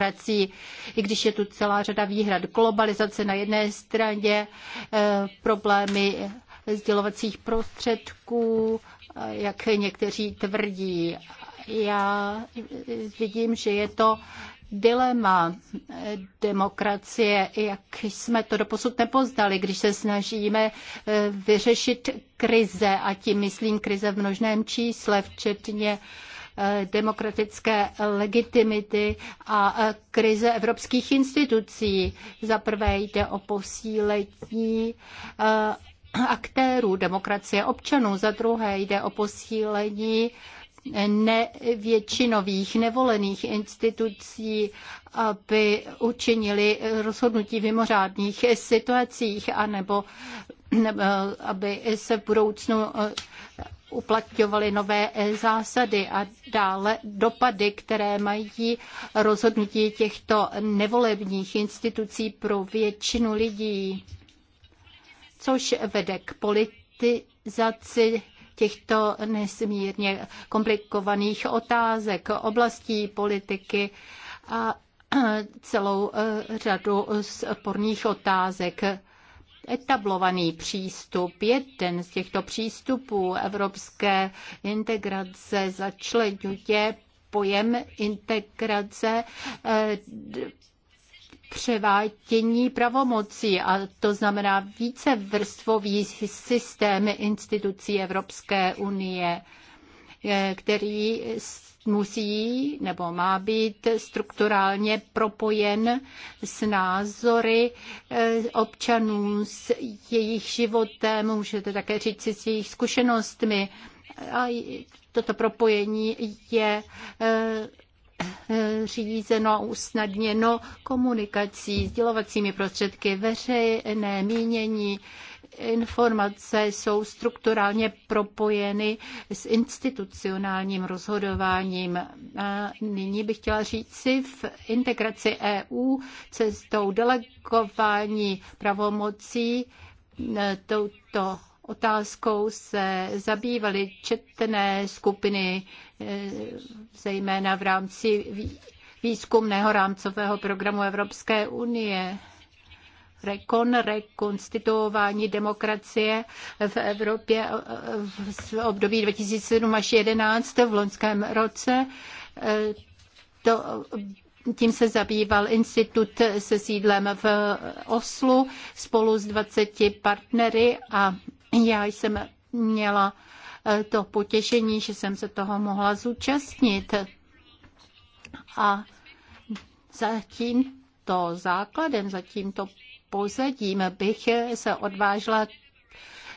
prací, i když je tu celá řada výhrad. Globalizace na jedné straně, eh, problémy sdělovacích prostředků, eh, jak někteří tvrdí. Já vidím, že je to dilema demokracie, jak jsme to doposud nepoznali, když se snažíme eh, vyřešit krize, a tím myslím krize v množném čísle, včetně uh, Eh, demokratické legitimity a eh, krize evropských institucí. Za prvé jde o posílení eh, aktérů demokracie občanů, za druhé jde o posílení nevětšinových, nevolených institucí, aby učinili rozhodnutí v mimořádných situacích, anebo aby se v budoucnu uplatňovaly nové eh, zásady a dále dopady, které mají rozhodnutí těchto nevolebních institucí pro většinu lidí, což vede k politizaci těchto nesmírně komplikovaných otázek, oblastí politiky a celou eh, řadu sporných otázek etablovaný přístup. Jeden z těchto přístupů evropské integrace začleňuje pojem integrace eh, převádění pravomocí a to znamená více vrstvový systém institucí Evropské unie který musí nebo má být strukturálně propojen s názory eh, občanů, s jejich životem, můžete také říct si s jejich zkušenostmi. A toto propojení je eh, Eh, řízeno a usnadněno komunikací, sdělovacími prostředky, veřejné mínění, informace jsou strukturálně propojeny s institucionálním rozhodováním. A nyní bych chtěla říct si v integraci EU cestou delegování pravomocí eh, touto otázkou se zabývaly četné skupiny, eh, zejména v rámci výzkumného rámcového programu Evropské unie. Rekon, rekonstituování demokracie v Evropě eh, v období 2007 až 2011 v loňském roce. Eh, to tím se zabýval institut se sídlem v Oslu spolu s 20 partnery a já jsem měla eh, to potěšení, že jsem se toho mohla zúčastnit. A za tímto základem, za tímto pozadím bych se odvážila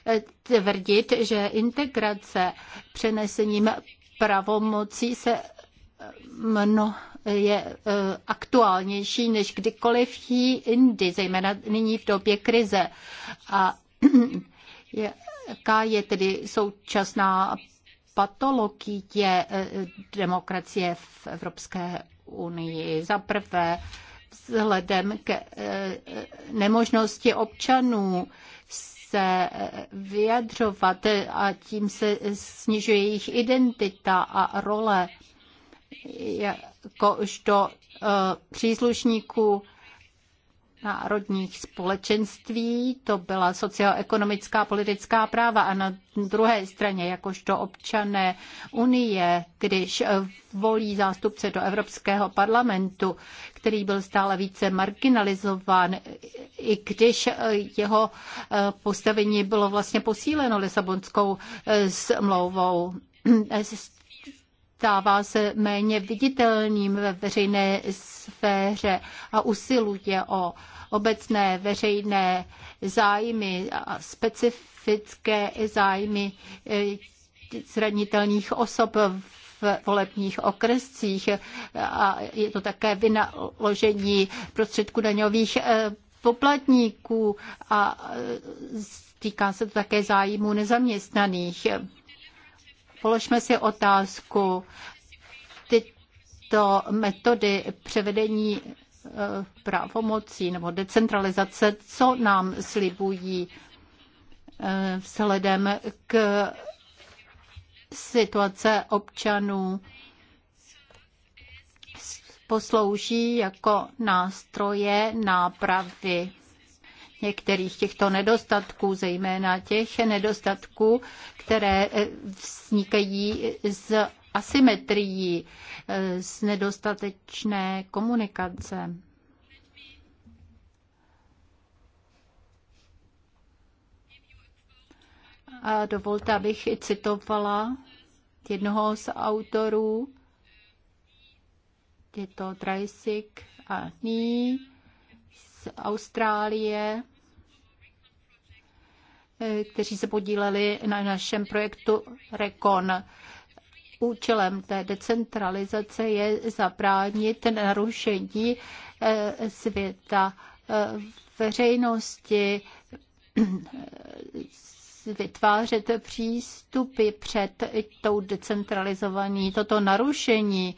eh, tvrdit, že integrace přenesením pravomocí se eh, mno, je aktuálnější než kdykoliv jindy, zejména nyní v době krize. A Jaká je tedy současná patologie eh, demokracie v Evropské unii? Za prvé, vzhledem k eh, nemožnosti občanů se eh, vyjadřovat a tím se snižuje jejich identita a role jakožto příslušníků národních společenství, to byla socioekonomická politická práva a na druhé straně, jakožto občané Unie, když volí zástupce do Evropského parlamentu, který byl stále více marginalizován, i když jeho postavení bylo vlastně posíleno Lisabonskou smlouvou stává se méně viditelným ve veřejné sféře a usiluje o obecné veřejné zájmy a specifické zájmy eh, zranitelných osob v volebních okrescích a je to také vynaložení prostředků daňových eh, poplatníků a eh, týká se to také zájmu nezaměstnaných. Položme si otázku, tyto metody převedení eh, pravomocí nebo decentralizace, co nám slibují eh, vzhledem k situace občanů poslouží jako nástroje nápravy některých těchto nedostatků, zejména těch nedostatků, které eh, vznikají z asymetrií, eh, z nedostatečné komunikace. A dovolte, abych i citovala jednoho z autorů, je to Tracy a Ní z Austrálie, kteří se podíleli na našem projektu RECON. Účelem té decentralizace je zabránit narušení eh, světa eh, veřejnosti, eh, vytvářet přístupy před tou decentralizovaní. Toto narušení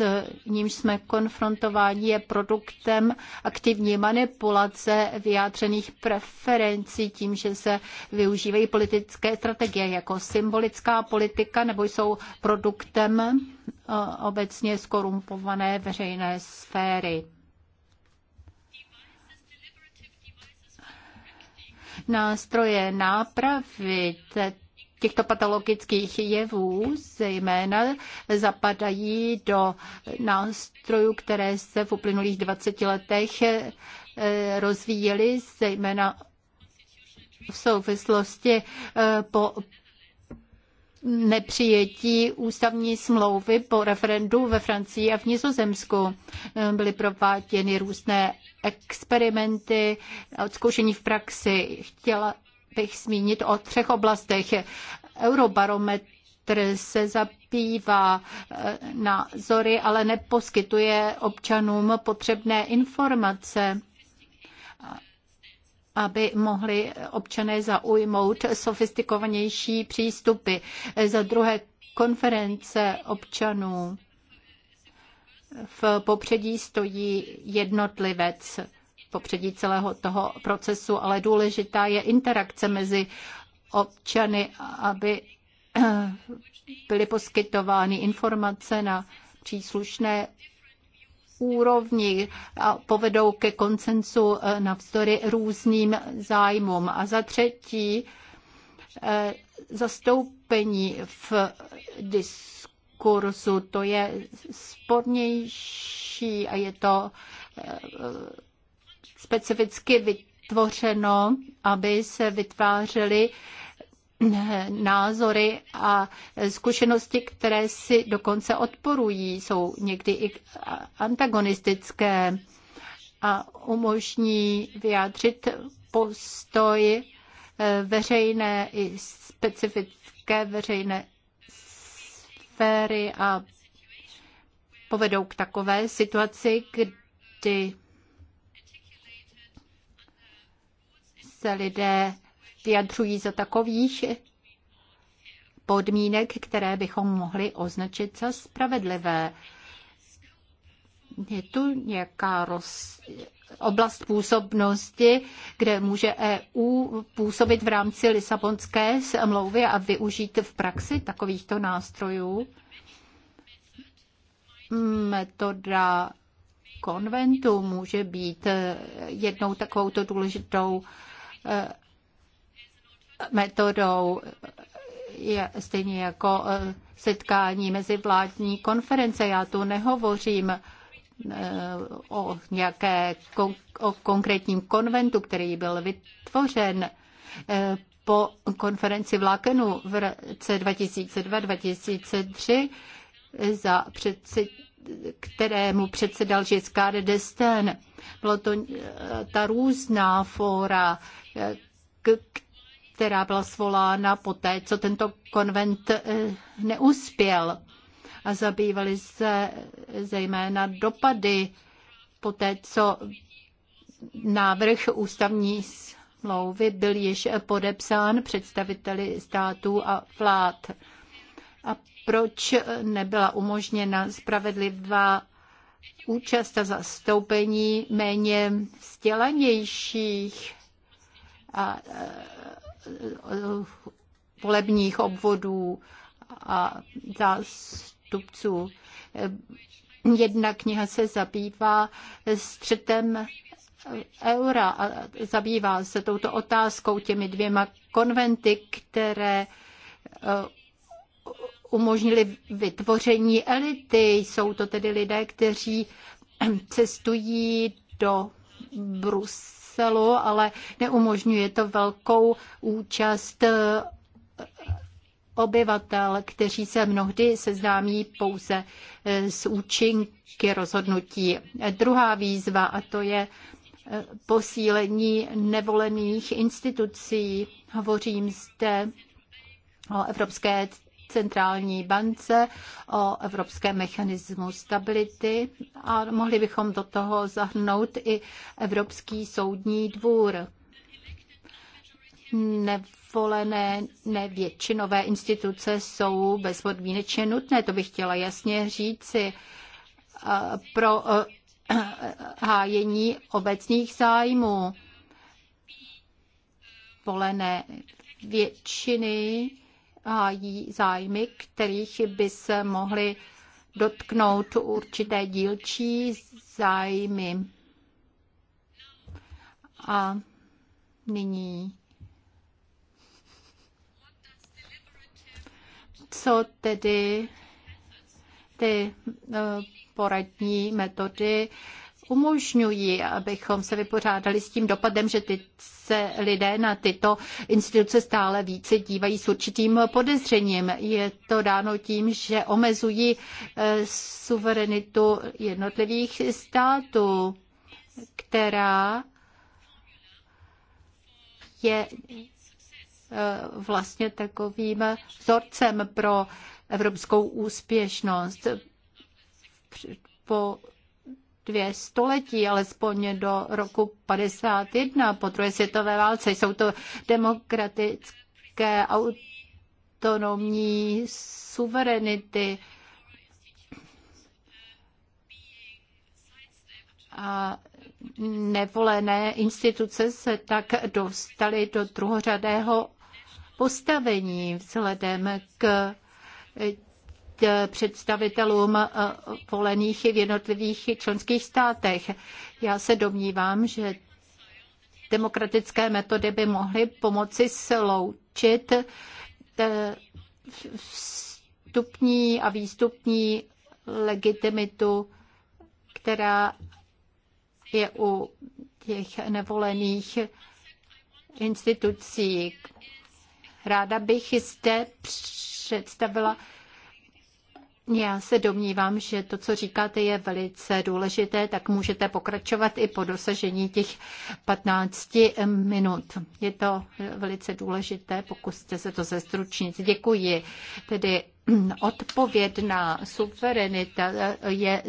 s nímž jsme konfrontováni, je produktem aktivní manipulace vyjádřených preferencí tím, že se využívají politické strategie jako symbolická politika nebo jsou produktem eh, obecně skorumpované veřejné sféry. nástroje nápravy těchto patologických jevů zejména zapadají do nástrojů, které se v uplynulých 20 letech eh, rozvíjely, zejména v souvislosti eh, po nepřijetí ústavní smlouvy po referendu ve Francii a v Nizozemsku. Eh, byly prováděny různé experimenty a odzkoušení v praxi. Chtěla bych zmínit o třech oblastech. Eurobarometr se zabývá eh, zory, ale neposkytuje občanům potřebné informace aby mohli občané zaujmout sofistikovanější přístupy. Za druhé konference občanů v popředí stojí jednotlivec popředí celého toho procesu, ale důležitá je interakce mezi občany, aby byly poskytovány informace na příslušné úrovni a povedou ke koncensu eh, navzdory různým zájmům. A za třetí, eh, zastoupení v diskurzu, to je spornější a je to eh, specificky vytvořeno, aby se vytvářely názory a zkušenosti, které si dokonce odporují, jsou někdy i antagonistické a umožní vyjádřit postoj eh, veřejné i specifické veřejné sféry a povedou k takové situaci, kdy se lidé vyjadřují za takových podmínek, které bychom mohli označit za spravedlivé. Je tu nějaká roz... oblast působnosti, kde může EU působit v rámci Lisabonské smlouvy a využít v praxi takovýchto nástrojů? Metoda konventu může být jednou takovouto důležitou Eh, metodou je stejně jako eh, setkání mezi vládní konference. Já tu nehovořím eh, o nějaké o konkrétním konventu, který byl vytvořen po konferenci v Lakenu v roce 2002-2003 za předsednictví kterému předsedal Giscard d'Estaing. Bylo to eh, ta různá fóra, eh, která byla svolána poté, co tento konvent eh, neuspěl. A zabývali se zejména dopady poté, co návrh ústavní smlouvy byl již podepsán představiteli států a vlád a proč nebyla umožněna spravedlivá účast a zastoupení méně vzdělanějších a e, volebních obvodů a zástupců. Jedna kniha se zabývá střetem eura a zabývá se touto otázkou těmi dvěma konventy, které e, umožnili vytvoření elity. Jsou to tedy lidé, kteří cestují do Bruselu, ale neumožňuje to velkou účast eh, obyvatel, kteří se mnohdy seznámí pouze eh, s účinky rozhodnutí. Druhá výzva, a to je eh, posílení nevolených institucí. Hovořím zde o Evropské centrální bance, o evropském mechanismu stability a mohli bychom do toho zahrnout i Evropský soudní dvůr. Nevolené nevětšinové instituce jsou bezpodmínečně nutné, to bych chtěla jasně říci. Pro eh, hájení obecných zájmů volené většiny jí zájmy, kterých by se mohly dotknout určité dílčí zájmy. A nyní. Co tedy ty eh, poradní metody umožňují, abychom se vypořádali s tím dopadem, že ty se lidé na tyto instituce stále více dívají s určitým podezřením. Je to dáno tím, že omezují eh, suverenitu jednotlivých států, která je eh, vlastně takovým vzorcem pro evropskou úspěšnost. Po dvě století, alespoň do roku 51 po druhé světové válce. Jsou to demokratické autonomní suverenity. A nevolené instituce se tak dostaly do druhořadého postavení vzhledem k Eh, představitelům eh, volených v jednotlivých členských státech. Já se domnívám, že demokratické metody by mohly pomoci sloučit eh, vstupní a výstupní legitimitu, která je u těch nevolených institucí. Ráda bych zde představila já se domnívám, že to, co říkáte, je velice důležité, tak můžete pokračovat i po dosažení těch 15 minut. Je to eh, velice důležité, pokuste se to zestručnit. Děkuji. Tedy odpovědná suverenita eh, je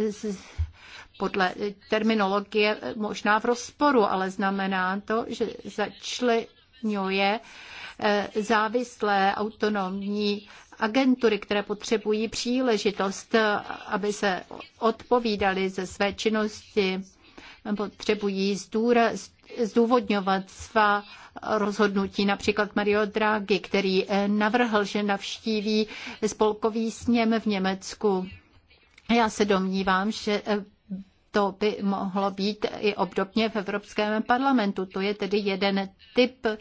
podle terminologie eh, možná v rozporu, ale znamená to, že začlenuje závislé autonomní agentury, které potřebují příležitost, aby se odpovídali ze své činnosti, potřebují zdůvodňovat svá rozhodnutí. Například Mario Draghi, který navrhl, že navštíví spolkový sněm v Německu. Já se domnívám, že to by mohlo být i obdobně v Evropském parlamentu. To je tedy jeden typ eh,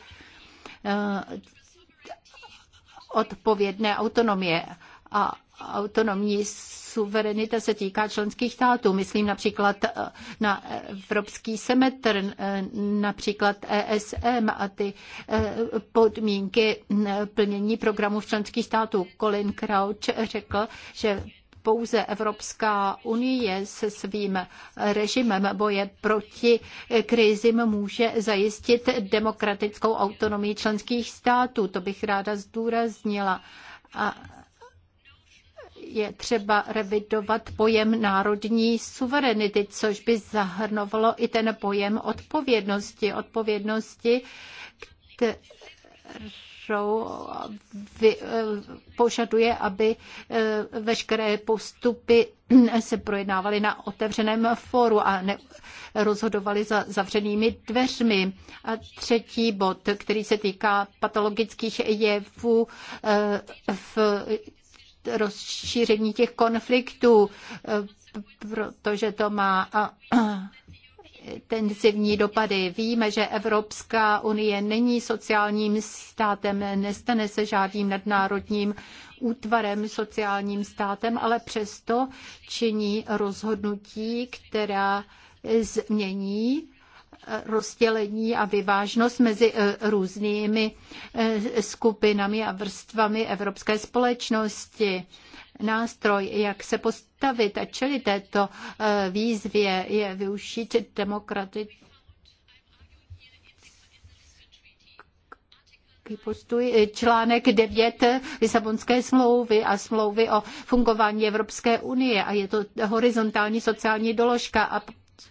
odpovědné autonomie. A autonomní suverenita se týká členských států. Myslím například eh, na Evropský semetr, eh, například ESM a ty eh, podmínky plnění programu v členských států. Colin Crouch řekl, že pouze Evropská unie se svým režimem boje proti krizim může zajistit demokratickou autonomii členských států. To bych ráda zdůraznila. A je třeba revidovat pojem národní suverenity, což by zahrnovalo i ten pojem odpovědnosti. Odpovědnosti, které kterou vy, eh, požaduje, aby eh, veškeré postupy se projednávaly na otevřeném fóru a ne, rozhodovali za zavřenými dveřmi. A třetí bod, který se týká patologických jevů eh, v rozšíření těch konfliktů, protože to má intenzivní dopady. Víme, že Evropská unie není sociálním státem, nestane se žádným nadnárodním útvarem sociálním státem, ale přesto činí rozhodnutí, která změní rozdělení a vyvážnost mezi eh, různými eh, skupinami a vrstvami evropské společnosti nástroj, jak se postavit a čelit této eh, výzvě, je využít demokratické postoj článek 9 Lisabonské smlouvy a smlouvy o fungování Evropské unie a je to horizontální sociální doložka a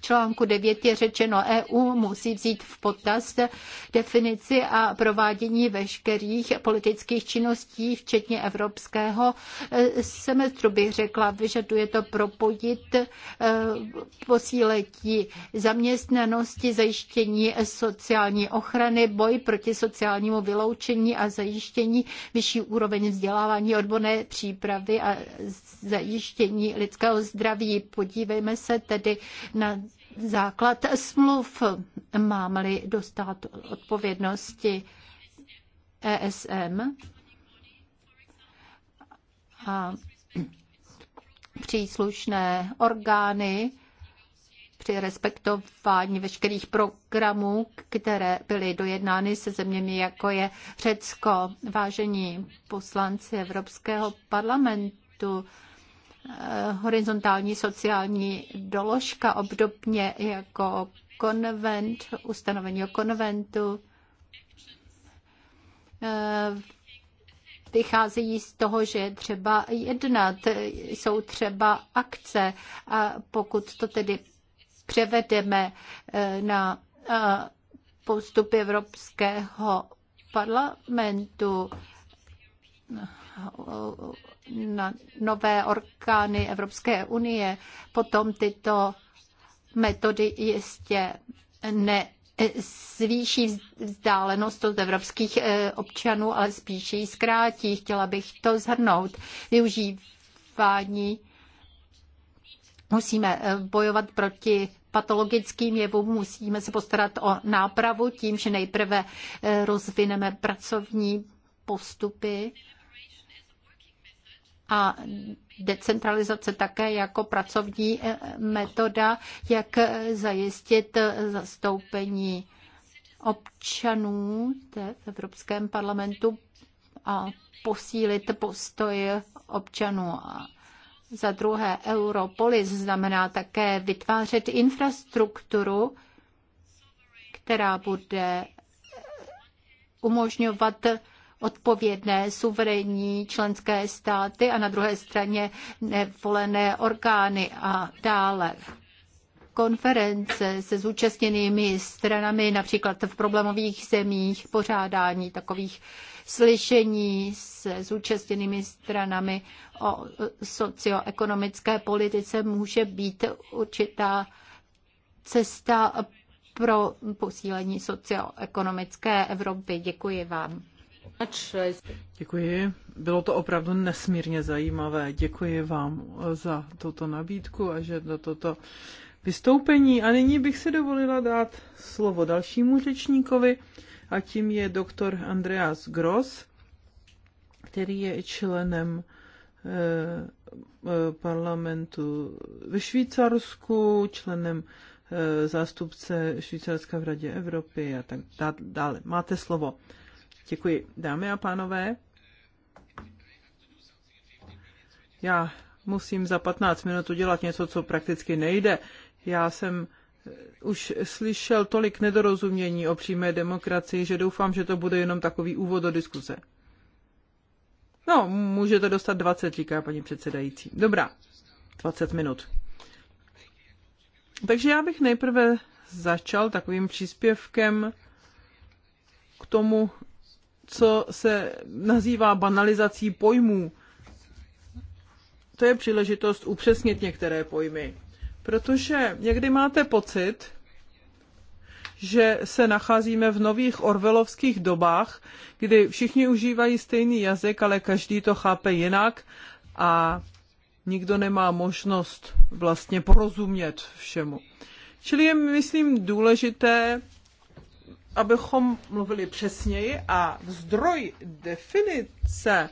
článku 9 je řečeno, EU musí vzít v potaz definici a provádění veškerých politických činností, včetně evropského e, semestru, bych řekla. Vyžaduje to propojit e, posíletí zaměstnanosti, zajištění sociální ochrany, boj proti sociálnímu vyloučení a zajištění vyšší úroveň vzdělávání, odborné přípravy a zajištění lidského zdraví. Podívejme se tedy na základ smluv, mám-li dostat odpovědnosti ESM a příslušné orgány při respektování veškerých programů, které byly dojednány se zeměmi, jako je Řecko. Vážení poslanci Evropského parlamentu, Eh, horizontální sociální doložka, obdobně jako konvent, ustanovení o konventu, eh, vycházejí z toho, že je třeba jednat, jsou třeba akce a pokud to tedy převedeme eh, na postup Evropského parlamentu, na nové orgány Evropské unie. Potom tyto metody jistě ne zvýší vzdálenost od evropských eh, občanů, ale spíše ji zkrátí. Chtěla bych to zhrnout. Využívání musíme eh, bojovat proti patologickým jevům, musíme se postarat o nápravu tím, že nejprve eh, rozvineme pracovní postupy a decentralizace také jako pracovní eh, metoda, jak eh, zajistit eh, zastoupení občanů v Evropském parlamentu a posílit postoj občanů. Za druhé, Europolis znamená také vytvářet infrastrukturu, která bude umožňovat odpovědné, suverénní členské státy a na druhé straně nevolené orgány a dále konference se zúčastněnými stranami, například v problémových zemích, pořádání takových slyšení se zúčastněnými stranami o socioekonomické politice může být určitá cesta pro posílení socioekonomické Evropy. Děkuji vám. Děkuji. Bylo to opravdu nesmírně zajímavé. Děkuji vám za toto nabídku a že na toto vystoupení. A nyní bych si dovolila dát slovo dalšímu řečníkovi a tím je doktor Andreas Gross, který je členem eh, eh, parlamentu ve Švýcarsku, členem eh, zástupce Švýcarska v Radě Evropy a tak dále. Máte slovo. Děkuji. Dámy a pánové, já musím za 15 minut udělat něco, co prakticky nejde. Já jsem eh, už slyšel tolik nedorozumění o přímé demokracii, že doufám, že to bude jenom takový úvod do diskuze. No, můžete dostat 20, říká paní předsedající. Dobrá, 20 minut. Takže já bych nejprve začal takovým příspěvkem k tomu, co se nazývá banalizací pojmů. To je příležitost upřesnit některé pojmy. Protože někdy máte pocit, že se nacházíme v nových orvelovských dobách, kdy všichni užívají stejný jazyk, ale každý to chápe jinak a nikdo nemá možnost vlastně porozumět všemu. Čili je, myslím, důležité abychom mluvili přesněji a zdroj definice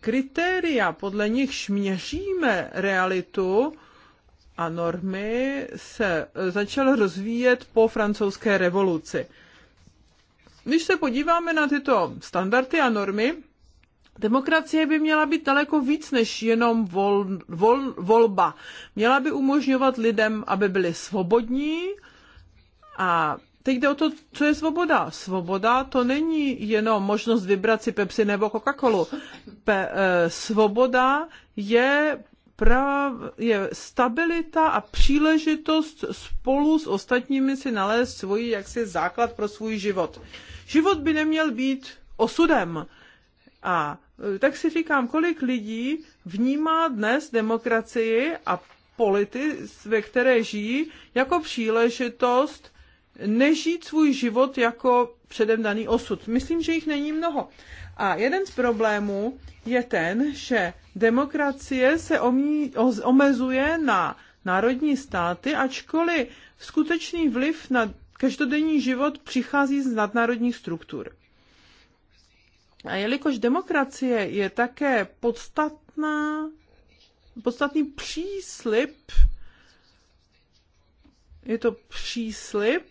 kritéria, podle nichž měříme realitu a normy, se eh, začal rozvíjet po francouzské revoluci. Když se podíváme na tyto standardy a normy, Demokracie by měla být daleko víc než jenom vol, vol, volba. Měla by umožňovat lidem, aby byli svobodní a Teď jde o to, co je svoboda. Svoboda to není jenom možnost vybrat si Pepsi nebo Coca-Colu. Pe, e, svoboda je, prav, je stabilita a příležitost spolu s ostatními si nalézt svůj jaksi základ pro svůj život. Život by neměl být osudem. A eh, tak si říkám, kolik lidí vnímá dnes demokracii a polity, ve které žijí, jako příležitost nežít svůj život jako předem daný osud. Myslím, že jich není mnoho. A jeden z problémů je ten, že demokracie se omezuje na národní státy, ačkoliv skutečný vliv na každodenní život přichází z nadnárodních struktur. A jelikož demokracie je také podstatná, podstatný příslip je to příslip,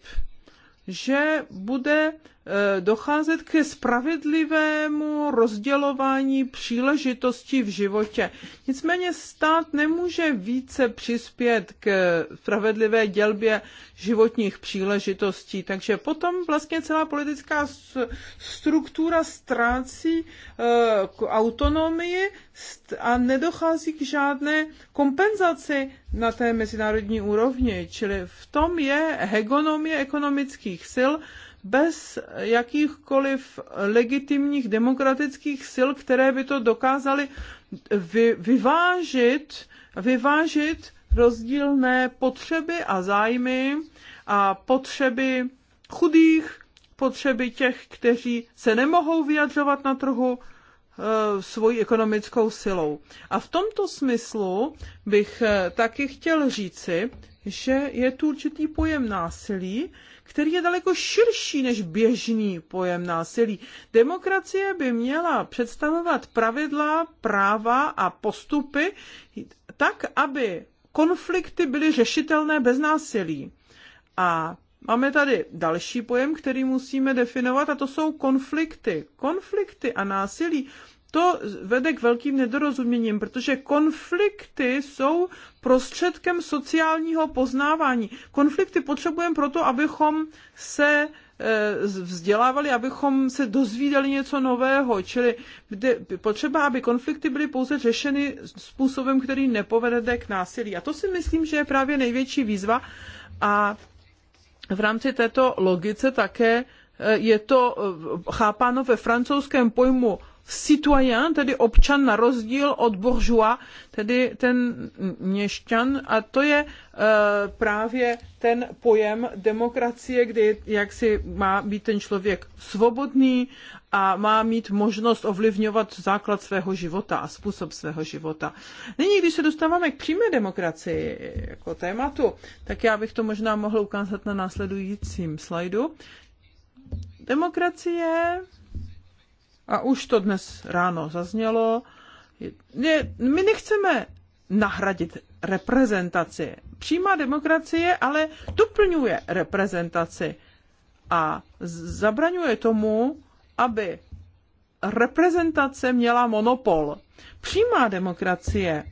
že bude Eh, docházet ke spravedlivému rozdělování příležitostí v životě. Nicméně stát nemůže více přispět k spravedlivé dělbě životních příležitostí, takže potom vlastně celá politická struktura ztrácí eh, autonomii a nedochází k žádné kompenzaci na té mezinárodní úrovni. Čili v tom je hegemonie ekonomických sil, bez jakýchkoliv legitimních demokratických sil, které by to dokázaly vy, vyvážit, vyvážit rozdílné potřeby a zájmy a potřeby chudých, potřeby těch, kteří se nemohou vyjadřovat na trhu e, svojí ekonomickou silou. A v tomto smyslu bych eh, taky chtěl říci, že je tu určitý pojem násilí, který je daleko širší než běžný pojem násilí. Demokracie by měla představovat pravidla, práva a postupy tak, aby konflikty byly řešitelné bez násilí. A Máme tady další pojem, který musíme definovat, a to jsou konflikty. Konflikty a násilí to vede k velkým nedorozuměním, protože konflikty jsou prostředkem sociálního poznávání. Konflikty potřebujeme proto, abychom se eh, vzdělávali, abychom se dozvídali něco nového. Čili potřeba, aby konflikty byly pouze řešeny způsobem, který nepovede k násilí. A to si myslím, že je právě největší výzva. A v rámci této logice také eh, je to eh, chápáno ve francouzském pojmu citoyen, tedy občan na rozdíl od buržua, tedy ten měšťan a to je e, právě ten pojem demokracie, kdy jak si má být ten člověk svobodný a má mít možnost ovlivňovat základ svého života a způsob svého života. Nyní, když se dostáváme k přímé demokracii jako tématu, tak já bych to možná mohl ukázat na následujícím slajdu. Demokracie a už to dnes ráno zaznělo, je, my nechceme nahradit reprezentaci. Přímá demokracie ale doplňuje reprezentaci a zabraňuje tomu, aby reprezentace měla monopol. Přímá demokracie,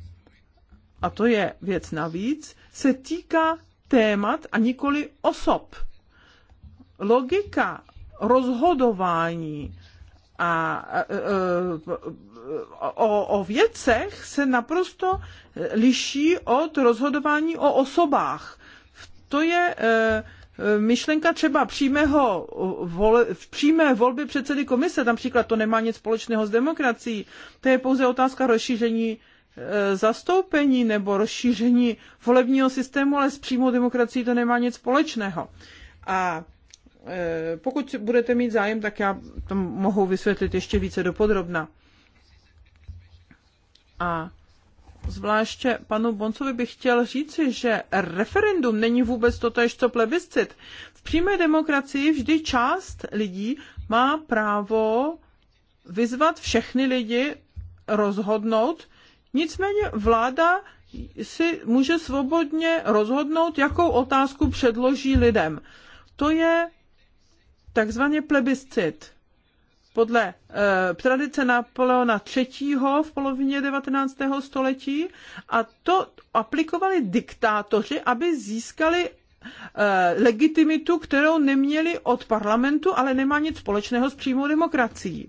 a to je věc navíc, se týká témat a nikoli osob. Logika rozhodování a e, e, o, o věcech se naprosto liší od rozhodování o osobách. To je e, myšlenka třeba přímého vole, přímé volby předsedy komise, například to nemá nic společného s demokracií, to je pouze otázka rozšíření zastoupení nebo rozšíření volebního systému, ale s přímou demokracií to nemá nic společného. A Eh, pokud budete mít zájem, tak já to mohu vysvětlit ještě více dopodrobna. A zvláště panu Boncovi bych chtěl říci, že referendum není vůbec totéž, co plebiscit. V přímé demokracii vždy část lidí má právo vyzvat všechny lidi rozhodnout, nicméně vláda si může svobodně rozhodnout, jakou otázku předloží lidem. To je takzvaně plebiscit. Podle e, tradice Napoleona III. v polovině 19. století a to aplikovali diktátoři, aby získali eh, legitimitu, kterou neměli od parlamentu, ale nemá nic společného s přímou demokracií.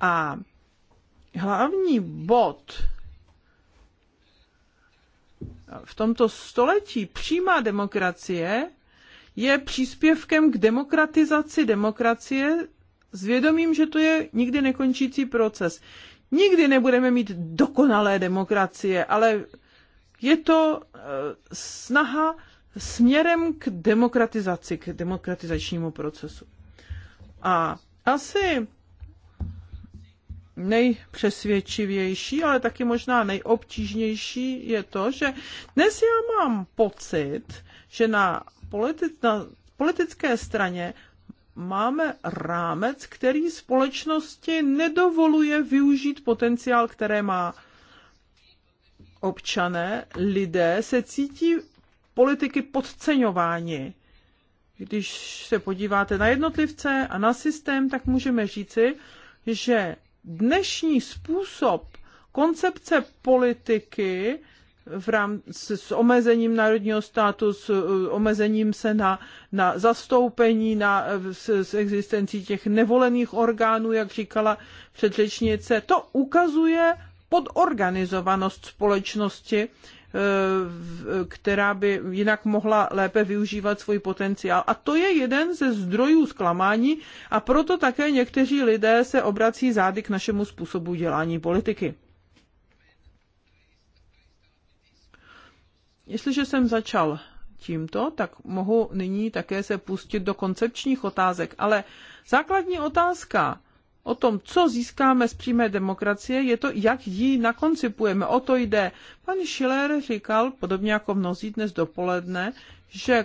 A hlavní bod v tomto století přímá demokracie je příspěvkem k demokratizaci demokracie s vědomím, že to je nikdy nekončící proces. Nikdy nebudeme mít dokonalé demokracie, ale je to eh, snaha směrem k demokratizaci, k demokratizačnímu procesu. A asi nejpřesvědčivější, ale taky možná nejobtížnější je to, že dnes já mám pocit, že na politi- na politické straně máme rámec, který společnosti nedovoluje využít potenciál, které má občané, lidé se cítí politiky podceňováni. Když se podíváte na jednotlivce a na systém, tak můžeme říci, že dnešní způsob koncepce politiky v rámci s omezením národního státu, s eh, omezením se na, na zastoupení, na, s, s existencí těch nevolených orgánů, jak říkala předřečnice. To ukazuje podorganizovanost společnosti, eh, která by jinak mohla lépe využívat svůj potenciál. A to je jeden ze zdrojů zklamání a proto také někteří lidé se obrací zády k našemu způsobu dělání politiky. Jestliže jsem začal tímto, tak mohu nyní také se pustit do koncepčních otázek. Ale základní otázka o tom, co získáme z přímé demokracie, je to, jak ji nakoncipujeme. O to jde. Pan Schiller říkal, podobně jako mnozí dnes dopoledne, že e,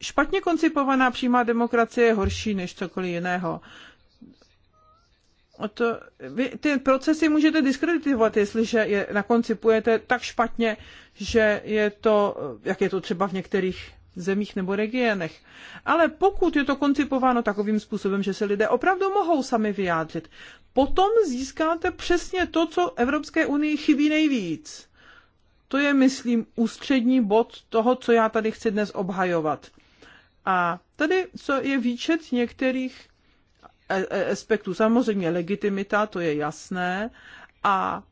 špatně koncipovaná přímá demokracie je horší než cokoliv jiného to, vy ty procesy můžete diskreditovat, jestliže je nakoncipujete tak špatně, že je to, jak je to třeba v některých zemích nebo regionech. Ale pokud je to koncipováno takovým způsobem, že se lidé opravdu mohou sami vyjádřit, potom získáte přesně to, co Evropské unii chybí nejvíc. To je, myslím, ústřední bod toho, co já tady chci dnes obhajovat. A tady co je výčet některých E, e, aspektů. Samozřejmě legitimita, to je jasné. A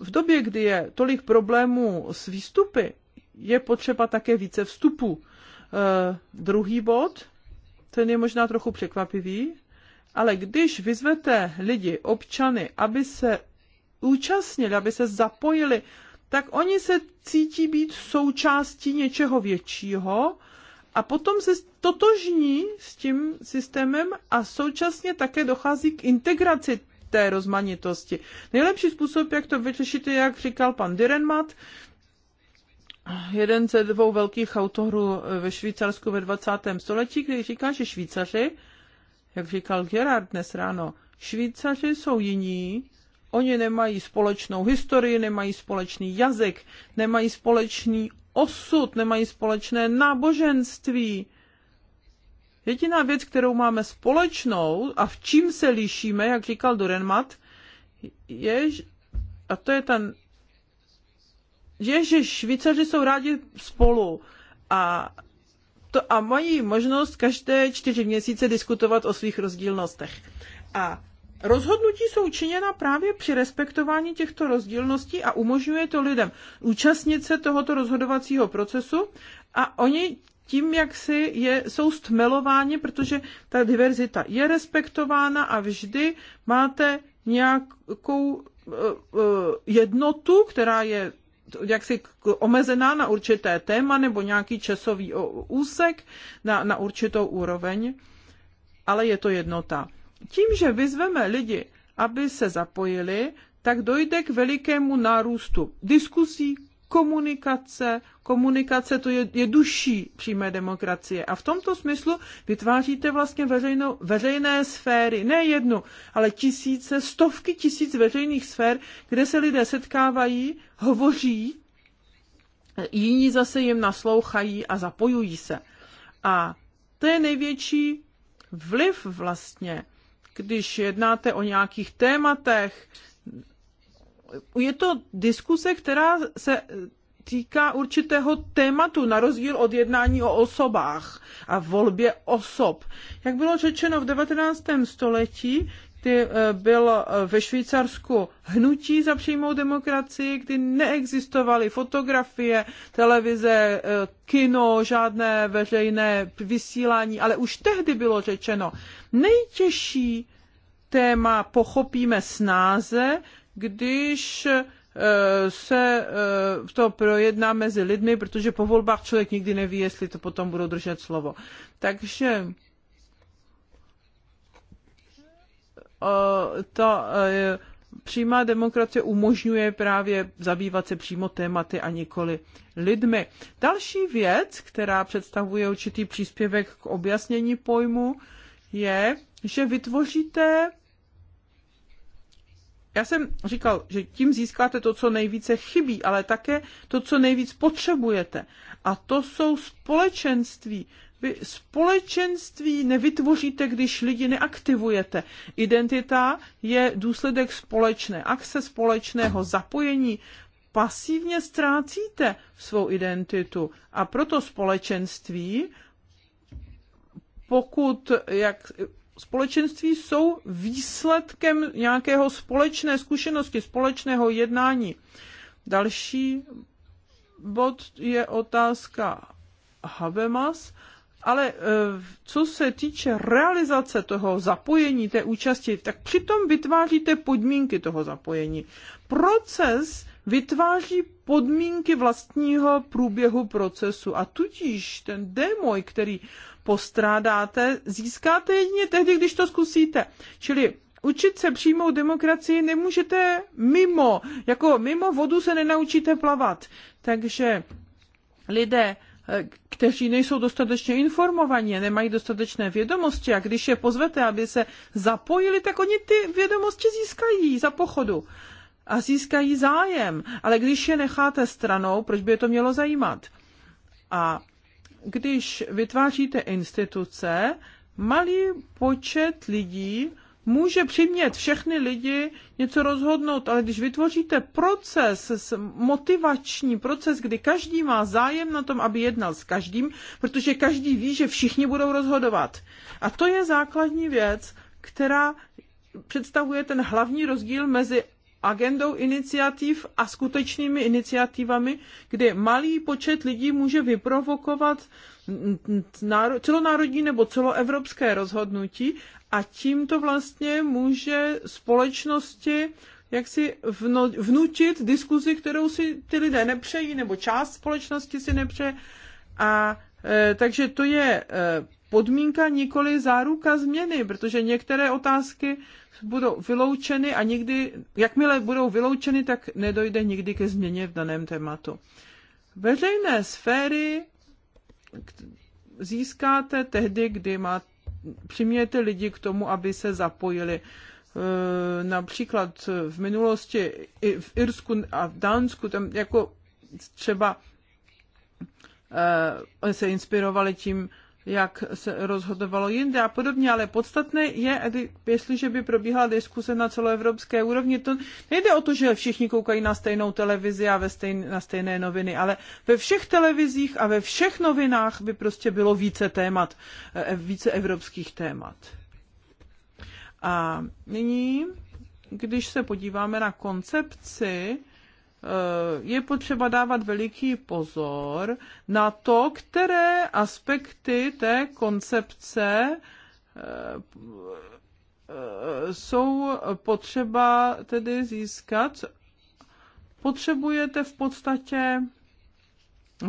v době, kdy je tolik problémů s výstupy, je potřeba také více vstupů. Eh, druhý bod, ten je možná trochu překvapivý, ale když vyzvete lidi, občany, aby se účastnili, aby se zapojili, tak oni se cítí být součástí něčeho většího a potom se totožní s tím systémem a současně také dochází k integraci té rozmanitosti. Nejlepší způsob, jak to vyřešit, je, jak říkal pan Direnmat, jeden ze dvou velkých autorů ve Švýcarsku ve 20. století, který říká, že Švýcaři, jak říkal Gerard dnes ráno, Švýcaři jsou jiní, oni nemají společnou historii, nemají společný jazyk, nemají společný osud, nemají společné náboženství. Jediná věc, kterou máme společnou a v čím se lišíme, jak říkal Dorenmat, je, a to je ten, je, že Švýcaři jsou rádi spolu a, to, a mají možnost každé čtyři měsíce diskutovat o svých rozdílnostech. A Rozhodnutí jsou činěna právě při respektování těchto rozdílností a umožňuje to lidem účastnit se tohoto rozhodovacího procesu a oni tím, jak si je, jsou stmelováni, protože ta diverzita je respektována a vždy máte nějakou eh, eh, jednotu, která je jaksi omezená na určité téma nebo nějaký časový úsek na, na určitou úroveň, ale je to jednota. Tím, že vyzveme lidi, aby se zapojili, tak dojde k velikému nárůstu diskusí, komunikace. Komunikace to je, je duší přímé demokracie. A v tomto smyslu vytváříte vlastně veřejno, veřejné sféry, ne jednu, ale tisíce, stovky tisíc veřejných sfér, kde se lidé setkávají, hovoří, jiní zase jim naslouchají a zapojují se. A to je největší vliv vlastně když jednáte o nějakých tématech, je to diskuse, která se týká určitého tématu, na rozdíl od jednání o osobách a volbě osob. Jak bylo řečeno v 19. století, kdy eh, bylo eh, ve Švýcarsku hnutí za přímou demokracii, kdy neexistovaly fotografie, televize, eh, kino, žádné veřejné vysílání, ale už tehdy bylo řečeno, nejtěžší téma pochopíme snáze, když se to projedná mezi lidmi, protože po volbách člověk nikdy neví, jestli to potom budou držet slovo. Takže ta e, přímá demokracie umožňuje právě zabývat se přímo tématy a nikoli lidmi. Další věc, která představuje určitý příspěvek k objasnění pojmu, je, že vytvoříte já jsem říkal, že tím získáte to, co nejvíce chybí, ale také to, co nejvíc potřebujete. A to jsou společenství. Vy společenství nevytvoříte, když lidi neaktivujete. Identita je důsledek společné akce, společného zapojení. Pasivně ztrácíte svou identitu a proto společenství, pokud jak společenství jsou výsledkem nějakého společné zkušenosti, společného jednání. Další bod je otázka Habemas ale e, co se týče realizace toho zapojení, té účasti, tak přitom vytváříte podmínky toho zapojení. Proces vytváří podmínky vlastního průběhu procesu a tudíž ten demoj, který postrádáte, získáte jedině tehdy, když to zkusíte. Čili učit se přímou demokracii nemůžete mimo, jako mimo vodu se nenaučíte plavat. Takže lidé Eh, kteří nejsou dostatečně informovaní, nemají dostatečné vědomosti a když je pozvete, aby se zapojili, tak oni ty vědomosti získají za pochodu a získají zájem. Ale když je necháte stranou, proč by je to mělo zajímat? A když vytváříte instituce, malý počet lidí může přimět všechny lidi něco rozhodnout, ale když vytvoříte proces, motivační proces, kdy každý má zájem na tom, aby jednal s každým, protože každý ví, že všichni budou rozhodovat. A to je základní věc, která představuje ten hlavní rozdíl mezi agendou iniciativ a skutečnými iniciativami, kdy malý počet lidí může vyprovokovat celonárodní nebo celoevropské rozhodnutí a tím to vlastně může společnosti jak si vnutit diskuzi, kterou si ty lidé nepřejí, nebo část společnosti si nepře. A e, takže to je e, podmínka, nikoli záruka změny, protože některé otázky budou vyloučeny a nikdy, jakmile budou vyloučeny, tak nedojde nikdy ke změně v daném tématu. Veřejné sféry získáte tehdy, kdy máte přimějete lidi k tomu, aby se zapojili. E, například v minulosti i v Irsku a v Dánsku, tam jako třeba e, se inspirovali tím, jak se rozhodovalo jinde a podobně, ale podstatné je, jestliže by probíhala diskuse na celoevropské úrovni, to nejde o to, že všichni koukají na stejnou televizi a ve stejn, na stejné noviny, ale ve všech televizích a ve všech novinách by prostě bylo více témat, e, více evropských témat. A nyní, když se podíváme na koncepci, Eh, je potřeba dávat veliký pozor na to, které aspekty té koncepce eh, eh, jsou potřeba tedy získat. Potřebujete v podstatě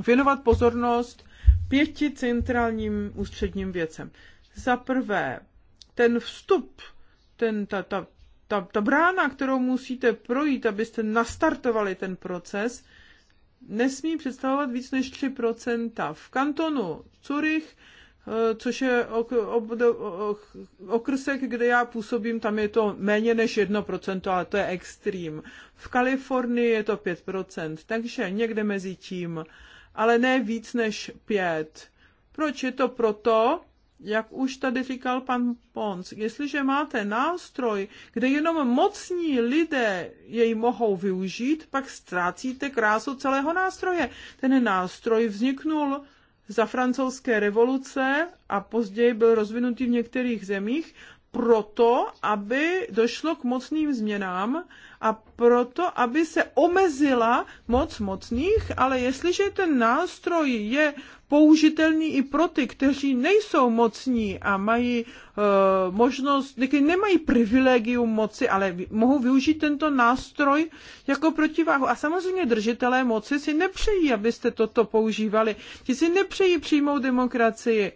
věnovat pozornost pěti centrálním ústředním věcem. Za prvé, ten vstup, ten, ta, ta ta, ta brána, kterou musíte projít, abyste nastartovali ten proces, nesmí představovat víc než 3%. V kantonu Curych, eh, což je okrsek, kde já působím, tam je to méně než 1%, ale to je extrém. V Kalifornii je to 5%, takže někde mezi tím, ale ne víc než 5%. Proč je to proto? jak už tady říkal pan Pons, jestliže máte nástroj, kde jenom mocní lidé jej mohou využít, pak ztrácíte krásu celého nástroje. Ten nástroj vzniknul za francouzské revoluce a později byl rozvinutý v některých zemích proto, aby došlo k mocným změnám a proto, aby se omezila moc mocných, ale jestliže ten nástroj je použitelný i pro ty, kteří nejsou mocní a mají uh, možnost, někdy nemají privilegium moci, ale mohou využít tento nástroj jako protiváhu. A samozřejmě držitelé moci si nepřejí, abyste toto používali. Ti si nepřejí přímou demokracii.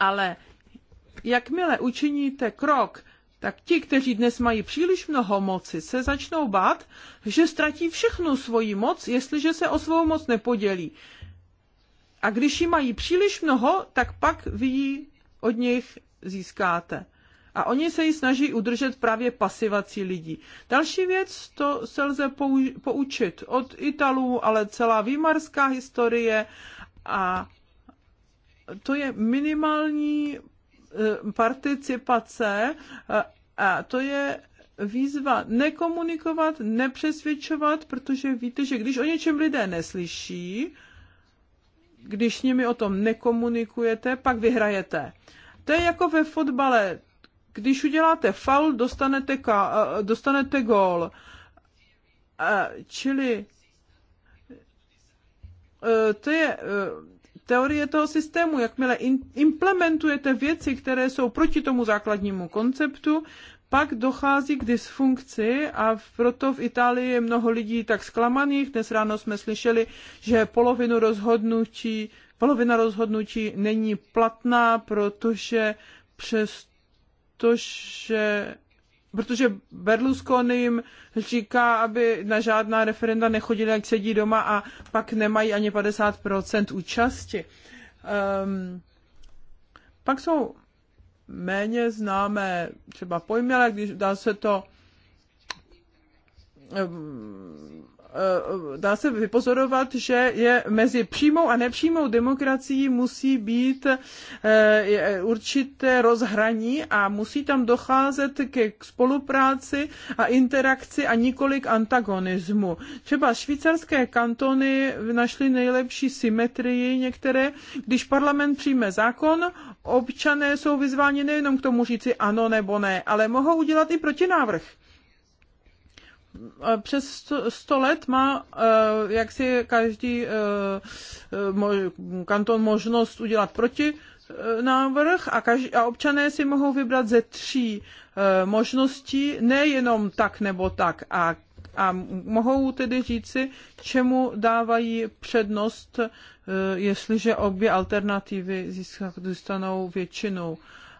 Ale jakmile učiníte krok, tak ti, kteří dnes mají příliš mnoho moci, se začnou bát, že ztratí všechnu svoji moc, jestliže se o svou moc nepodělí. A když ji mají příliš mnoho, tak pak vy ji od nich získáte. A oni se ji snaží udržet právě pasivací lidí. Další věc, to se lze poučit od Italů, ale celá výmarská historie a to je minimální Eh, participace eh, a to je výzva nekomunikovat, nepřesvědčovat, protože víte, že když o něčem lidé neslyší, když s nimi o tom nekomunikujete, pak vyhrajete. To je jako ve fotbale. Když uděláte faul, dostanete, eh, dostanete gól. Čili to je teorie toho systému. Jakmile in, implementujete věci, které jsou proti tomu základnímu konceptu, pak dochází k dysfunkci a proto v Itálii je mnoho lidí tak zklamaných. Dnes ráno jsme slyšeli, že polovinu rozhodnutí, polovina rozhodnutí není platná, protože přes to, že protože Berlusconi jim říká, aby na žádná referenda nechodili, jak sedí doma a pak nemají ani 50% účasti. Um, pak jsou méně známé třeba pojmy, ale když dá se to um, Eh, dá se vypozorovat, že je mezi přímou a nepřímou demokracií musí být eh, určité rozhraní a musí tam docházet ke spolupráci a interakci a nikolik antagonismu. Třeba švýcarské kantony našly nejlepší symetrii některé. Když parlament přijme zákon, občané jsou vyzváni nejenom k tomu říci ano nebo ne, ale mohou udělat i protinávrh přes 100 let má eh, jak si každý eh, eh, kanton možnost udělat proti návrh a, každý, a občané si mohou vybrat ze tří možností, nejenom tak nebo tak a a mohou tedy říci, čemu dávají přednost, jestliže obě alternativy dostanou většinou.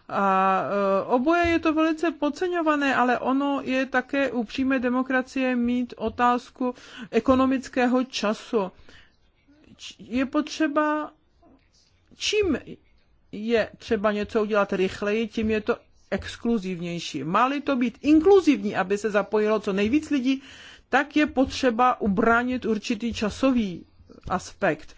A e, oboje je to velice podceňované, ale ono je také u přímé demokracie mít otázku ekonomického času. Je potřeba, čím je třeba něco udělat rychleji, tím je to exkluzivnější. Má-li to být inkluzivní, aby se zapojilo co nejvíc lidí, tak je potřeba ubránit určitý časový aspekt.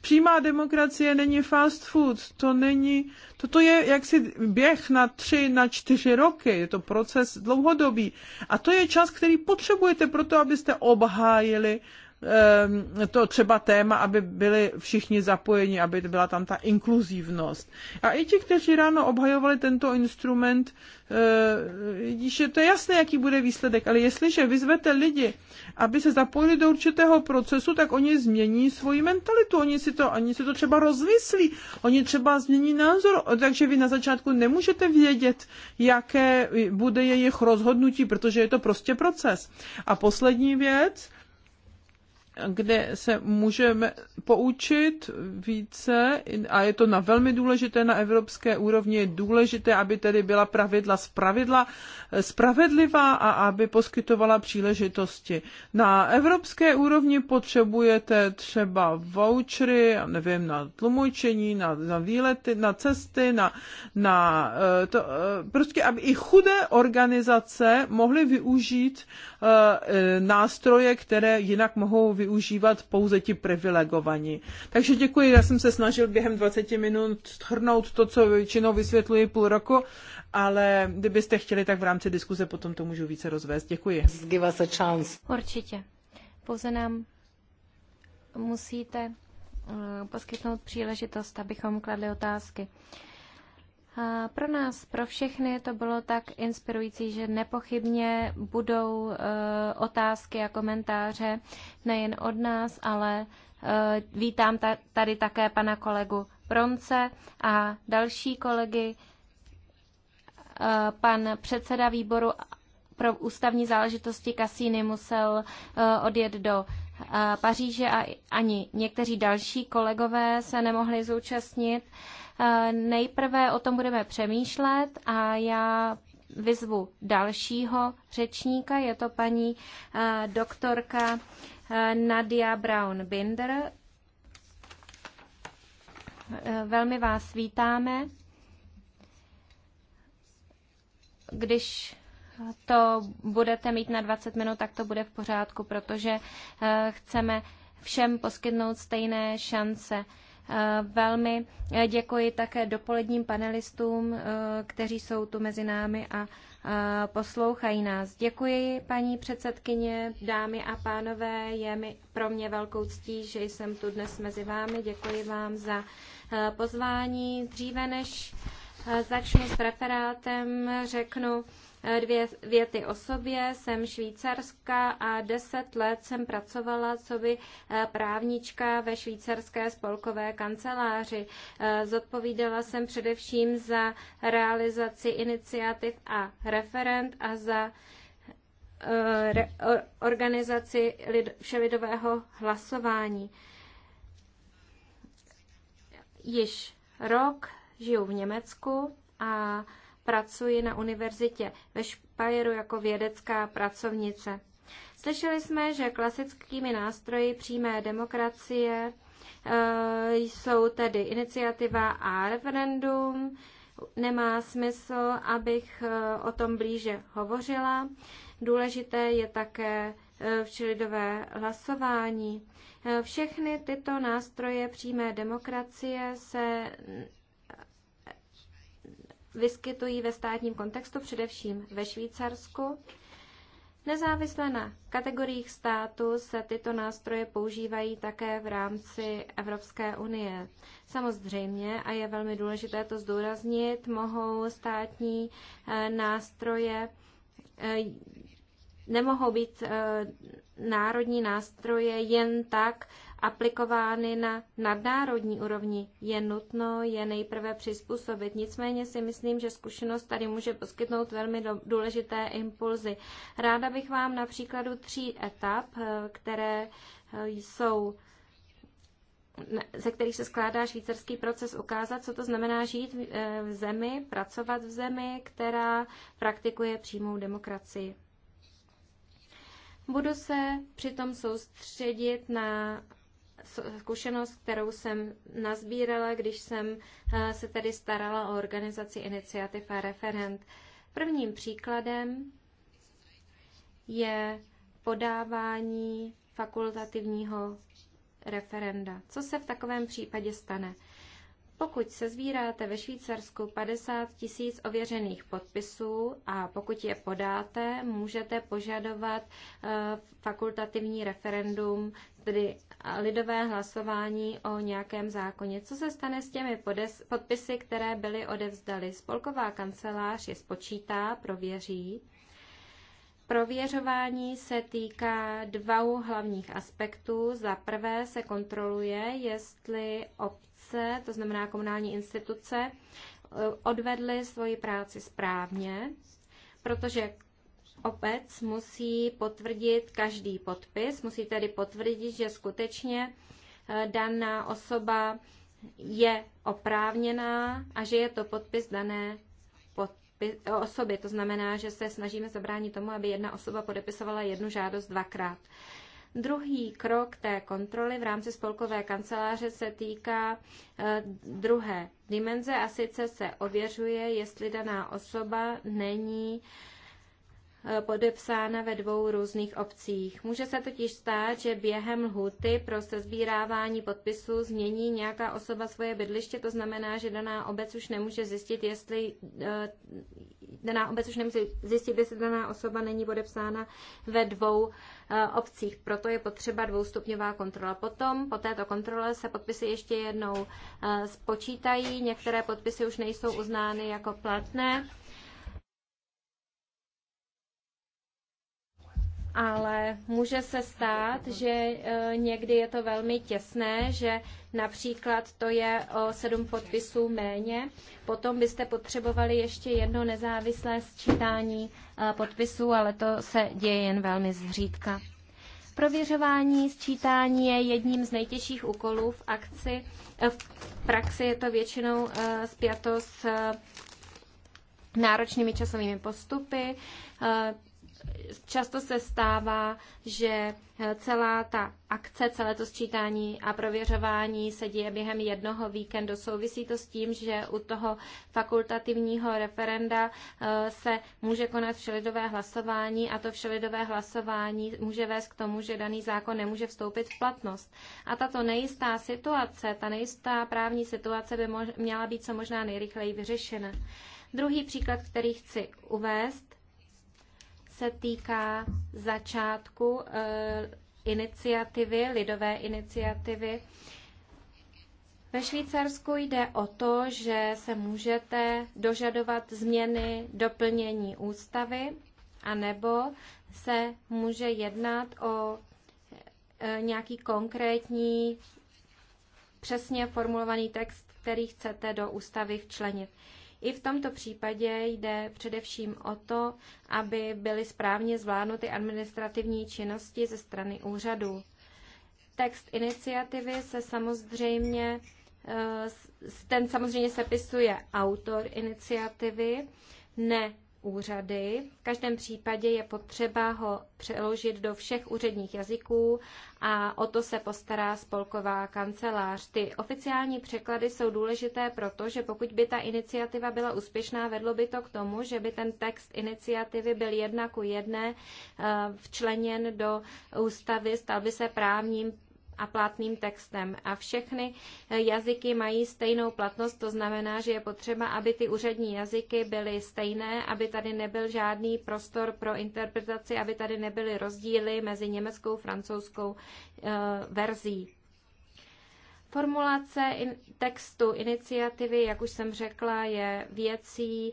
Přímá demokracie není fast food, to není, toto je jaksi běh na tři, na čtyři roky, je to proces dlouhodobý. A to je čas, který potřebujete pro to, abyste obhájili Ehm, to třeba téma, aby byli všichni zapojeni, aby byla tam ta inkluzivnost. A i ti, kteří ráno obhajovali tento instrument, eh, vidíš, je to jasné, jaký bude výsledek, ale jestliže vyzvete lidi, aby se zapojili do určitého procesu, tak oni změní svoji mentalitu, oni si to, oni si to třeba rozmyslí, oni třeba změní názor, takže vy na začátku nemůžete vědět, jaké bude jejich rozhodnutí, protože je to prostě proces. A poslední věc, kde se můžeme poučit více a je to na velmi důležité na evropské úrovni, je důležité, aby tedy byla pravidla zpravidla spravedlivá a aby poskytovala příležitosti. Na evropské úrovni potřebujete třeba vouchery, nevím, na tlumočení, na, na výlety, na cesty, na, na eh, to, eh, prostě, aby i chudé organizace mohly využít eh, nástroje, které jinak mohou využít využívat pouze ti privilegovaní. Takže děkuji, já jsem se snažil během 20 minut shrnout to, co většinou vysvětluji půl roku, ale kdybyste chtěli, tak v rámci diskuze potom to můžu více rozvést. Děkuji. Give us a chance. Určitě. Pouze nám musíte eh, poskytnout příležitost, abychom kladli otázky. A pro nás, pro všechny, to bylo tak inspirující, že nepochybně budou uh, otázky a komentáře nejen od nás, ale uh, vítám ta, tady také pana kolegu Pronce a další kolegy, uh, pan předseda výboru pro ústavní záležitosti Kasíny musel odjet do Paříže a ani někteří další kolegové se nemohli zúčastnit. Nejprve o tom budeme přemýšlet a já vyzvu dalšího řečníka, je to paní doktorka Nadia Brown-Binder. Velmi vás vítáme. Když to budete mít na 20 minut, tak to bude v pořádku, protože eh, chceme všem poskytnout stejné šance. Eh, velmi eh, děkuji také dopoledním panelistům, kteří jsou tu mezi námi a poslouchají nás. Děkuji, paní předsedkyně, dámy a pánové. Je mi pro mě velkou ctí, že jsem tu dnes mezi vámi. Děkuji vám za pozvání. Dříve než začnu s referátem, řeknu, Eh, dvě věty o sobě. Jsem Švýcarská a deset let jsem pracovala co by eh, právnička ve švýcarské spolkové kanceláři. Eh, zodpovídala jsem především za realizaci iniciativ a referent a za organizaci všelidového hlasování. Již rok žiju v Německu a pracuji na univerzitě ve Špajeru jako vědecká pracovnice. Slyšeli jsme, že klasickými nástroji přímé demokracie eh, jsou tedy iniciativa a referendum. Nemá smysl, abych eh, o tom blíže hovořila. Důležité je také eh, včelidové hlasování. Všechny tyto nástroje přímé demokracie se vyskytují ve státním kontextu, především ve Švýcarsku. Nezávisle na kategoriích státu, se tyto nástroje používají také v rámci Evropské unie. Samozřejmě, a je velmi důležité to zdůraznit, mohou státní eh, nástroje eh, nemohou být eh, národní nástroje jen tak aplikovány na nadnárodní úrovni, je nutno je nejprve přizpůsobit. Nicméně si myslím, že zkušenost tady může poskytnout velmi důležité impulzy. Ráda bych vám na příkladu tří etap, eh, které eh, jsou ze kterých se skládá švýcarský proces, ukázat, co to znamená žít eh, v zemi, pracovat v zemi, která praktikuje přímou demokracii. Budu se přitom soustředit na zkušenost, kterou jsem nazbírala, když jsem eh, se tady starala o organizaci iniciativ a referent. Prvním příkladem je podávání fakultativního referenda. Co se v takovém případě stane? Pokud se zvíráte ve Švýcarsku 50 tisíc ověřených podpisů a pokud je podáte, můžete požadovat eh, fakultativní referendum tedy lidové hlasování o nějakém zákoně. Co se stane s těmi podes, podpisy, které byly odevzdaly? Spolková kancelář je spočítá, prověří. Prověřování se týká dvou hlavních aspektů. Za prvé se kontroluje, jestli obce, to znamená komunální instituce, odvedly svoji práci správně, protože obec musí potvrdit každý podpis, musí tedy potvrdit, že skutečně eh, daná osoba je oprávněná a že je to podpis dané podpis, osoby. To znamená, že se snažíme zabránit tomu, aby jedna osoba podepisovala jednu žádost dvakrát. Druhý krok té kontroly v rámci spolkové kanceláře se týká eh, druhé dimenze a sice se ověřuje, jestli daná osoba není Eh, podepsána ve dvou různých obcích. Může se totiž stát, že během lhuty pro sezbírávání podpisů změní nějaká osoba svoje bydliště, to znamená, že daná obec už nemůže zjistit, jestli eh, daná obec už nemůže zjistit, jestli daná osoba není podepsána ve dvou eh, obcích. Proto je potřeba dvoustupňová kontrola. Potom po této kontrole se podpisy ještě jednou spočítají, některé podpisy už nejsou uznány jako platné ale může se stát, že e, někdy je to velmi těsné, že například to je o sedm podpisů méně. Potom byste potřebovali ještě jedno nezávislé sčítání e, podpisů, ale to se děje jen velmi zřídka. Prověřování sčítání je jedním z nejtěžších úkolů v akci. E, v praxi je to většinou spjato s náročnými časovými postupy často se stává, že eh, celá ta akce, celé to sčítání a prověřování se děje během jednoho víkendu. Souvisí to s tím, že u toho fakultativního referenda eh, se může konat všelidové hlasování a to všelidové hlasování může vést k tomu, že daný zákon nemůže vstoupit v platnost. A tato nejistá situace, ta nejistá právní situace by měla být co možná nejrychleji vyřešena. Druhý příklad, který chci uvést, se týká začátku eh, iniciativy, lidové iniciativy. Ve Švýcarsku jde o to, že se můžete dožadovat změny doplnění ústavy, anebo se může jednat o eh, nějaký konkrétní, přesně formulovaný text, který chcete do ústavy včlenit. I v tomto případě jde především o to, aby byly správně zvládnuty administrativní činnosti ze strany úřadu. Text iniciativy se samozřejmě eh, ten samozřejmě sepisuje autor iniciativy, ne úřady. V každém případě je potřeba ho přeložit do všech úředních jazyků a o to se postará spolková kancelář. Ty oficiální překlady jsou důležité proto, že pokud by ta iniciativa byla úspěšná, vedlo by to k tomu, že by ten text iniciativy byl jedna ku jedné eh, včleněn do ústavy, stal by se právním a platným textem. A všechny jazyky mají stejnou platnost, to znamená, že je potřeba, aby ty úřední jazyky byly stejné, aby tady nebyl žádný prostor pro interpretaci, aby tady nebyly rozdíly mezi německou a francouzskou eh, verzí. Formulace in, textu iniciativy, jak už jsem řekla, je věcí e,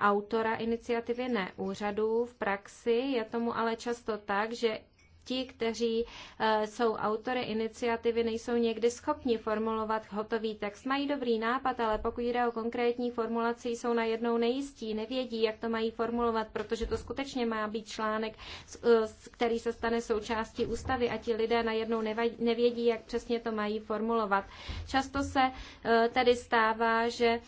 autora iniciativy, ne úřadů V praxi je tomu ale často tak, že ti, kteří eh, jsou autory iniciativy, nejsou někdy schopni formulovat hotový text. Mají dobrý nápad, ale pokud jde o konkrétní formulaci, jsou najednou nejistí, nevědí, jak to mají formulovat, protože to skutečně má být článek, eh, který se stane součástí ústavy a ti lidé najednou nevědí, jak přesně to mají formulovat. Často se eh, tedy stává, že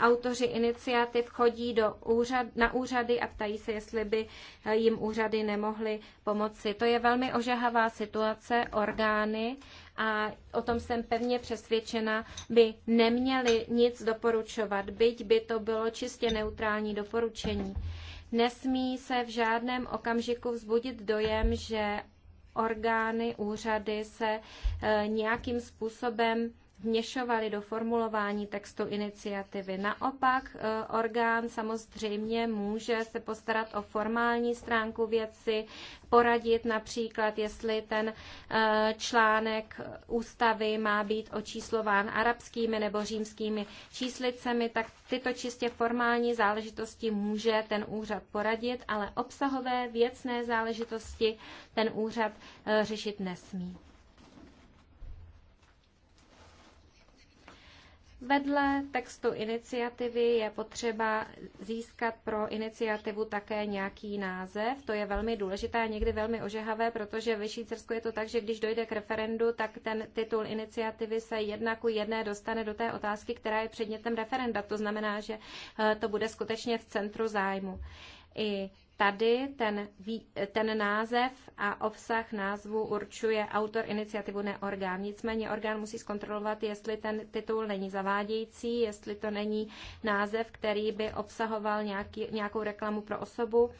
autoři iniciativ chodí do úřad, na úřady a ptají se, jestli by jim úřady nemohly pomoci. To je velmi velmi ožahavá situace, orgány, a o tom jsem pevně přesvědčena, by neměly nic doporučovat, byť by to bylo čistě neutrální doporučení. Nesmí se v žádném okamžiku vzbudit dojem, že orgány, úřady se eh, nějakým způsobem vměšovali do formulování textu iniciativy. Naopak eh, orgán samozřejmě může se postarat o formální stránku věci, poradit například, jestli ten eh, článek ústavy má být očíslován arabskými nebo římskými číslicemi, tak tyto čistě formální záležitosti může ten úřad poradit, ale obsahové věcné záležitosti ten úřad eh, řešit nesmí. Vedle textu iniciativy je potřeba získat pro iniciativu také nějaký název. To je velmi důležité a někdy velmi ožehavé, protože ve Švýcarsku je to tak, že když dojde k referendu, tak ten titul iniciativy se jedna ku jedné dostane do té otázky, která je předmětem referenda. To znamená, že eh, to bude skutečně v centru zájmu. I tady ten, ten název a obsah názvu určuje autor iniciativu, ne orgán. Nicméně orgán musí zkontrolovat, jestli ten titul není zavádějící, jestli to není název, který by obsahoval nějaký, nějakou reklamu pro osobu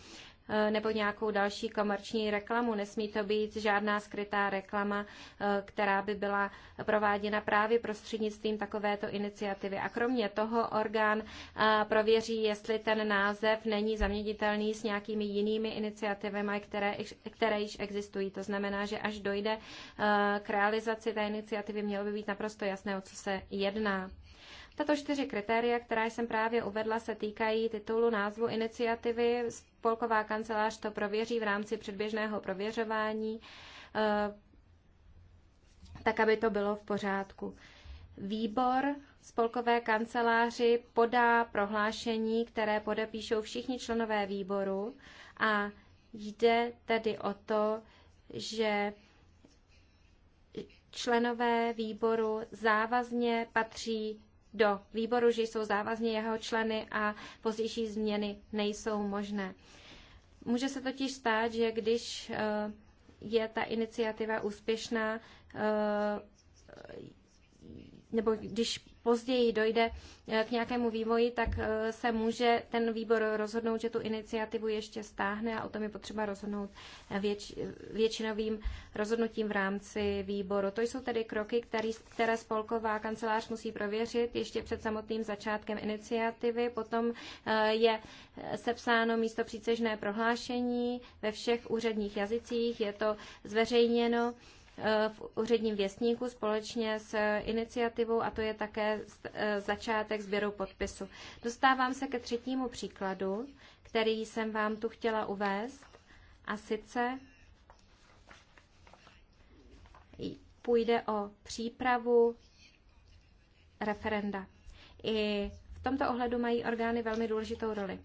Eh, nebo nějakou další komerční reklamu. Nesmí to být žádná skrytá reklama, eh, která by byla prováděna právě prostřednictvím takovéto iniciativy. A kromě toho orgán eh, prověří, jestli ten název není zaměnitelný s nějakými jinými iniciativami, které, které již existují. To znamená, že až dojde k realizaci té iniciativy, mělo by být naprosto jasné, o co se jedná. Tato čtyři kritéria, která jsem právě uvedla, se týkají titulu názvu iniciativy. Spolková kancelář to prověří v rámci předběžného prověřování, eh, tak aby to bylo v pořádku. Výbor spolkové kanceláři podá prohlášení, které podepíšou všichni členové výboru a jde tedy o to, že členové výboru závazně patří do výboru, že jsou závazně jeho členy a pozdější změny nejsou možné. Může se totiž stát, že když eh, je ta iniciativa úspěšná, eh, nebo když později dojde eh, k nějakému vývoji, tak eh, se může ten výbor rozhodnout, že tu iniciativu ještě stáhne a o tom je potřeba rozhodnout eh, věč, většinovým rozhodnutím v rámci výboru. To jsou tedy kroky, který, které spolková kancelář musí prověřit ještě před samotným začátkem iniciativy. Potom je sepsáno místo přícežné prohlášení ve všech úředních jazycích, je to zveřejněno v úředním věstníku společně s iniciativou a to je také e, začátek sběru podpisu. Dostávám se ke třetímu příkladu, který jsem vám tu chtěla uvést a sice půjde o přípravu referenda. I v tomto ohledu mají orgány velmi důležitou roli.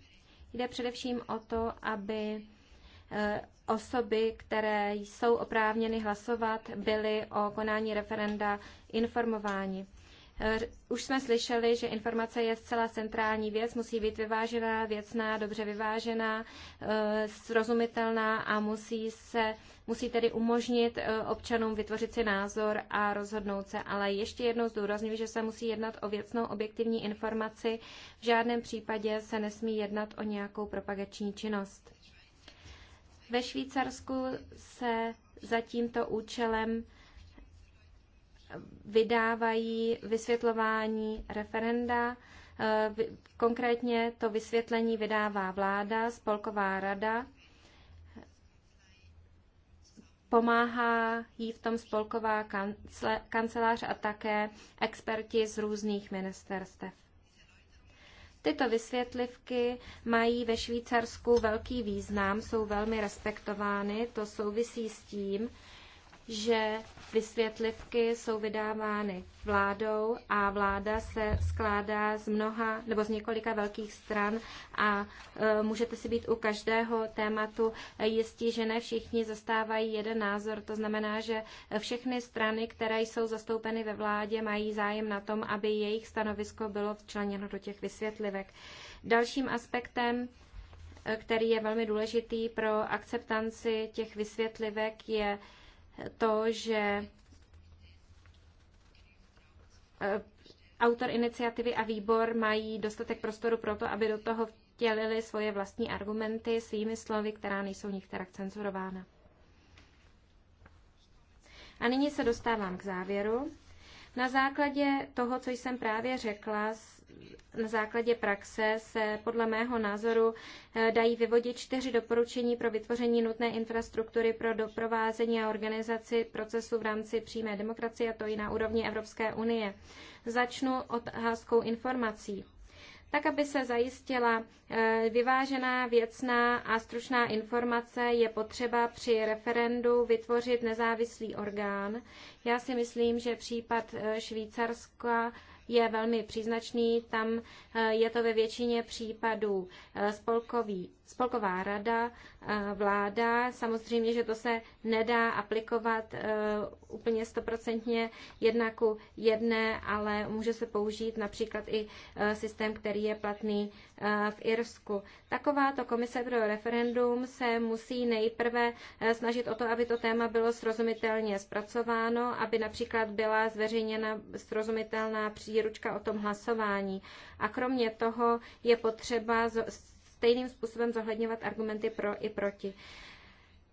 Jde především o to, aby e, osoby, které jsou oprávněny hlasovat, byly o konání referenda informováni. Eh, už jsme slyšeli, že informace je zcela centrální věc, musí být vyvážená, věcná, dobře vyvážená, eh, srozumitelná a musí, se, musí tedy umožnit eh, občanům vytvořit si názor a rozhodnout se. Ale ještě jednou zdůrazňuji, že se musí jednat o věcnou objektivní informaci, v žádném případě se nesmí jednat o nějakou propagační činnost. Ve Švýcarsku se za tímto účelem vydávají vysvětlování referenda. Eh, konkrétně to vysvětlení vydává vláda, spolková rada. Pomáhá jí v tom spolková kancelář a také experti z různých ministerstev. Tyto vysvětlivky mají ve Švýcarsku velký význam, jsou velmi respektovány, to souvisí s tím, že vysvětlivky jsou vydávány vládou a vláda se skládá z mnoha nebo z několika velkých stran a e, můžete si být u každého tématu jistí, že ne všichni zastávají jeden názor. To znamená, že všechny strany, které jsou zastoupeny ve vládě, mají zájem na tom, aby jejich stanovisko bylo včleněno do těch vysvětlivek. Dalším aspektem e, který je velmi důležitý pro akceptanci těch vysvětlivek, je to, že eh, autor iniciativy a výbor mají dostatek prostoru pro to, aby do toho vtělili svoje vlastní argumenty svými slovy, která nejsou nikterak cenzurována. A nyní se dostávám k závěru. Na základě toho, co jsem právě řekla, na základě praxe se podle mého názoru eh, dají vyvodit čtyři doporučení pro vytvoření nutné infrastruktury pro doprovázení a organizaci procesu v rámci přímé demokracie, a to i na úrovni Evropské unie. Začnu od házkou informací tak aby se zajistila eh, vyvážená, věcná a stručná informace, je potřeba při referendu vytvořit nezávislý orgán. Já si myslím, že případ eh, Švýcarska je velmi příznačný. Tam eh, je to ve většině případů eh, spolkový, spolková rada, eh, vláda. Samozřejmě, že to se nedá aplikovat úplně stoprocentně jedna ku jedné, ale může se použít například i systém, který je platný Eh, v Irsku. Takováto komise pro referendum se musí nejprve eh, snažit o to, aby to téma bylo srozumitelně zpracováno, aby například byla zveřejněna srozumitelná příručka o tom hlasování. A kromě toho je potřeba stejným způsobem zohledňovat argumenty pro i proti.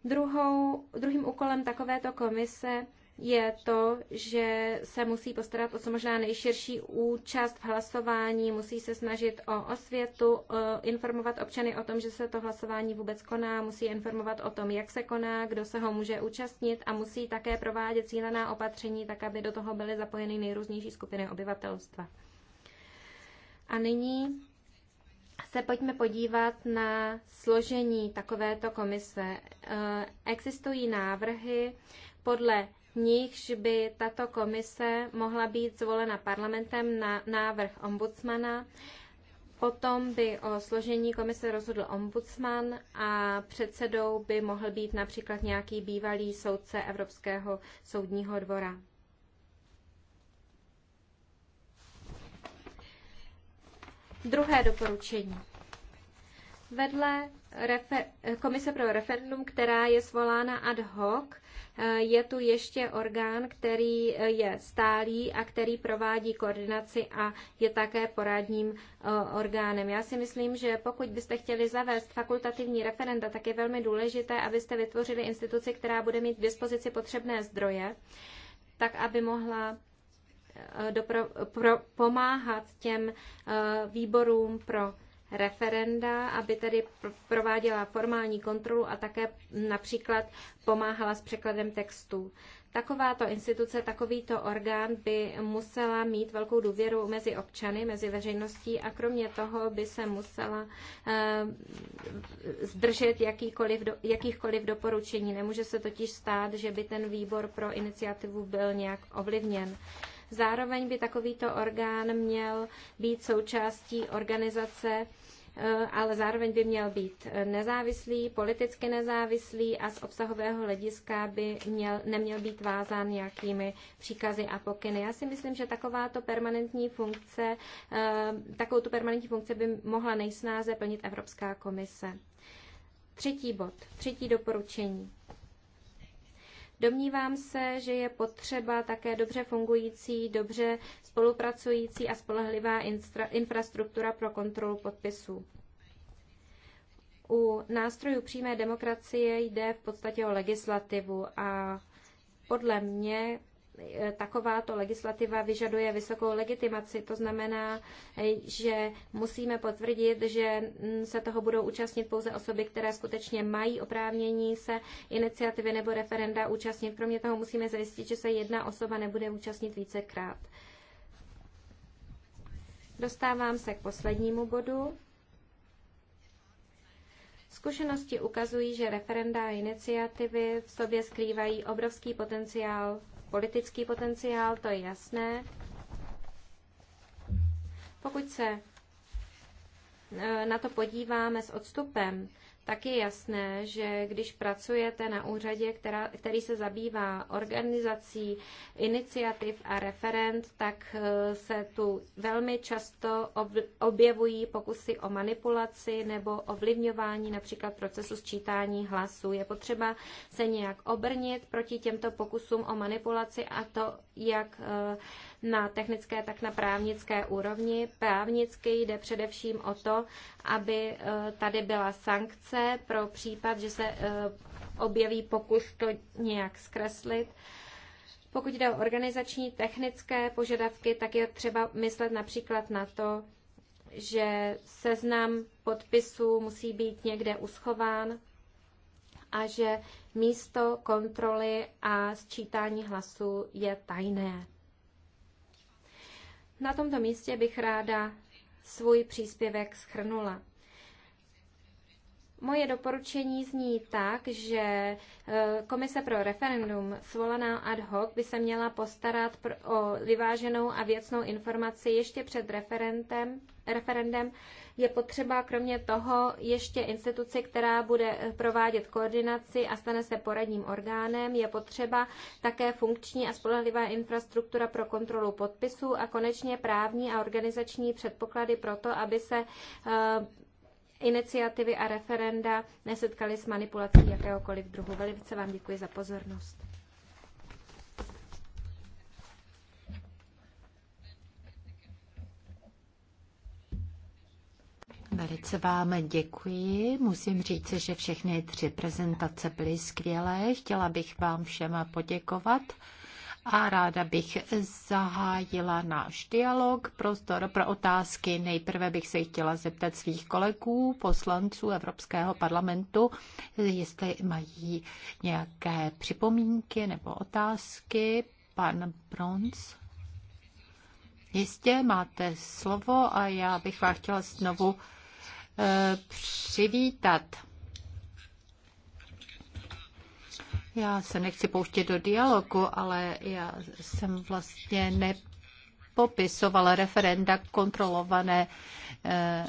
Druhou, druhým úkolem takovéto komise je to, že se musí postarat o co možná nejširší účast v hlasování, musí se snažit o osvětu, informovat občany o tom, že se to hlasování vůbec koná, musí informovat o tom, jak se koná, kdo se ho může účastnit a musí také provádět cílená opatření, tak aby do toho byly zapojeny nejrůznější skupiny obyvatelstva. A nyní se pojďme podívat na složení takovéto komise. E, existují návrhy podle nichž by tato komise mohla být zvolena parlamentem na návrh ombudsmana. Potom by o složení komise rozhodl ombudsman a předsedou by mohl být například nějaký bývalý soudce Evropského soudního dvora. Druhé doporučení. Vedle komise pro referendum, která je zvolána ad hoc, Eh, je tu ještě orgán, který eh, je stálý a který provádí koordinaci a je také poradním eh, orgánem. Já si myslím, že pokud byste chtěli zavést fakultativní referenda, tak je velmi důležité, abyste vytvořili instituci, která bude mít k dispozici potřebné zdroje, tak aby mohla dopro, pro, pomáhat těm výborům pro referenda, aby tedy prováděla formální kontrolu a také například pomáhala s překladem textů. Takováto instituce, takovýto orgán by musela mít velkou důvěru mezi občany, mezi veřejností a kromě toho by se musela eh, zdržet jakýkoliv do, jakýchkoliv doporučení. Nemůže se totiž stát, že by ten výbor pro iniciativu byl nějak ovlivněn. Zároveň by takovýto orgán měl být součástí organizace, eh, ale zároveň by měl být nezávislý, politicky nezávislý a z obsahového hlediska by měl, neměl být vázán nějakými příkazy a pokyny. Já si myslím, že takováto permanentní funkce, eh, takovou tu permanentní funkce by mohla nejsnáze plnit Evropská komise. Třetí bod, třetí doporučení. Domnívám se, že je potřeba také dobře fungující, dobře spolupracující a spolehlivá infrastruktura pro kontrolu podpisů. U nástrojů přímé demokracie jde v podstatě o legislativu a podle mě takováto legislativa vyžaduje vysokou legitimaci. To znamená, že musíme potvrdit, že se toho budou účastnit pouze osoby, které skutečně mají oprávnění se iniciativy nebo referenda účastnit. Kromě toho musíme zajistit, že se jedna osoba nebude účastnit vícekrát. Dostávám se k poslednímu bodu. Zkušenosti ukazují, že referenda a iniciativy v sobě skrývají obrovský potenciál politický potenciál, to je jasné. Pokud se e, na to podíváme s odstupem, tak je jasné, že když pracujete na úřadě, která, který se zabývá organizací iniciativ a referent, tak eh, se tu velmi často objevují pokusy o manipulaci nebo ovlivňování například procesu sčítání hlasů. Je potřeba se nějak obrnit proti těmto pokusům o manipulaci a to jak eh, na technické, tak na právnické úrovni. Právnicky jde především o to, aby eh, tady byla sankce pro případ, že se eh, objeví pokus to nějak zkreslit. Pokud jde o organizační technické požadavky, tak je třeba myslet například na to, že seznam podpisů musí být někde uschován a že místo kontroly a sčítání hlasů je tajné. Na tomto místě bych ráda svůj příspěvek schrnula. Moje doporučení zní tak, že e, Komise pro referendum, svolaná ad hoc, by se měla postarat o vyváženou a věcnou informaci ještě před referendem, referendem je potřeba kromě toho ještě instituci, která bude provádět koordinaci a stane se poradním orgánem. Je potřeba také funkční a spolehlivá infrastruktura pro kontrolu podpisů a konečně právní a organizační předpoklady pro to, aby se eh, iniciativy a referenda nesetkaly s manipulací jakéhokoliv druhu. Velice vám děkuji za pozornost. Velice vám děkuji. Musím říct, že všechny tři prezentace byly skvělé. Chtěla bych vám všem poděkovat a ráda bych zahájila náš dialog, prostor pro otázky. Nejprve bych se chtěla zeptat svých kolegů, poslanců Evropského parlamentu, jestli mají nějaké připomínky nebo otázky. Pan Bronz. Jistě máte slovo a já bych vás chtěla znovu přivítat. Já se nechci pouštět do dialogu, ale já jsem vlastně nepopisovala referenda kontrolované eh,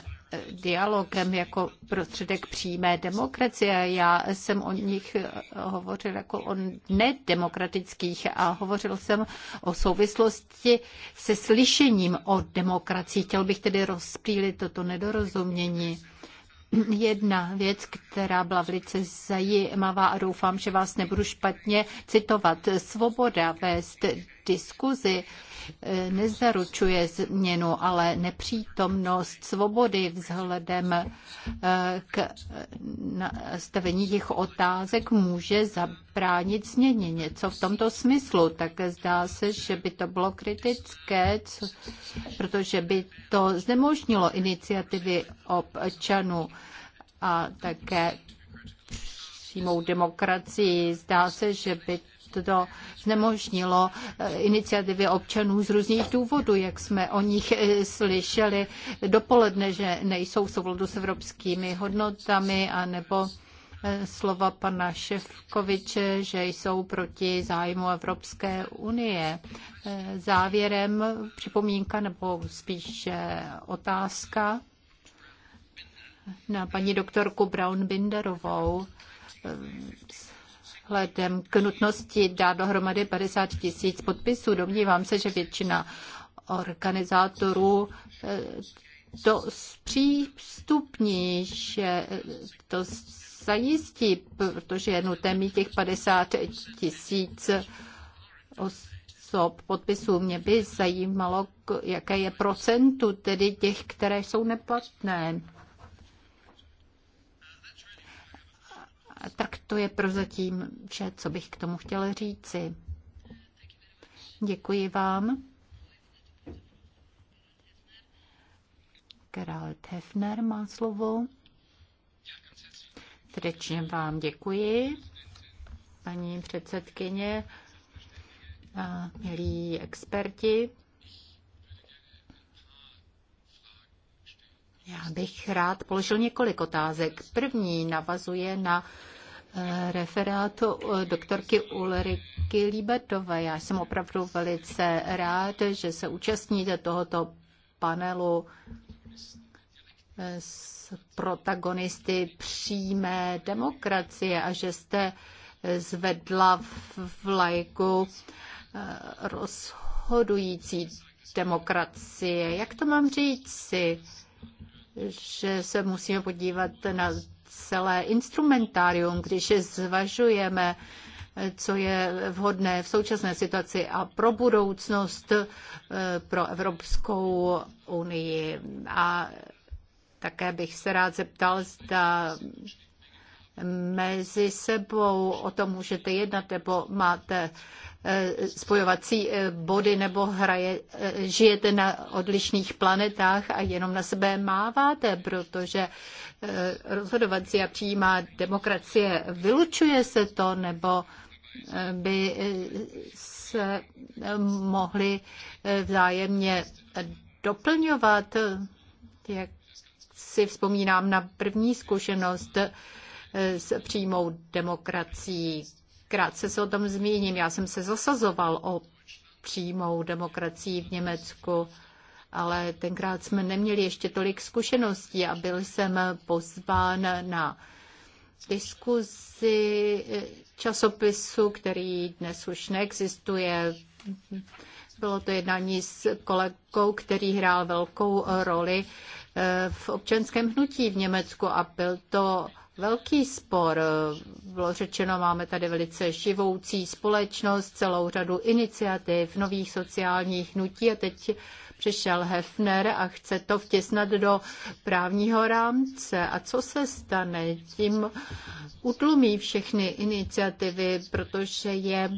dialogem jako prostředek přímé demokracie. Já jsem o nich hovořil jako o nedemokratických a hovořil jsem o souvislosti se slyšením o demokracii. Chtěl bych tedy rozpílit toto nedorozumění. Jedna věc, která byla velice zajímavá a doufám, že vás nebudu špatně citovat. Svoboda vést diskuzi nezaručuje změnu, ale nepřítomnost svobody vzhledem eh, k nastavení těch otázek může zabránit změně. Něco v tomto smyslu. Tak zdá se, že by to bylo kritické, protože by to znemožnilo iniciativy občanů a také přímou demokracii. Zdá se, že by to znemožnilo eh, iniciativy občanů z různých důvodů, jak jsme o nich eh, slyšeli dopoledne, že nejsou v s evropskými hodnotami a nebo eh, slova pana Ševkoviče, že jsou proti zájmu Evropské unie. Závěrem připomínka nebo spíše otázka na paní doktorku braun binderovou vzhledem k nutnosti dát dohromady 50 tisíc podpisů. Domnívám se, že většina organizátorů eh, to zpřístupní, že to zajistí, protože je nutné mít těch 50 tisíc osob podpisů. Mě by zajímalo, jaké je procentu tedy těch, které jsou neplatné. Tak to je prozatím vše, co bych k tomu chtěla říci. Děkuji vám. Karel Hefner má slovo. Srdečně vám děkuji, paní předsedkyně, a milí experti. Já bych rád položil několik otázek. První navazuje na referátu doktorky Ulriky Líbertové. Já jsem opravdu velice rád, že se účastníte tohoto panelu s protagonisty přímé demokracie a že jste zvedla lajku eh, rozhodující demokracie. Jak to mám říct si? že se musíme podívat na celé instrumentárium, když zvažujeme, co je vhodné v současné situaci a pro budoucnost eh, pro Evropskou unii. A také bych se rád zeptal, zda mezi sebou, o tom můžete jednat, nebo máte eh, spojovací eh, body, nebo hraje, eh, žijete na odlišných planetách a jenom na sebe máváte, protože rozhodovací a přijímá demokracie, vylučuje se to, nebo by se mohli vzájemně doplňovat, jak si vzpomínám na první zkušenost, s přímou demokracií. Krátce se o tom zmíním. Já jsem se zasazoval o přímou demokracii v Německu, ale tenkrát jsme neměli ještě tolik zkušeností a byl jsem pozván na diskuzi časopisu, který dnes už neexistuje. Bylo to jednání s kolegou, který hrál velkou roli eh, v občanském hnutí v Německu a byl to velký spor. Bylo řečeno, máme tady velice živoucí společnost, celou řadu iniciativ, nových sociálních hnutí a teď přišel Hefner a chce to vtěsnat do právního rámce. A co se stane? Tím utlumí všechny iniciativy, protože je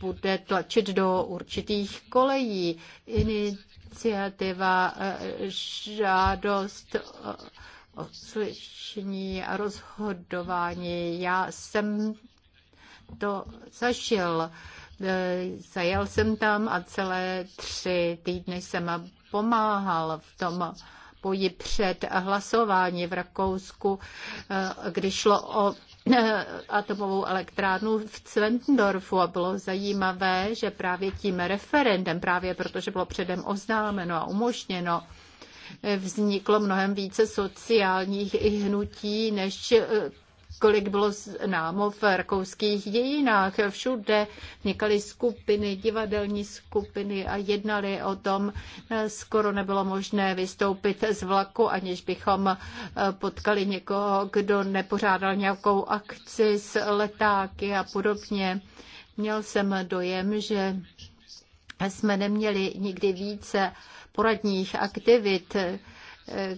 bude tlačit do určitých kolejí. Iniciativa, eh, žádost eh, odslyšení a rozhodování. Já jsem to zažil. E, zajel jsem tam a celé tři týdny jsem pomáhal v tom boji před hlasování v Rakousku, e, kdy šlo o e, atomovou elektrárnu v Cventendorfu a bylo zajímavé, že právě tím referendem, právě protože bylo předem oznámeno a umožněno, vzniklo mnohem více sociálních hnutí, než eh, kolik bylo známo v rakouských dějinách. Všude vznikaly skupiny, divadelní skupiny a jednali o tom. Eh, skoro nebylo možné vystoupit z vlaku, aniž bychom eh, potkali někoho, kdo nepořádal nějakou akci s letáky a podobně. Měl jsem dojem, že jsme neměli nikdy více poradních aktivit, eh,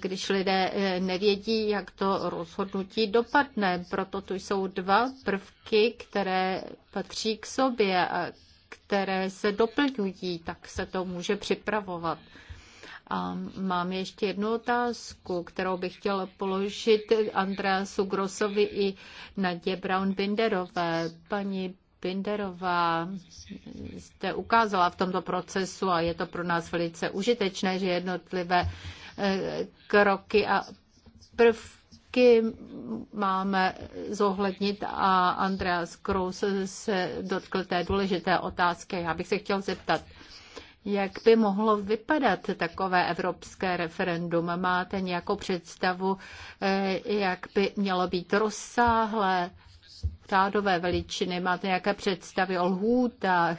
když lidé eh, nevědí, jak to rozhodnutí dopadne. Proto tu jsou dva prvky, které patří k sobě a které se doplňují, tak se to může připravovat. A mám ještě jednu otázku, kterou bych chtěla položit Andreasu Grosovi i Nadě Brown-Binderové. Paní Pinderová jste ukázala v tomto procesu a je to pro nás velice užitečné, že jednotlivé eh, kroky a prvky máme zohlednit a Andreas Kraus se dotkl té důležité otázky. Já bych se chtěl zeptat, jak by mohlo vypadat takové evropské referendum? Máte nějakou představu, eh, jak by mělo být rozsáhlé? řádové veličiny, máte nějaké představy o lhůtách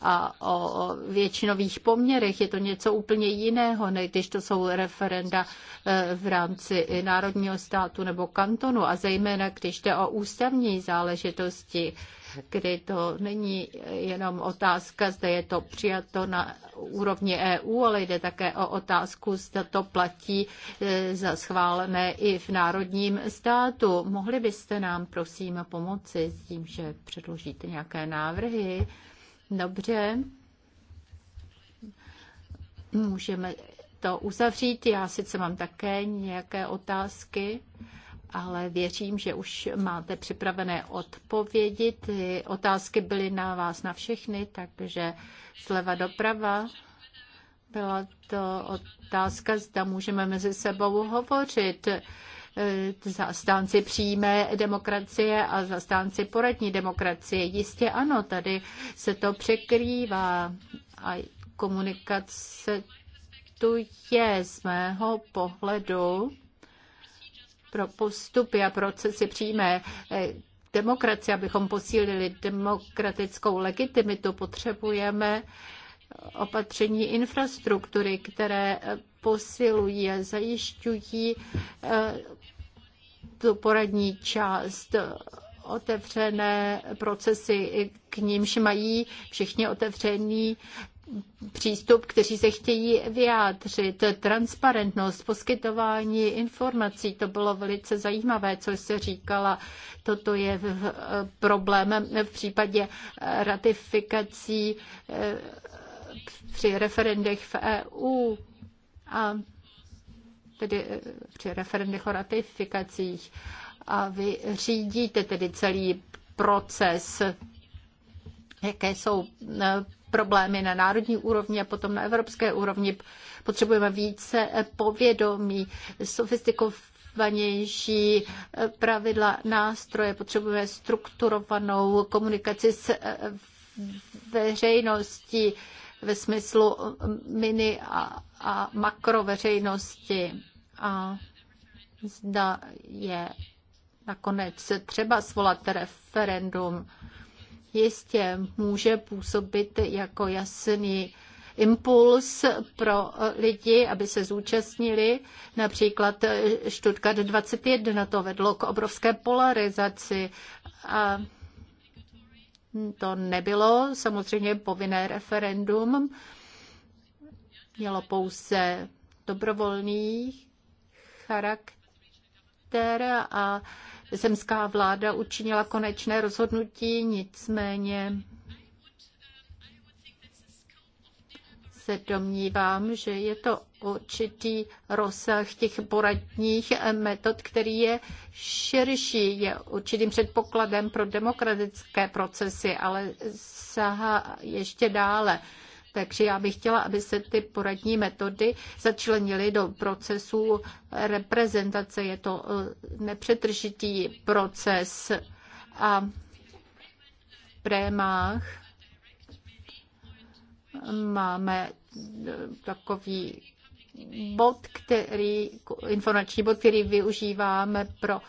a o většinových poměrech. Je to něco úplně jiného, než když to jsou referenda e, v rámci národního státu nebo kantonu a zejména když jde o ústavní záležitosti kdy to není jenom otázka, zda je to přijato na úrovni EU, ale jde také o otázku, zda to platí e, za schválené i v národním státu. Mohli byste nám, prosím, pomoci s tím, že předložíte nějaké návrhy? Dobře. Můžeme to uzavřít. Já sice mám také nějaké otázky ale věřím, že už máte připravené odpovědi. Ty otázky byly na vás na všechny, takže zleva doprava. Byla to otázka, zda můžeme mezi sebou hovořit e, zastánci přímé demokracie a zastánci poradní demokracie. Jistě ano, tady se to překrývá a komunikace tu je z mého pohledu pro postupy a procesy přímé eh, demokracie, abychom posílili demokratickou legitimitu, potřebujeme opatření infrastruktury, které eh, posilují a zajišťují eh, tu poradní část otevřené procesy, k nímž mají všichni otevřený přístup, kteří se chtějí vyjádřit. Transparentnost, poskytování informací, to bylo velice zajímavé, co se říkala. Toto je problémem v případě ratifikací eh, při referendech v EU a tedy eh, při referendech o ratifikacích. A vy řídíte tedy celý proces, jaké jsou eh, problémy na národní úrovni a potom na evropské úrovni. Potřebujeme více povědomí, sofistikovanější eh, pravidla, nástroje, potřebujeme strukturovanou komunikaci s eh, veřejností ve smyslu eh, mini a, a veřejnosti. A zda je nakonec třeba svolat referendum jistě může působit jako jasný impuls pro eh, lidi, aby se zúčastnili. Například eh, Stuttgart 21 to vedlo k obrovské polarizaci a to nebylo samozřejmě povinné referendum, mělo pouze dobrovolný charakter a zemská vláda učinila konečné rozhodnutí, nicméně se domnívám, že je to určitý rozsah těch poradních metod, který je širší, je určitým předpokladem pro demokratické procesy, ale sahá ještě dále. Takže já bych chtěla, aby se ty poradní metody začlenily do procesu reprezentace. Je to eh, nepřetržitý proces a prémách máme eh, takový bod, který, informační bod, který využíváme pro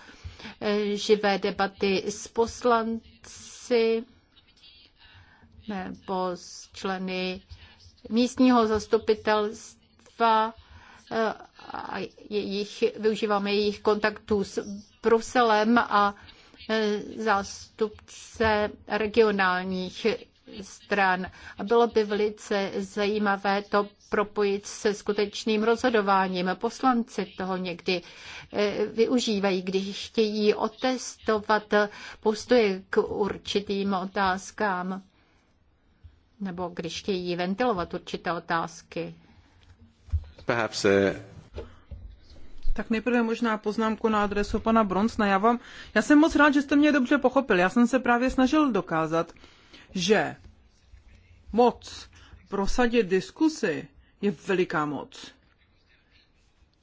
eh, živé debaty s poslanci nebo s členy místního zastupitelstva eh, a jejich, využíváme jejich kontaktů s Bruselem a eh, zástupce regionálních stran. A bylo by velice zajímavé to propojit se skutečným rozhodováním. Poslanci toho někdy eh, využívají, když chtějí otestovat postoje k určitým otázkám nebo když chtějí ventilovat určité otázky. Perhaps, eh, tak nejprve možná poznámku na adresu pana Bronsna. Já, vám, já jsem moc rád, že jste mě dobře pochopil. Já jsem se právě snažil dokázat, že moc prosadit diskusy je veliká moc.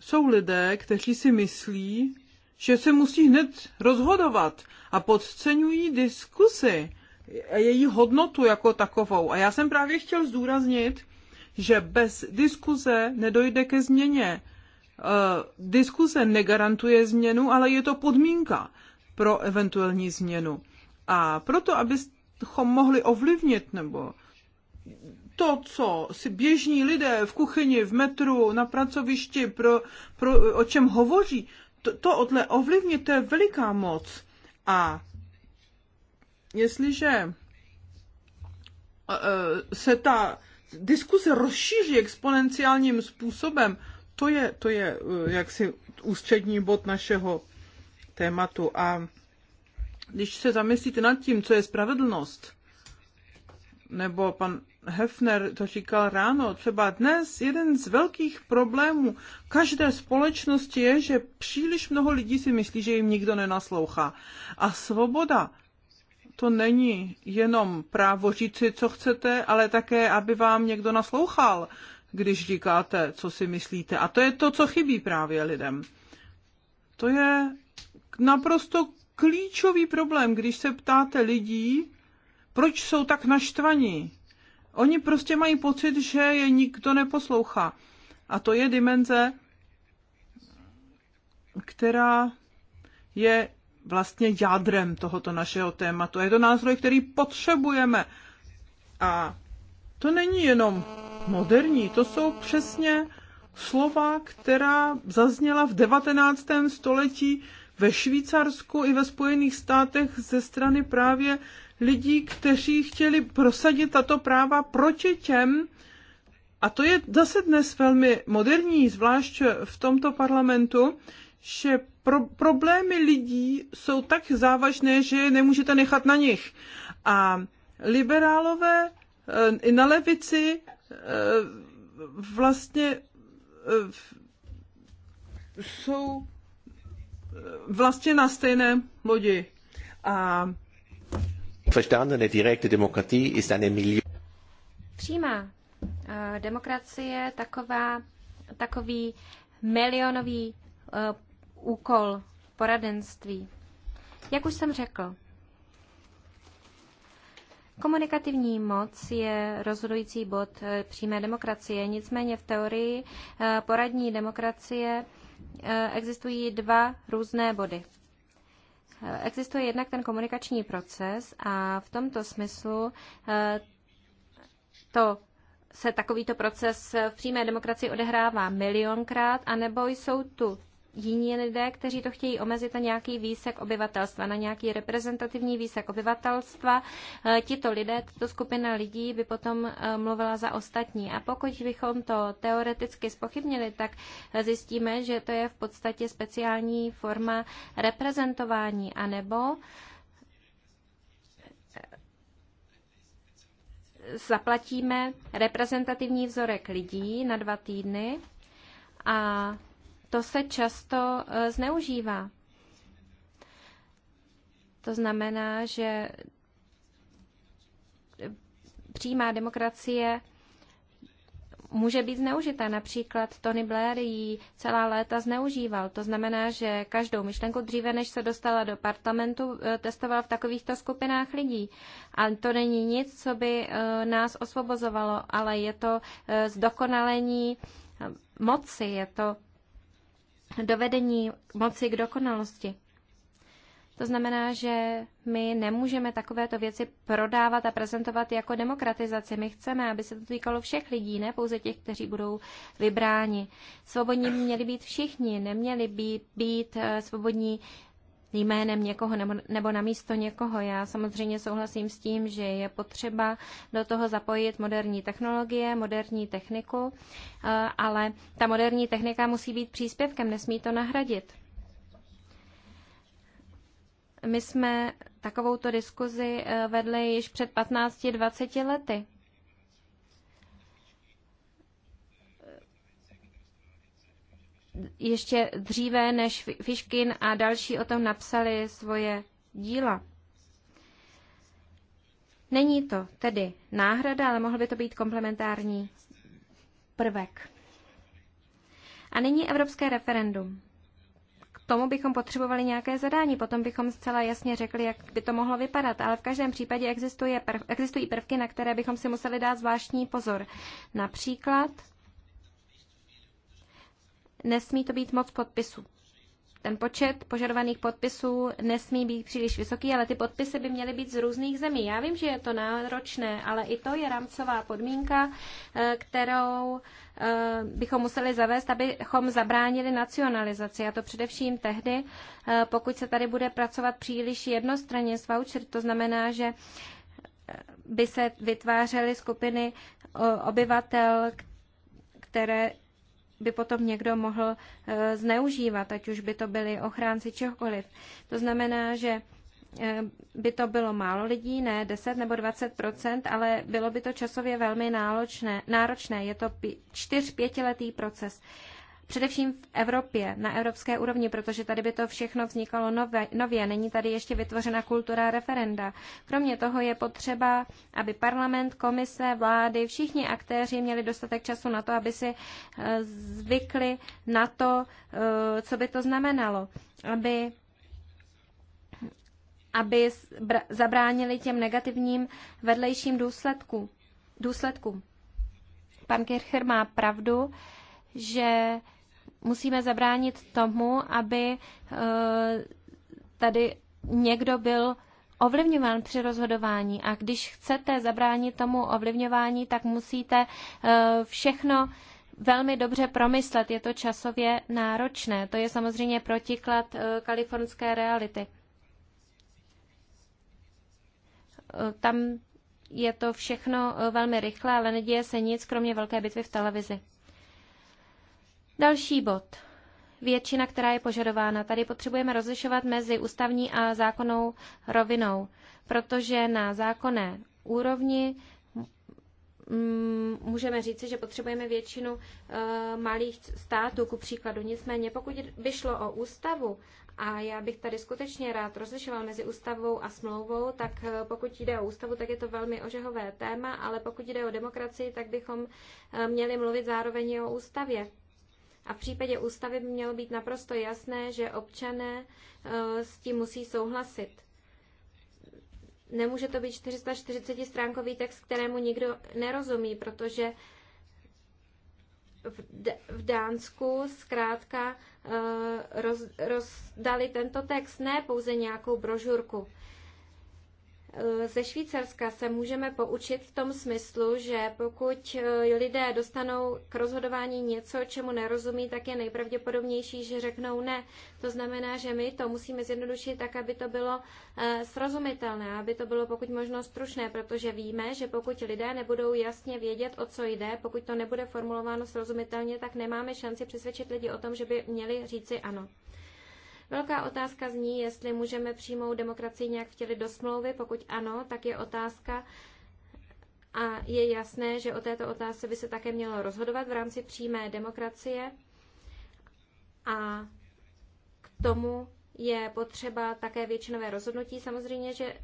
Jsou lidé, kteří si myslí, že se musí hned rozhodovat a podceňují diskusy její hodnotu jako takovou. A já jsem právě chtěl zdůraznit, že bez diskuze nedojde ke změně. E, diskuze negarantuje změnu, ale je to podmínka pro eventuální změnu. A proto, abychom mohli ovlivnit nebo to, co si běžní lidé v kuchyni, v metru, na pracovišti, pro, pro, o čem hovoří, to, to ovlivnit, to je veliká moc. A jestliže e, e, se ta diskuse rozšíří exponenciálním způsobem, to je, to je e, jaksi ústřední bod našeho tématu. A když se zamyslíte nad tím, co je spravedlnost, nebo pan Hefner to říkal ráno, třeba dnes jeden z velkých problémů každé společnosti je, že příliš mnoho lidí si myslí, že jim nikdo nenaslouchá. A svoboda to není jenom právo říci, co chcete, ale také, aby vám někdo naslouchal, když říkáte, co si myslíte. A to je to, co chybí právě lidem. To je naprosto klíčový problém, když se ptáte lidí, proč jsou tak naštvaní. Oni prostě mají pocit, že je nikdo neposlouchá. A to je dimenze, která je vlastně jádrem tohoto našeho tématu. Je to nástroj, který potřebujeme. A to není jenom moderní, to jsou přesně slova, která zazněla v 19. století ve Švýcarsku i ve Spojených státech ze strany právě lidí, kteří chtěli prosadit tato práva proti těm, a to je zase dnes velmi moderní, zvlášť v tomto parlamentu, že pro, problémy lidí jsou tak závažné, že je nemůžete nechat na nich. A liberálové e, i na levici e, vlastně e, jsou vlastně na stejné lodi. A Verstandene direkte Demokratie ist eine Million. Přímá demokracie taková, takový milionový úkol poradenství. Jak už jsem řekl, Komunikativní moc je rozhodující bod eh, přímé demokracie, nicméně v teorii eh, poradní demokracie eh, existují dva různé body. Existuje jednak ten komunikační proces a v tomto smyslu to se takovýto proces v přímé demokracii odehrává milionkrát, anebo jsou tu jiní lidé, kteří to chtějí omezit na nějaký výsek obyvatelstva, na nějaký reprezentativní výsek obyvatelstva. Eh, tito lidé, tato skupina lidí by potom eh, mluvila za ostatní. A pokud bychom to teoreticky spochybnili, tak eh, zjistíme, že to je v podstatě speciální forma reprezentování, anebo zaplatíme reprezentativní vzorek lidí na dva týdny a to se často eh, zneužívá. To znamená, že eh, přímá demokracie může být zneužita. Například Tony Blair ji celá léta zneužíval. To znamená, že každou myšlenku dříve, než se dostala do parlamentu, eh, testoval v takovýchto skupinách lidí. A to není nic, co by nás osvobozovalo, ale je to zdokonalení moci, je to dovedení moci k dokonalosti. To znamená, že my nemůžeme takovéto věci prodávat a prezentovat jako demokratizaci. My chceme, aby se to týkalo všech lidí, ne pouze těch, kteří budou vybráni. Svobodní měli být všichni, neměli by být eh, svobodní jménem někoho nebo, nebo na místo někoho. Já samozřejmě souhlasím s tím, že je potřeba do toho zapojit moderní technologie, moderní techniku, eh, ale ta moderní technika musí být příspěvkem, nesmí to nahradit. My jsme takovouto diskuzi eh, vedli již před 15-20 lety. ještě dříve než Fiškin a další o tom napsali svoje díla. Není to tedy náhrada, ale mohl by to být komplementární prvek. A nyní evropské referendum. K tomu bychom potřebovali nějaké zadání, potom bychom zcela jasně řekli, jak by to mohlo vypadat, ale v každém případě existuje prv, existují prvky, na které bychom si museli dát zvláštní pozor. Například nesmí to být moc podpisů. Ten počet požadovaných podpisů nesmí být příliš vysoký, ale ty podpisy by měly být z různých zemí. Já vím, že je to náročné, ale i to je rámcová podmínka, eh, kterou eh, bychom museli zavést, abychom zabránili nacionalizaci. A to především tehdy, eh, pokud se tady bude pracovat příliš jednostranně s voucher. To znamená, že by se vytvářely skupiny obyvatel, které by potom někdo mohl eh, zneužívat, ať už by to byli ochránci čehokoliv. To znamená, že eh, by to bylo málo lidí, ne 10 nebo 20 ale bylo by to časově velmi náročné. náročné. Je to čtyřpětiletý proces. Především v Evropě, na evropské úrovni, protože tady by to všechno vznikalo nové, nově. Není tady ještě vytvořena kultura referenda. Kromě toho je potřeba, aby parlament, komise, vlády, všichni aktéři měli dostatek času na to, aby si eh, zvykli na to, eh, co by to znamenalo. Aby aby zabránili těm negativním vedlejším důsledkům. důsledkům. Pan Kircher má pravdu, že musíme zabránit tomu, aby eh, tady někdo byl ovlivňován při rozhodování. A když chcete zabránit tomu ovlivňování, tak musíte eh, všechno velmi dobře promyslet. Je to časově náročné. To je samozřejmě protiklad eh, kalifornské reality. Tam je to všechno velmi rychle, ale neděje se nic, kromě velké bitvy v televizi. Další bod. Většina, která je požadována. Tady potřebujeme rozlišovat mezi ústavní a zákonnou rovinou, protože na zákonné úrovni mm, můžeme říci, že potřebujeme většinu eh, malých států, ku příkladu. Nicméně, pokud by šlo o ústavu, a já bych tady skutečně rád rozlišoval mezi ústavou a smlouvou, tak eh, pokud jde o ústavu, tak je to velmi ožehové téma, ale pokud jde o demokracii, tak bychom eh, měli mluvit zároveň i o ústavě. A v případě ústavy by mělo být naprosto jasné, že občané eh, s tím musí souhlasit. Nemůže to být 440-stránkový text, kterému nikdo nerozumí, protože v Dánsku zkrátka eh, rozdali tento text, ne pouze nějakou brožurku ze Švýcarska se můžeme poučit v tom smyslu, že pokud e, lidé dostanou k rozhodování něco, čemu nerozumí, tak je nejpravděpodobnější, že řeknou ne. To znamená, že my to musíme zjednodušit tak, aby to bylo e, srozumitelné, aby to bylo pokud možno stručné, protože víme, že pokud lidé nebudou jasně vědět, o co jde, pokud to nebude formulováno srozumitelně, tak nemáme šanci přesvědčit lidi o tom, že by měli říci ano. Velká otázka zní, jestli můžeme přímou demokracii nějak vtělit do smlouvy. Pokud ano, tak je otázka, a je jasné, že o této otázce by se také mělo rozhodovat v rámci přímé demokracie. A k tomu je potřeba také většinové rozhodnutí. Samozřejmě, že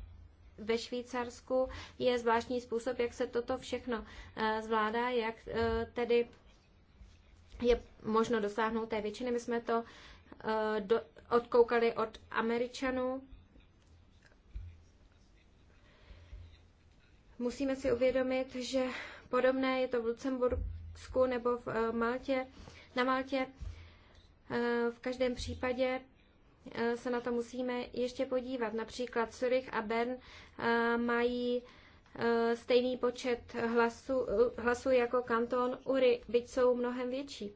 ve Švýcarsku je zvláštní způsob, jak se toto všechno eh, zvládá, jak eh, tedy je možno dosáhnout té většiny. My jsme to Eh, do, odkoukali od Američanů. Musíme si uvědomit, že podobné je to v Lucembursku nebo v eh, Maltě, na Maltě. Eh, v každém případě se na to musíme ještě podívat. Například Zurich a Bern mají stejný počet hlasů, hlasu jako kanton Uri, byť jsou mnohem větší.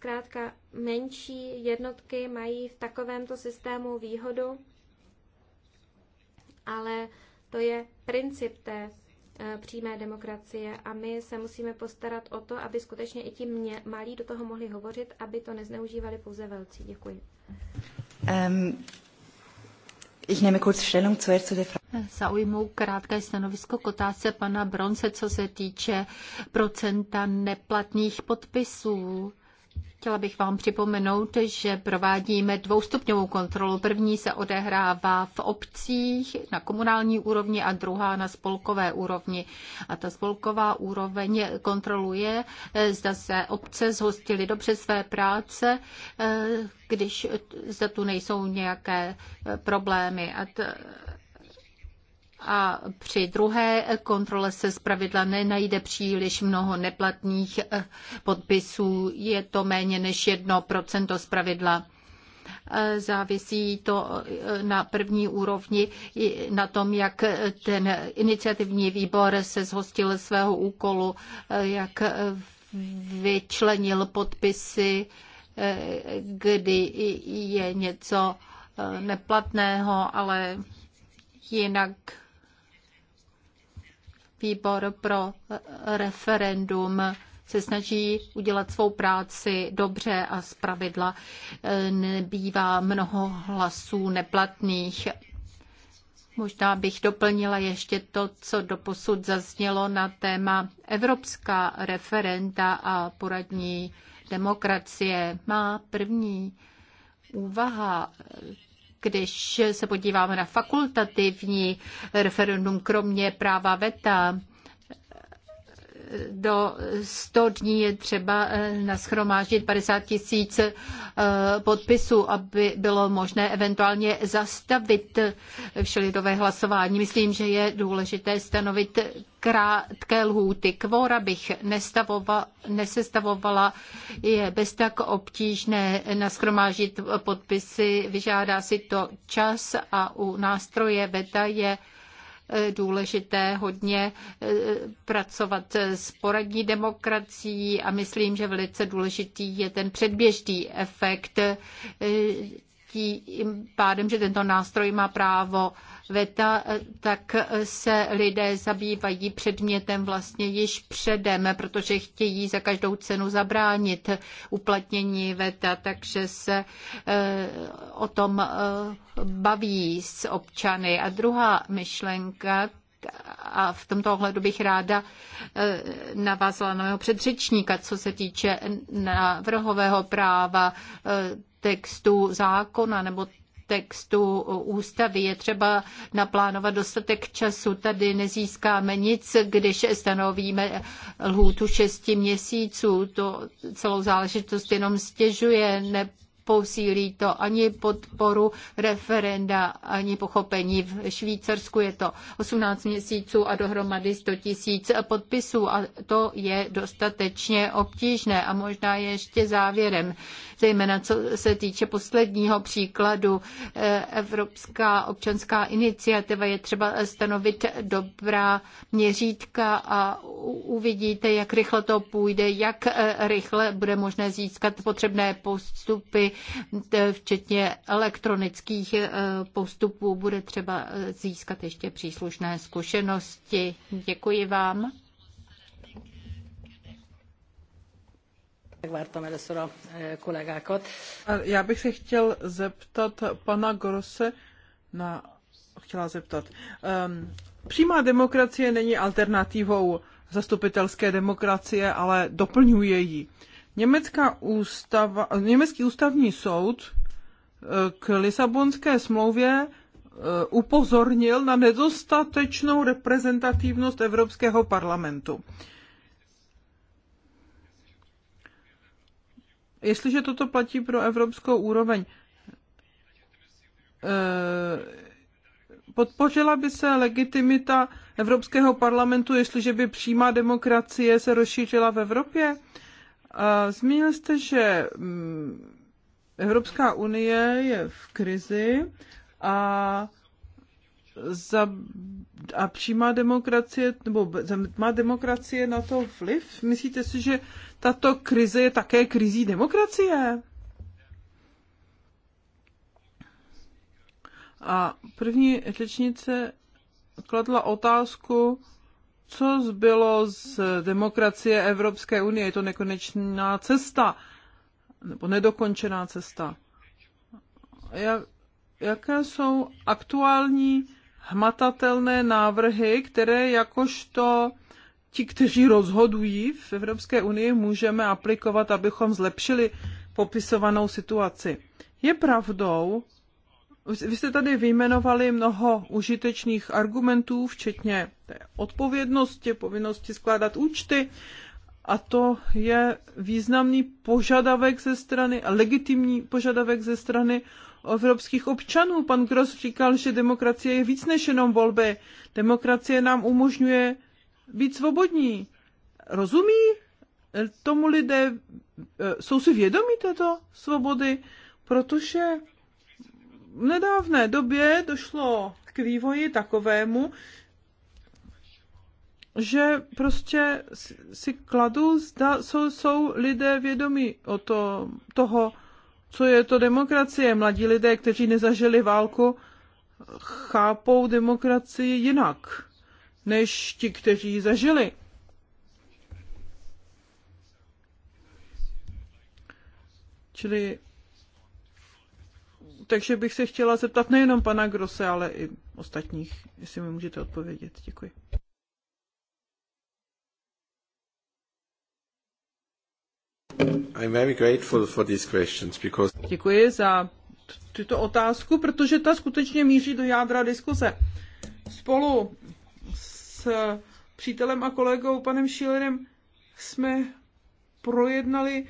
Zkrátka menší jednotky mají v takovémto systému výhodu, ale to je princip té e, přímé demokracie a my se musíme postarat o to, aby skutečně i ti mě, malí do toho mohli hovořit, aby to nezneužívali pouze velcí. Děkuji. Um, ich nehme kurz Stellung zuerst zu der Frage. Zaujmu krátké stanovisko k otázce pana Bronce, co se týče procenta neplatných podpisů. Chtěla bych vám připomenout, že provádíme dvoustupňovou kontrolu. První se odehrává v obcích na komunální úrovni a druhá na spolkové úrovni. A ta spolková úroveň kontroluje, eh, zda se obce zhostily dobře své práce, eh, když zda tu nejsou nějaké eh, problémy. A t- a při druhé kontrole se zpravidla nenajde příliš mnoho neplatných eh, podpisů, je to méně než 1% zpravidla. Eh, závisí to eh, na první úrovni, na tom, jak ten iniciativní výbor se zhostil svého úkolu, jak vyčlenil podpisy, kdy je něco neplatného, ale jinak výbor pro referendum se snaží udělat svou práci dobře a z pravidla nebývá mnoho hlasů neplatných. Možná bych doplnila ještě to, co doposud zaznělo na téma evropská referenda a poradní demokracie. Má první úvaha když se podíváme na fakultativní referendum, kromě práva VETA, do 100 dní je třeba eh, nashromáždit 50 tisíc eh, podpisů, aby bylo možné eventuálně zastavit eh, všelidové hlasování. Myslím, že je důležité stanovit krátké lhůty. Kvóra bych nesestavovala, je bez tak obtížné nashromáždit podpisy, vyžádá si to čas a u nástroje VETA je důležité hodně eh, pracovat s poradní demokracií a myslím, že velice důležitý je ten předběžný efekt eh, tím pádem, že tento nástroj má právo veta, eh, tak eh, se lidé zabývají předmětem vlastně již předem, protože chtějí za každou cenu zabránit uplatnění veta, takže se eh, o tom baví s občany. A druhá myšlenka, a v tomto ohledu bych ráda navázala na mého předřečníka, co se týče návrhového práva textu zákona nebo textu ústavy. Je třeba naplánovat dostatek času. Tady nezískáme nic, když stanovíme lhůtu šesti měsíců. To celou záležitost jenom stěžuje. Ne neposílí to ani podporu referenda, ani pochopení. V Švýcarsku je to 18 měsíců a dohromady 100 tisíc podpisů a to je dostatečně obtížné. A možná ještě závěrem, zejména co se týče posledního příkladu, eh, Evropská občanská iniciativa je třeba stanovit dobrá měřítka a uvidíte, jak rychle to půjde, jak eh, rychle bude možné získat potřebné postupy včetně elektronických eh, postupů, bude třeba eh, získat ještě příslušné zkušenosti. Děkuji vám. Eh, já bych se chtěl zeptat pana Grosse na, chtěla zeptat. Um, přímá demokracie není alternativou zastupitelské demokracie, ale doplňuje ji. Německá ústava, Německý ústavní soud eh, k Lisabonské smlouvě eh, upozornil na nedostatečnou reprezentativnost Evropského parlamentu. Jestliže toto platí pro evropskou úroveň, eh, podpořila by se legitimita Evropského parlamentu, jestliže by přímá demokracie se rozšířila v Evropě? Zmínil jste, že mm, Evropská unie je v krizi a za, a přímá demokracie, nebo má demokracie na to vliv? Myslíte si, že tato krize je také krizí demokracie? A první řečnice kladla otázku, co zbylo z demokracie Evropské unie. Je to nekonečná cesta, nebo nedokončená cesta. Jak, jaké jsou aktuální hmatatelné návrhy, které jakožto ti, kteří rozhodují v Evropské unii, můžeme aplikovat, abychom zlepšili popisovanou situaci. Je pravdou, vy jste tady vyjmenovali mnoho užitečných argumentů, včetně té odpovědnosti, povinnosti skládat účty, a to je významný požadavek ze strany, legitimní požadavek ze strany evropských občanů. Pan Gross říkal, že demokracie je víc než jenom volby. Demokracie nám umožňuje být svobodní. Rozumí tomu lidé? E, jsou si vědomí této svobody? Protože v nedávné době došlo k vývoji takovému, že prostě si kladu, zda jsou, jsou lidé vědomí o to, toho, co je to demokracie. Mladí lidé, kteří nezažili válku, chápou demokracii jinak, než ti, kteří ji zažili. Čili takže bych se chtěla zeptat nejenom pana Grose, ale i ostatních, jestli mi můžete odpovědět. Děkuji. I'm very grateful for these questions because... Děkuji za tuto otázku, protože ta skutečně míří do jádra diskuse. Spolu s přítelem a kolegou panem Šílenem jsme projednali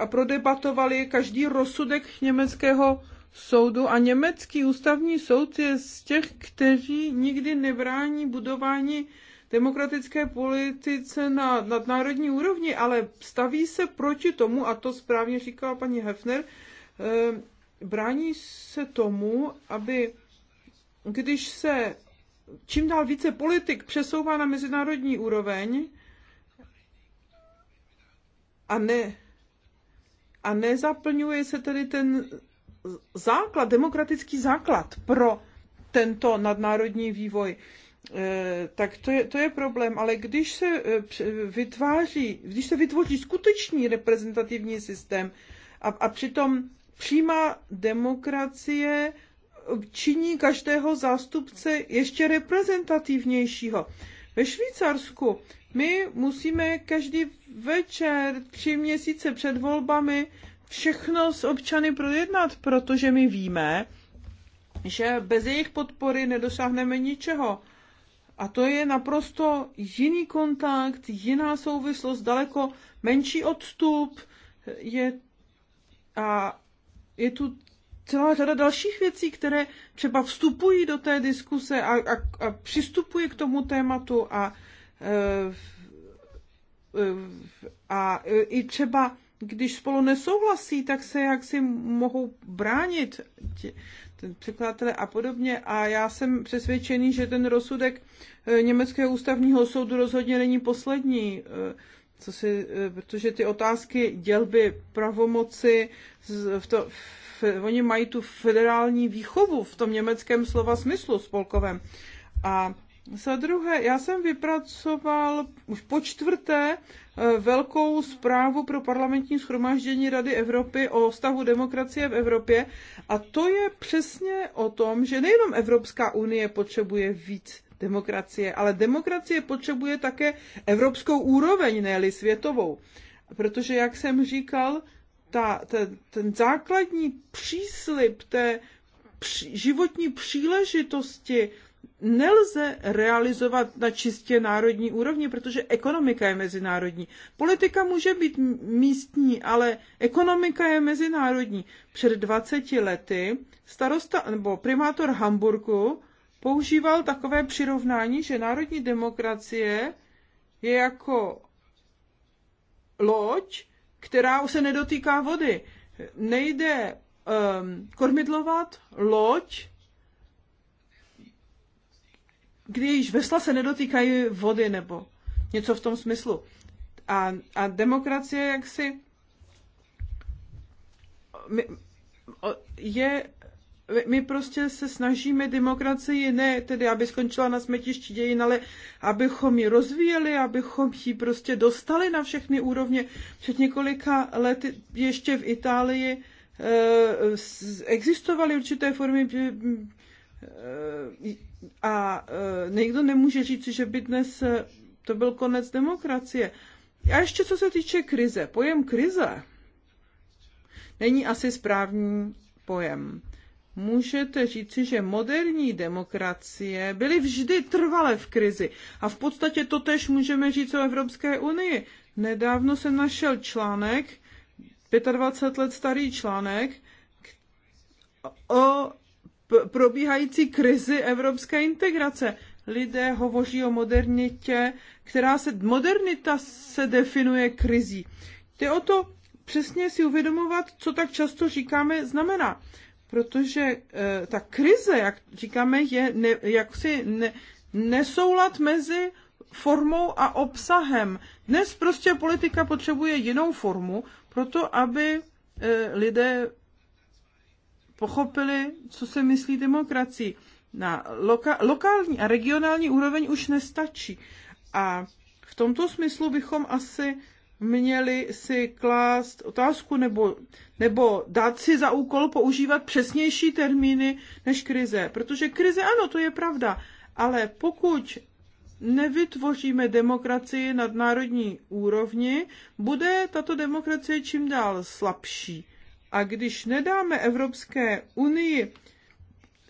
a prodebatovali každý rozsudek německého soudu a německý ústavní soud je z těch, kteří nikdy nebrání budování demokratické politice na nadnárodní úrovni, ale staví se proti tomu, a to správně říkala paní Hefner, eh, brání se tomu, aby když se čím dál více politik přesouvá na mezinárodní úroveň a ne, a nezaplňuje se tedy ten základ, demokratický základ pro tento nadnárodní vývoj, eh, tak to je, to je problém. Ale když se eh, vytváří, když se vytvoří skutečný reprezentativní systém a, a přitom přímá demokracie činí každého zástupce ještě reprezentativnějšího. Ve Švýcarsku my musíme každý večer, tři měsíce před volbami, všechno s občany projednat, protože my víme, že bez jejich podpory nedosáhneme ničeho. A to je naprosto jiný kontakt, jiná souvislost, daleko menší odstup. Je, a je tu celá řada dalších věcí, které třeba vstupují do té diskuse a, a, a přistupují k tomu tématu a, e, e, a, a e, i třeba když spolu nesouhlasí, tak se jak si mohou bránit překladatele a podobně. A já jsem přesvědčený, že ten rozsudek eh, Německého ústavního soudu rozhodně není poslední, eh, co si, eh, protože ty otázky dělby pravomoci, v to, v, oni mají tu federální výchovu v tom německém slova smyslu spolkovém. A za druhé, já jsem vypracoval už po čtvrté eh, velkou zprávu pro parlamentní schromáždění Rady Evropy o stavu demokracie v Evropě. A to je přesně o tom, že nejenom Evropská unie potřebuje víc demokracie, ale demokracie potřebuje také evropskou úroveň, ne světovou. Protože, jak jsem říkal, ta, ten, ten základní příslip té životní příležitosti, nelze realizovat na čistě národní úrovni, protože ekonomika je mezinárodní. Politika může být místní, ale ekonomika je mezinárodní. Před 20 lety starosta nebo primátor Hamburgu používal takové přirovnání, že národní demokracie je jako loď, která se nedotýká vody. Nejde um, kormidlovat loď kdy již vesla se nedotýkají vody nebo něco v tom smyslu. A, a demokracie jaksi my, je, my prostě se snažíme demokracii ne tedy, aby skončila na smetišti dějin, ale abychom ji rozvíjeli, abychom ji prostě dostali na všechny úrovně. Před několika lety ještě v Itálii e, existovaly určité formy e, a e, někdo nemůže říct, že by dnes e, to byl konec demokracie. A ještě co se týče krize. Pojem krize není asi správný pojem. Můžete říci, že moderní demokracie byly vždy trvalé v krizi. A v podstatě to tež můžeme říct o Evropské unii. Nedávno jsem našel článek, 25 let starý článek, o probíhající krizi evropské integrace. Lidé hovoří o modernitě, která se, modernita se definuje krizí. Jde o to přesně si uvědomovat, co tak často říkáme, znamená. Protože e, ta krize, jak říkáme, je ne, jaksi ne, nesoulad mezi formou a obsahem. Dnes prostě politika potřebuje jinou formu, proto aby eh, lidé pochopili, co se myslí demokracii. Na loka- lokální a regionální úroveň už nestačí. A v tomto smyslu bychom asi měli si klást otázku nebo, nebo dát si za úkol používat přesnější termíny než krize. Protože krize, ano, to je pravda, ale pokud nevytvoříme demokracii nadnárodní národní úrovni, bude tato demokracie čím dál slabší. A když nedáme Evropské unii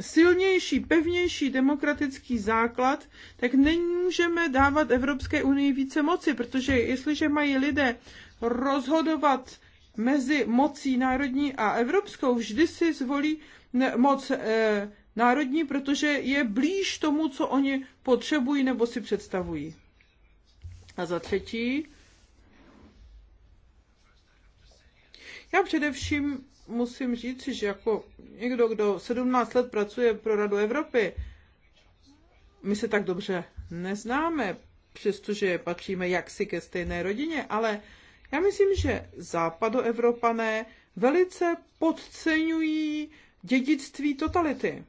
silnější, pevnější demokratický základ, tak nemůžeme dávat Evropské unii více moci, protože jestliže mají lidé rozhodovat mezi mocí národní a evropskou, vždy si zvolí moc e, národní, protože je blíž tomu, co oni potřebují nebo si představují. A za třetí, Já především musím říct, že jako někdo, kdo 17 let pracuje pro Radu Evropy, my se tak dobře neznáme, přestože patříme jaksi ke stejné rodině, ale já myslím, že západoevropané velice podceňují dědictví totality.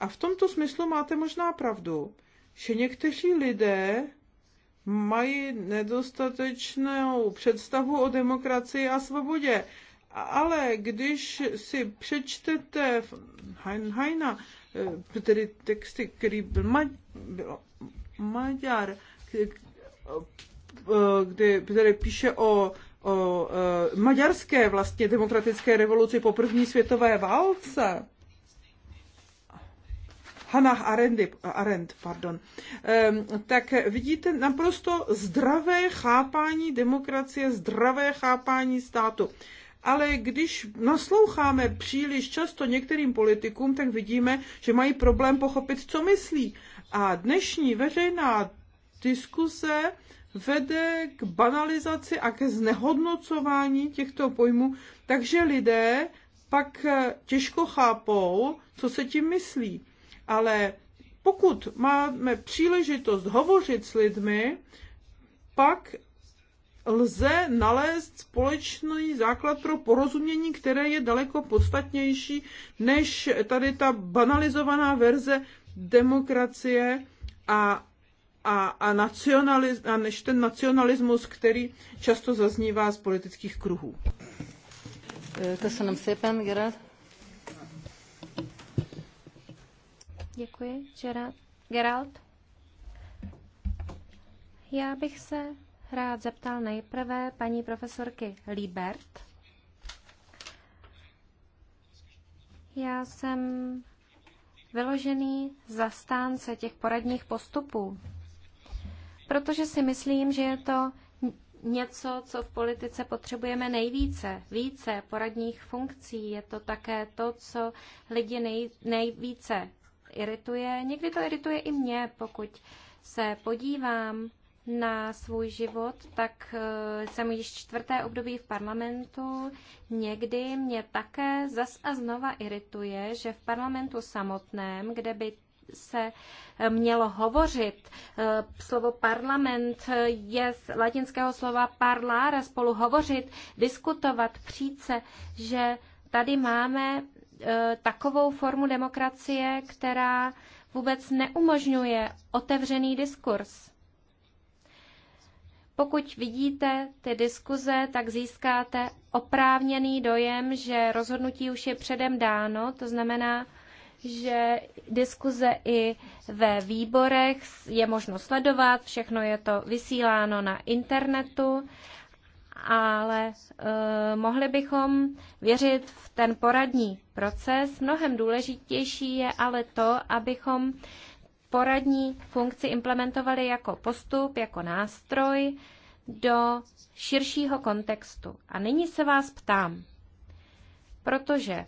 A v tomto smyslu máte možná pravdu, že někteří lidé mají nedostatečnou představu o demokracii a svobodě ale když si přečtete Heinheina, eh, tedy texty, který byl, Ma, byl Maďar, kdy, eh, který píše o, o eh, maďarské vlastně demokratické revoluci po první světové válce, Hannah Arendt, Arend, pardon, ehm, tak vidíte naprosto zdravé chápání demokracie, zdravé chápání státu ale když nasloucháme příliš často některým politikům, tak vidíme, že mají problém pochopit, co myslí. A dnešní veřejná diskuse vede k banalizaci a ke znehodnocování těchto pojmů, takže lidé pak eh, těžko chápou, co se tím myslí. Ale pokud máme příležitost hovořit s lidmi, pak lze nalézt společný základ pro porozumění, které je daleko podstatnější než tady ta banalizovaná verze demokracie a, a, a, nacionaliz, a než ten nacionalismus, který často zaznívá z politických kruhů. Köszönöm szépen, Gerard. Děkuji, Gerard. Gerald. Já bych se rád zeptal nejprve paní profesorky Liebert. Já jsem vyložený zastánce těch poradních postupů, protože si myslím, že je to něco, co v politice potřebujeme nejvíce. Více poradních funkcí je to také to, co lidi nej, nejvíce irituje. Někdy to irituje i mě, pokud se podívám na svůj život, tak eh, jsem již čtvrté období v parlamentu. Někdy mě také zas a znova irituje, že v parlamentu samotném, kde by se eh, mělo hovořit. Eh, slovo parlament je z latinského slova parlára, spolu hovořit, diskutovat, přijít se, že tady máme takovou formu demokracie, která vůbec neumožňuje otevřený diskurs. Pokud vidíte ty diskuze, tak získáte oprávněný dojem, že rozhodnutí už je předem dáno, to znamená, že diskuze i ve výborech je možno sledovat, všechno je to vysíláno na internetu, ale e, mohli bychom věřit v ten poradní proces. Mnohem důležitější je ale to, abychom poradní funkci implementovali jako postup, jako nástroj do širšího kontextu. A nyní se vás ptám, protože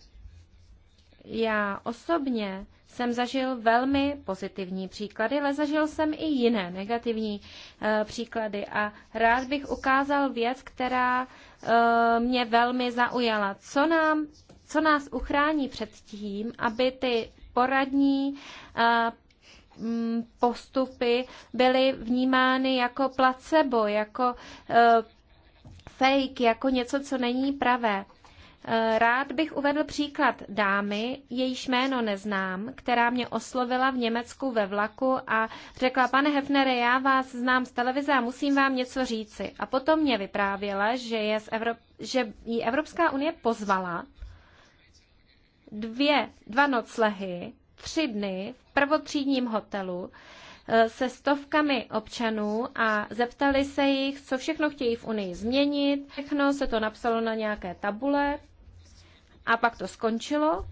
já osobně jsem zažil velmi pozitivní příklady, ale zažil jsem i jiné negativní e, příklady a rád bych ukázal věc, která e, mě velmi zaujala. Co, nám, co nás uchrání před tím, aby ty poradní e, Mm, postupy byly vnímány jako placebo, jako eh, fake, jako něco, co není pravé. Eh, rád bych uvedl příklad dámy, jejíž jméno neznám, která mě oslovila v Německu ve vlaku a řekla, pane Hefnere, já vás znám z televize a musím vám něco říci. A potom mě vyprávěla, že, je z Evrop- že ji Evropská unie pozvala dvě, dva noclehy tři dny v prvotřídním hotelu eh, se stovkami občanů a zeptali se jich, co všechno chtějí v Unii změnit. Všechno se to napsalo na nějaké tabule a pak to skončilo.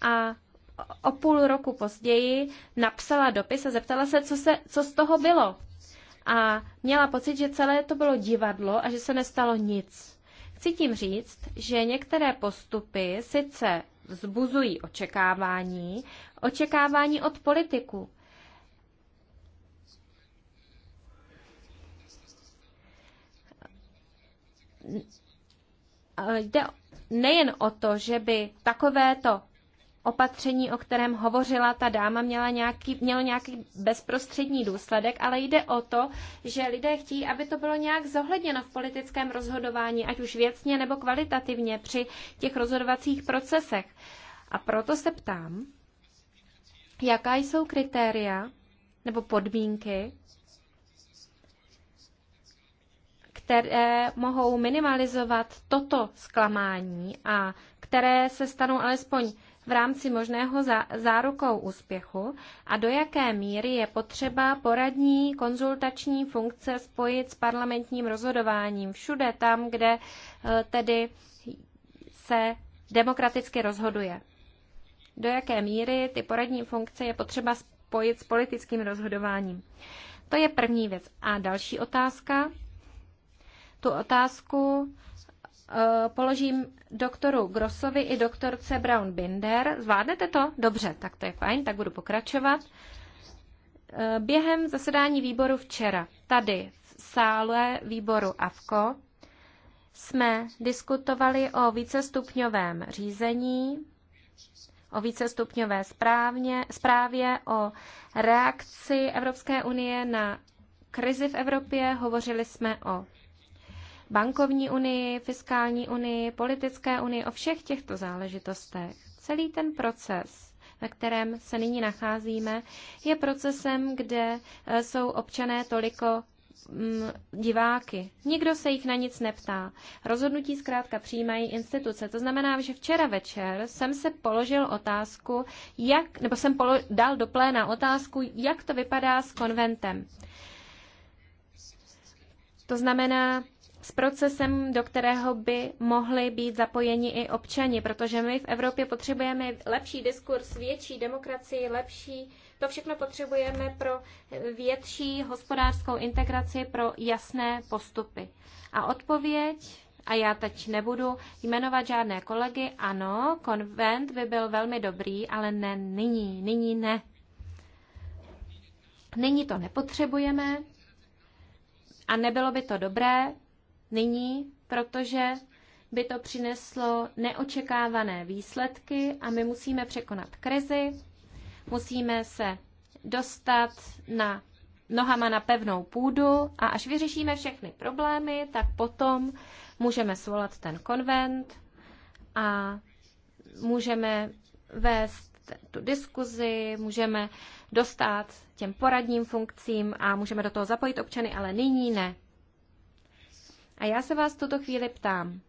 A o půl roku později napsala dopis a zeptala se, co, se, co z toho bylo. A měla pocit, že celé to bylo divadlo a že se nestalo nic. Chci tím říct, že některé postupy sice vzbuzují očekávání, očekávání od politiku. Jde nejen o to, že by takovéto opatření, o kterém hovořila ta dáma, měla nějaký, mělo nějaký bezprostřední důsledek, ale jde o to, že lidé chtějí, aby to bylo nějak zohledněno v politickém rozhodování, ať už věcně nebo kvalitativně při těch rozhodovacích procesech. A proto se ptám, jaká jsou kritéria nebo podmínky, které mohou minimalizovat toto zklamání a které se stanou alespoň v rámci možného zárukou úspěchu a do jaké míry je potřeba poradní konzultační funkce spojit s parlamentním rozhodováním všude tam, kde eh, tedy se demokraticky rozhoduje. Do jaké míry ty poradní funkce je potřeba spojit s politickým rozhodováním. To je první věc. A další otázka. Tu otázku Eh, položím doktoru Grossovi i doktorce Brown Binder. Zvládnete to? Dobře, tak to je fajn, tak budu pokračovat. Eh, během zasedání výboru včera tady v sále výboru AVKO jsme diskutovali o vícestupňovém řízení, o vícestupňové správně, správě, o reakci Evropské unie na krizi v Evropě. Hovořili jsme o bankovní unii, fiskální unii, politické unii, o všech těchto záležitostech. Celý ten proces na kterém se nyní nacházíme, je procesem, kde eh, jsou občané toliko mm, diváky. Nikdo se jich na nic neptá. Rozhodnutí zkrátka přijímají instituce. To znamená, že včera večer jsem se položil otázku, jak, nebo jsem polo, dal do pléna otázku, jak to vypadá s konventem. To znamená, s procesem, do kterého by mohli být zapojeni i občani, protože my v Evropě potřebujeme lepší diskurs, větší demokracii, lepší. To všechno potřebujeme pro větší hospodářskou integraci, pro jasné postupy. A odpověď a já teď nebudu jmenovat žádné kolegy. Ano, konvent by byl velmi dobrý, ale ne nyní, nyní ne. Nyní to nepotřebujeme a nebylo by to dobré, nyní, protože by to přineslo neočekávané výsledky a my musíme překonat krizi, musíme se dostat na nohama na pevnou půdu a až vyřešíme všechny problémy, tak potom můžeme svolat ten konvent a můžeme vést tu diskuzi, můžeme dostat těm poradním funkcím a můžeme do toho zapojit občany, ale nyní ne. A já se vás tuto chvíli ptám.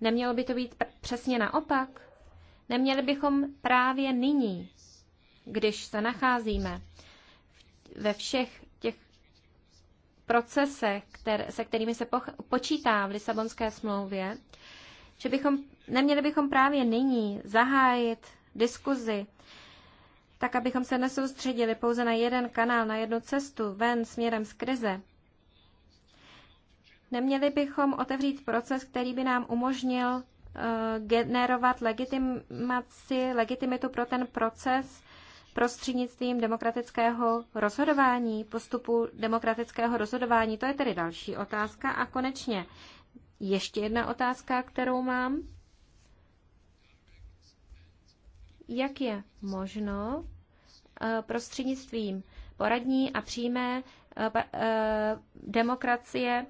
Nemělo by to být přesně naopak? Neměli bychom právě nyní, když se nacházíme ve všech těch procesech, které, se kterými se počítá v Lisabonské smlouvě, že bychom, neměli bychom právě nyní zahájit diskuzi, tak abychom se nesoustředili pouze na jeden kanál, na jednu cestu ven směrem z krize, Neměli bychom otevřít proces, který by nám umožnil eh, generovat legitimaci, legitimitu pro ten proces prostřednictvím demokratického rozhodování, postupu demokratického rozhodování. To je tedy další otázka. A konečně ještě jedna otázka, kterou mám. Jak je možno eh, prostřednictvím poradní a přímé eh, demokracie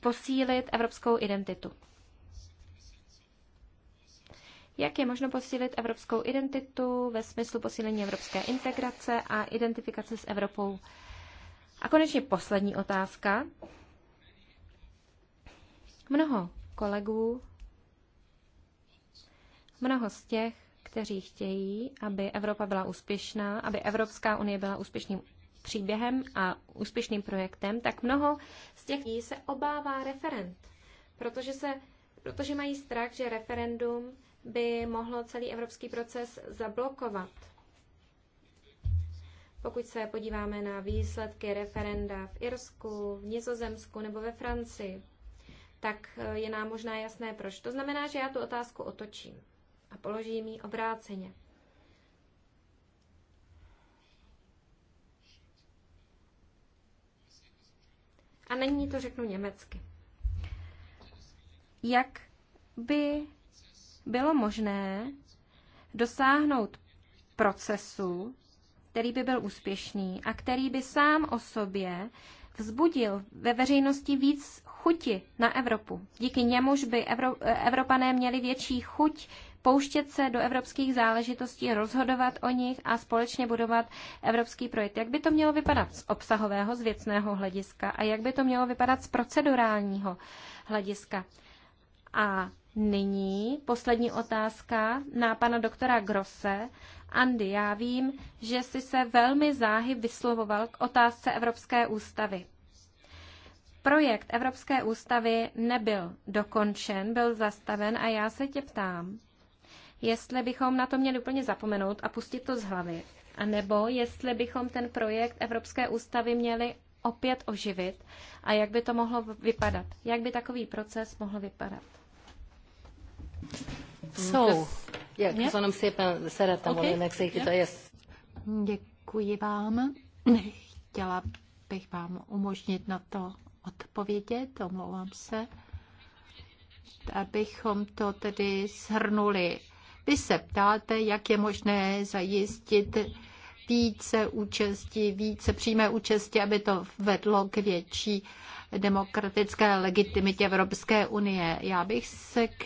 posílit evropskou identitu. Jak je možno posílit evropskou identitu ve smyslu posílení evropské integrace a identifikace s Evropou? A konečně poslední otázka. Mnoho kolegů, mnoho z těch, kteří chtějí, aby Evropa byla úspěšná, aby Evropská unie byla úspěšným příběhem a úspěšným projektem, tak mnoho z těch lidí se obává referent, protože, se, protože mají strach, že referendum by mohlo celý evropský proces zablokovat. Pokud se podíváme na výsledky referenda v Irsku, v Nizozemsku nebo ve Francii, tak eh, je nám možná jasné proč. To znamená, že já tu otázku otočím a položím ji obráceně. A není to řeknu německy. Jak by bylo možné dosáhnout procesu, který by byl úspěšný a který by sám o sobě vzbudil ve veřejnosti víc chuti na Evropu. Díky němuž by Evropané měli větší chuť pouštět se do evropských záležitostí, rozhodovat o nich a společně budovat evropský projekt. Jak by to mělo vypadat z obsahového, z věcného hlediska a jak by to mělo vypadat z procedurálního hlediska? A nyní poslední otázka na pana doktora Grosse. Andy, já vím, že jsi se velmi záhy vyslovoval k otázce Evropské ústavy. Projekt Evropské ústavy nebyl dokončen, byl zastaven a já se tě ptám, jestli bychom na to měli úplně zapomenout a pustit to z hlavy, a nebo jestli bychom ten projekt Evropské ústavy měli opět oživit a jak by to mohlo vypadat, jak by takový proces mohl vypadat. So, yeah. okay. Děkuji vám. Chtěla bych vám umožnit na to odpovědět, omlouvám se. Abychom to tedy shrnuli vy se ptáte, jak je možné zajistit více účasti, více přímé účasti, aby to vedlo k větší demokratické legitimitě Evropské unie. Já bych se k,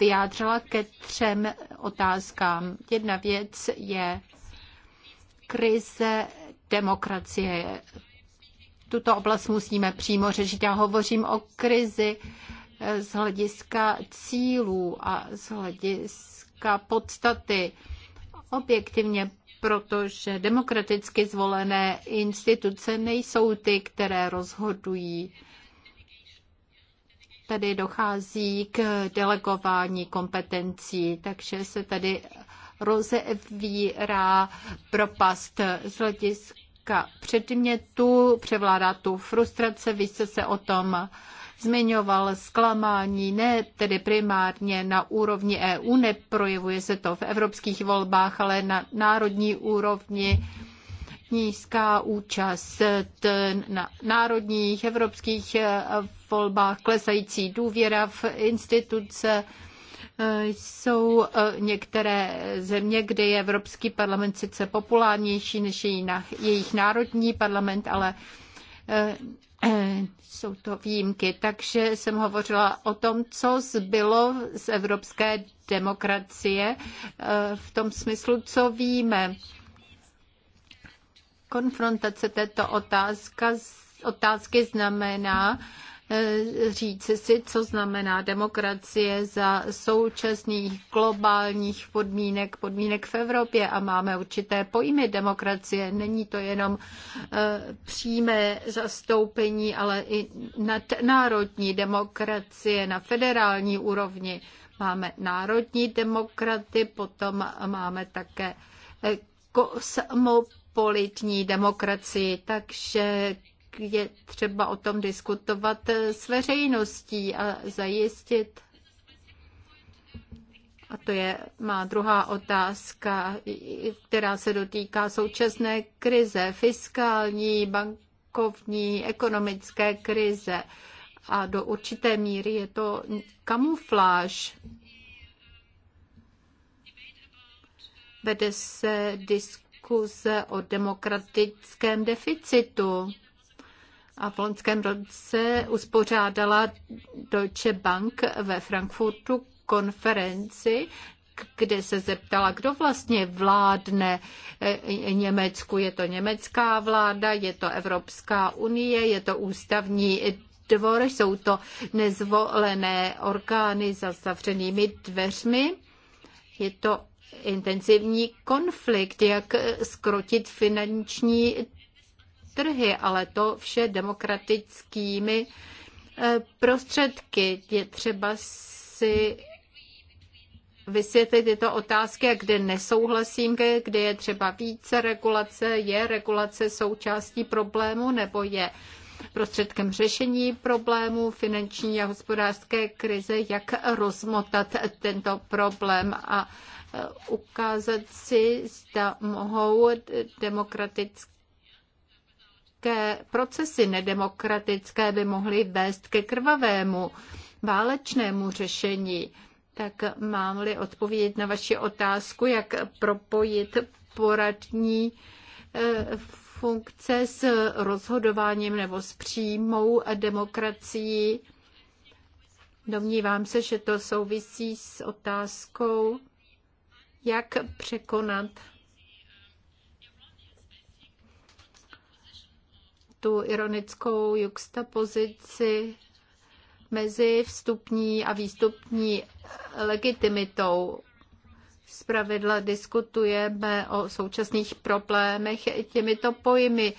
vyjádřila ke třem otázkám. Jedna věc je krize demokracie. Tuto oblast musíme přímo řešit. Já hovořím o krizi eh, z hlediska cílů a z hlediska otázka podstaty. Objektivně, protože demokraticky zvolené instituce nejsou ty, které rozhodují. Tady dochází k delegování kompetencí, takže se tady rozevírá propast z hlediska předmětu, převládá tu frustrace, vy jste se o tom zmiňoval zklamání, ne tedy primárně na úrovni EU, neprojevuje se to v evropských volbách, ale na národní úrovni nízká účast na národních evropských e, volbách, klesající důvěra v instituce, e, jsou e, některé země, kde je Evropský parlament sice populárnější než jejich národní parlament, ale Eh, jsou to výjimky, takže jsem hovořila o tom, co zbylo z evropské demokracie eh, v tom smyslu, co víme. Konfrontace této otázka, otázky znamená, Eh, říci si, co znamená demokracie za současných globálních podmínek, podmínek v Evropě a máme určité pojmy demokracie. Není to jenom eh, přímé zastoupení, ale i nadnárodní demokracie na federální úrovni. Máme národní demokraty, potom máme také eh, kosmopolitní demokracii, takže je třeba o tom diskutovat s veřejností a zajistit. A to je má druhá otázka, která se dotýká současné krize, fiskální, bankovní, ekonomické krize. A do určité míry je to kamufláž. Vede se diskuze o demokratickém deficitu a v loňském roce uspořádala Deutsche Bank ve Frankfurtu konferenci, kde se zeptala, kdo vlastně vládne e, Německu. Je to německá vláda, je to Evropská unie, je to ústavní dvor, jsou to nezvolené orgány za zavřenými dveřmi. Je to intenzivní konflikt, jak skrotit finanční trhy, ale to vše demokratickými eh, prostředky. Je třeba si vysvětlit tyto otázky kde nesouhlasím, kde je třeba více regulace, je regulace součástí problému nebo je prostředkem řešení problému finanční a hospodářské krize, jak rozmotat tento problém a eh, ukázat si, zda mohou demokratické politické procesy nedemokratické by mohly vést ke krvavému válečnému řešení. Tak mám-li odpovědět na vaši otázku, jak propojit poradní e, funkce s rozhodováním nebo s přímou demokracií. Domnívám se, že to souvisí s otázkou, jak překonat tu ironickou juxtapozici mezi vstupní a výstupní legitimitou. Zpravidla diskutujeme o současných problémech těmito pojmy.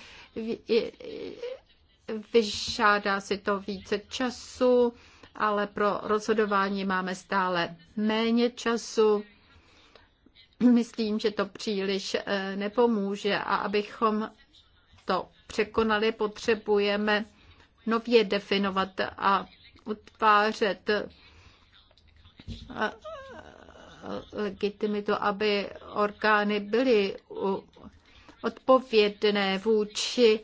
Vyžádá si to více času, ale pro rozhodování máme stále méně času. Myslím, že to příliš eh, nepomůže a abychom to překonali, potřebujeme nově definovat a utvářet eh, eh, legitimitu, aby orgány byly odpovědné vůči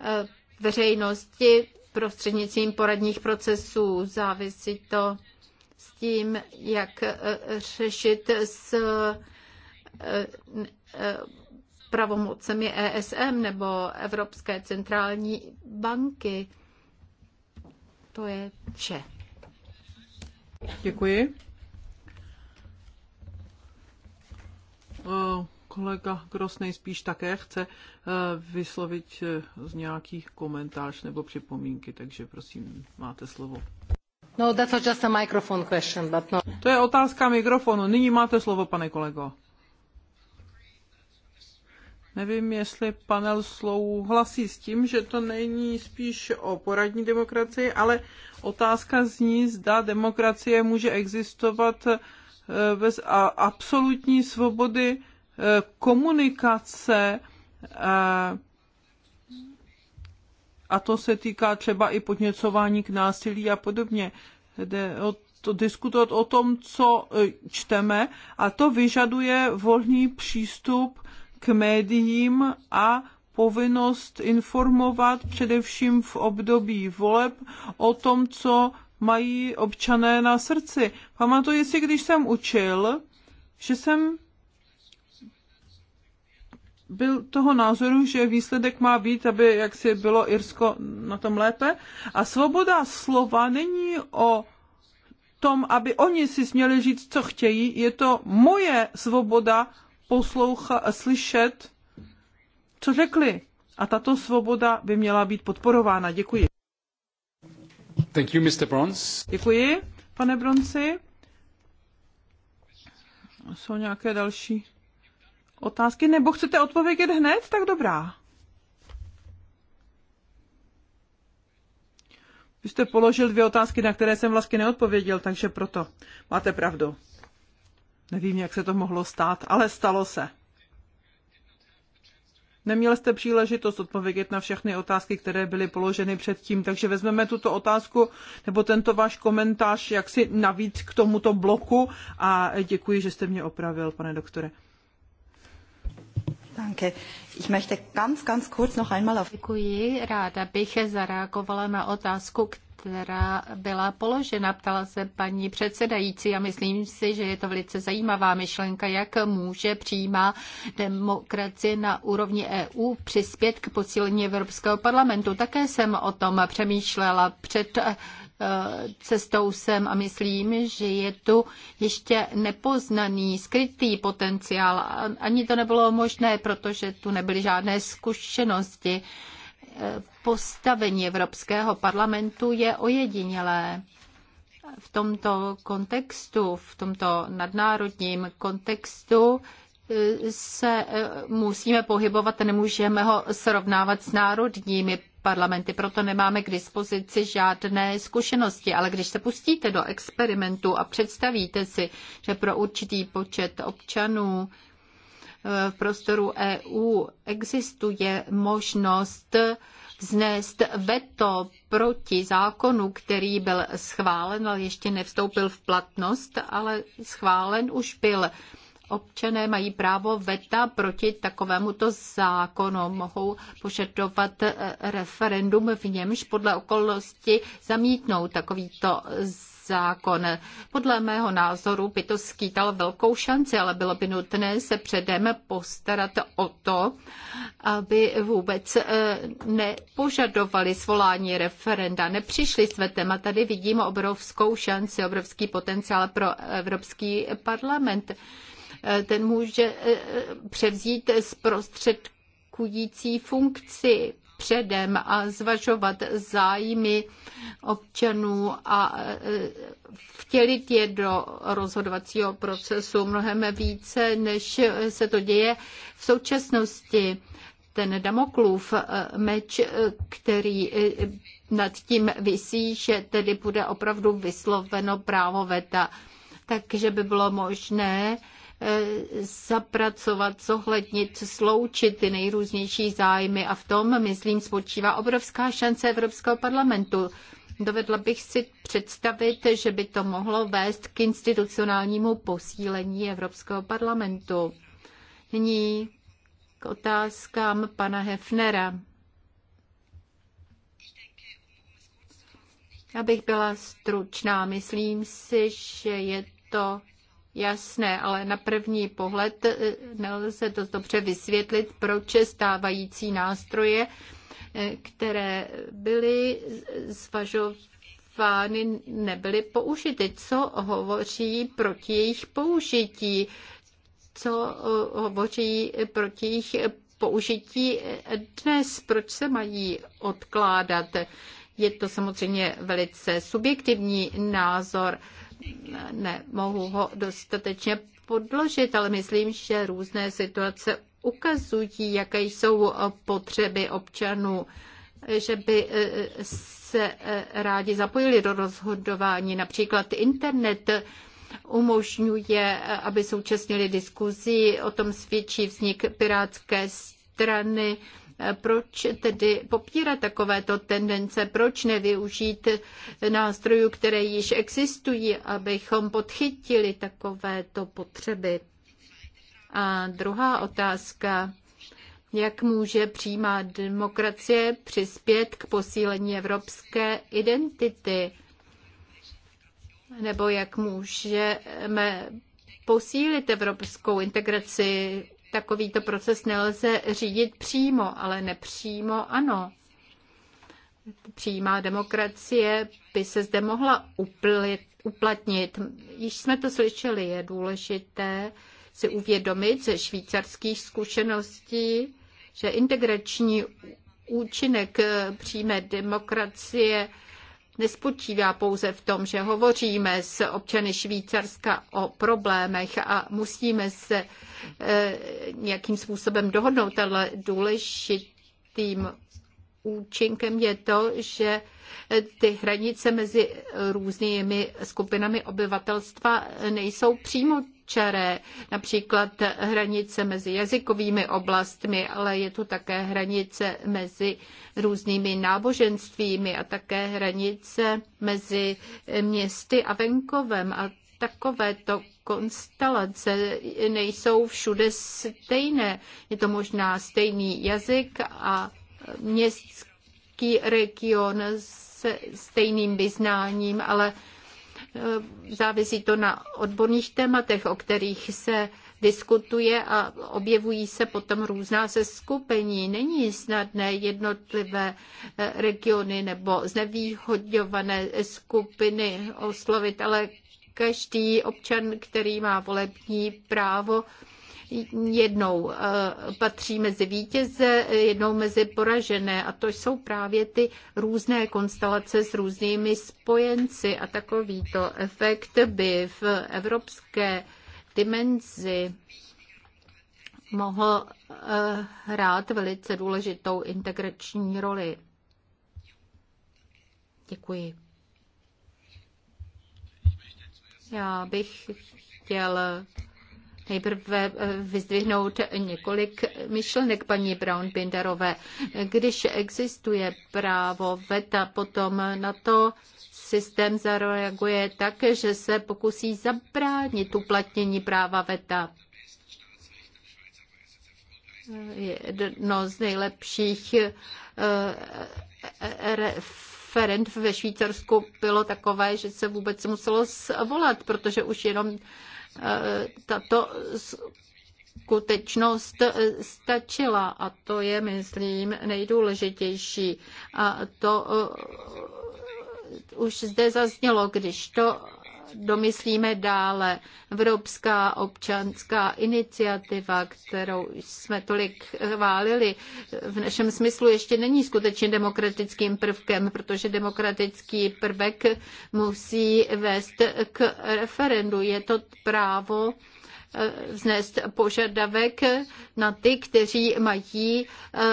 eh, veřejnosti prostřednictvím poradních procesů. Závisí to s tím, jak řešit s pravomocemi ESM nebo Evropské centrální banky. To je vše. Děkuji. Eh, kolega Gross nejspíš také chce eh, vyslovit eh, z nějakých komentář nebo připomínky, takže prosím, máte slovo. No, that's just a microphone question, but no. To je otázka mikrofonu. Nyní máte slovo, pane kolego. Nevím, jestli panel souhlasí s tím, že to není spíš o poradní demokracii, ale otázka zní, zda demokracie může existovat eh, bez absolutní svobody eh, komunikace eh, a to se týká třeba i podněcování k násilí a podobně. Jde o to, diskutovat o tom, co čteme a to vyžaduje volný přístup k médiím a povinnost informovat především v období voleb o tom, co mají občané na srdci. Pamatuji si, když jsem učil, že jsem byl toho názoru, že výsledek má být, aby jak si bylo Irsko na tom lépe. A svoboda slova není o tom, aby oni si směli říct, co chtějí. Je to moje svoboda poslouchat, slyšet, co řekli. A tato svoboda by měla být podporována. Děkuji. Thank you, Mr. Bronze. Děkuji, pane Bronci. Jsou nějaké další otázky? Nebo chcete odpovědět hned? Tak dobrá. Vy jste položil dvě otázky, na které jsem vlastně neodpověděl, takže proto máte pravdu. Nevím, jak se to mohlo stát, ale stalo se. Neměl jste příležitost odpovědět na všechny otázky, které byly položeny předtím, takže vezmeme tuto otázku nebo tento váš komentář jaksi navíc k tomuto bloku a děkuji, že jste mě opravil, pane doktore. Danke. Ich möchte ganz, ganz kurz noch einmal auf... Děkuji, ráda bych zareagovala na otázku, která byla položena. Ptala se paní předsedající a myslím si, že je to velice zajímavá myšlenka, jak může přímá demokracie na úrovni EU přispět k posílení Evropského parlamentu. Také jsem o tom přemýšlela před eh, cestou sem a myslím, že je tu ještě nepoznaný, skrytý potenciál. Ani to nebylo možné, protože tu nebyly žádné zkušenosti postavení Evropského parlamentu je ojedinělé. V tomto kontextu, v tomto nadnárodním kontextu e, se e, musíme pohybovat, nemůžeme ho srovnávat s národními parlamenty, proto nemáme k dispozici žádné zkušenosti. Ale když se pustíte do experimentu a představíte si, že pro určitý počet občanů v prostoru EU existuje možnost vznést veto proti zákonu, který byl schválen, ale ještě nevstoupil v platnost, ale schválen už byl. Občané mají právo veta proti takovémuto zákonu. Mohou požadovat eh, referendum, v němž podle okolnosti zamítnou takovýto zákon zákon. Podle mého názoru by to skýtal velkou šanci, ale bylo by nutné se předem postarat o to, aby vůbec eh, nepožadovali svolání referenda, nepřišli s vetem a tady vidím obrovskou šanci, obrovský potenciál pro Evropský parlament. Eh, ten může eh, převzít zprostředkující funkci předem a zvažovat zájmy občanů a e, vtělit je do rozhodovacího procesu mnohem více, než se to děje v současnosti. Ten Damoklův e, meč, e, který nad tím visí, že tedy bude opravdu vysloveno právo veta. Takže by bylo možné Eh, zapracovat, zohlednit, sloučit ty nejrůznější zájmy a v tom, myslím, spočívá obrovská šance Evropského parlamentu. Dovedla bych si představit, že by to mohlo vést k institucionálnímu posílení Evropského parlamentu. Nyní k otázkám pana Hefnera. Abych byla stručná, myslím si, že je to jasné, ale na první pohled eh, nelze to dobře vysvětlit, proč stávající nástroje, eh, které byly zvažovány, nebyly použity. Co hovoří proti jejich použití? Co eh, hovoří proti jejich použití dnes? Proč se mají odkládat? Je to samozřejmě velice subjektivní názor nemohu ho dostatečně podložit, ale myslím, že různé situace ukazují, jaké jsou potřeby občanů, že by eh, se eh, rádi zapojili do rozhodování. Například internet umožňuje, eh, aby současnili diskuzi, o tom svědčí vznik pirátské strany, Eh, proč tedy popírat takovéto tendence? Proč nevyužít eh, nástrojů, které již existují, abychom podchytili takovéto potřeby? A druhá otázka. Jak může přímá demokracie přispět k posílení evropské identity? Nebo jak můžeme posílit evropskou integraci takovýto proces nelze řídit přímo, ale nepřímo ano. Přímá demokracie by se zde mohla uplatnit. Již jsme to slyšeli, je důležité si uvědomit ze švýcarských zkušeností, že integrační účinek přímé demokracie nespočívá pouze v tom, že hovoříme s občany Švýcarska o problémech a musíme se eh, nějakým způsobem dohodnout, ale důležitým účinkem je to, že eh, ty hranice mezi různými skupinami obyvatelstva nejsou přímo čaré, například hranice mezi jazykovými oblastmi, ale je tu také hranice mezi různými náboženstvími a také hranice mezi městy a venkovem a takovéto konstelace nejsou všude stejné. Je to možná stejný jazyk a městský region se stejným vyznáním, ale Eh, závisí to na odborných tématech, o kterých se diskutuje a objevují se potom různá seskupení. Není snadné jednotlivé eh, regiony nebo znevýhodňované skupiny oslovit, ale každý občan, který má volební právo, jednou eh, patří mezi vítěze, jednou mezi poražené. A to jsou právě ty různé konstelace s různými spojenci. A takovýto efekt by v evropské dimenzi mohl eh, hrát velice důležitou integrační roli. Děkuji. Já bych chtěl nejprve eh, vyzdvihnout několik myšlenek paní Brown Binderové. Když existuje právo VETA, potom na to systém zareaguje tak, že se pokusí zabránit uplatnění práva VETA. Jedno z nejlepších eh, eh, referent ve Švýcarsku bylo takové, že se vůbec muselo zvolat, protože už jenom tato skutečnost stačila a to je, myslím, nejdůležitější. A to eh, už zde zaznělo, když to domyslíme dále. Evropská občanská iniciativa, kterou jsme tolik chválili, v našem smyslu ještě není skutečně demokratickým prvkem, protože demokratický prvek musí vést k referendu. Je to právo Eh, vznést požadavek na ty, kteří mají eh,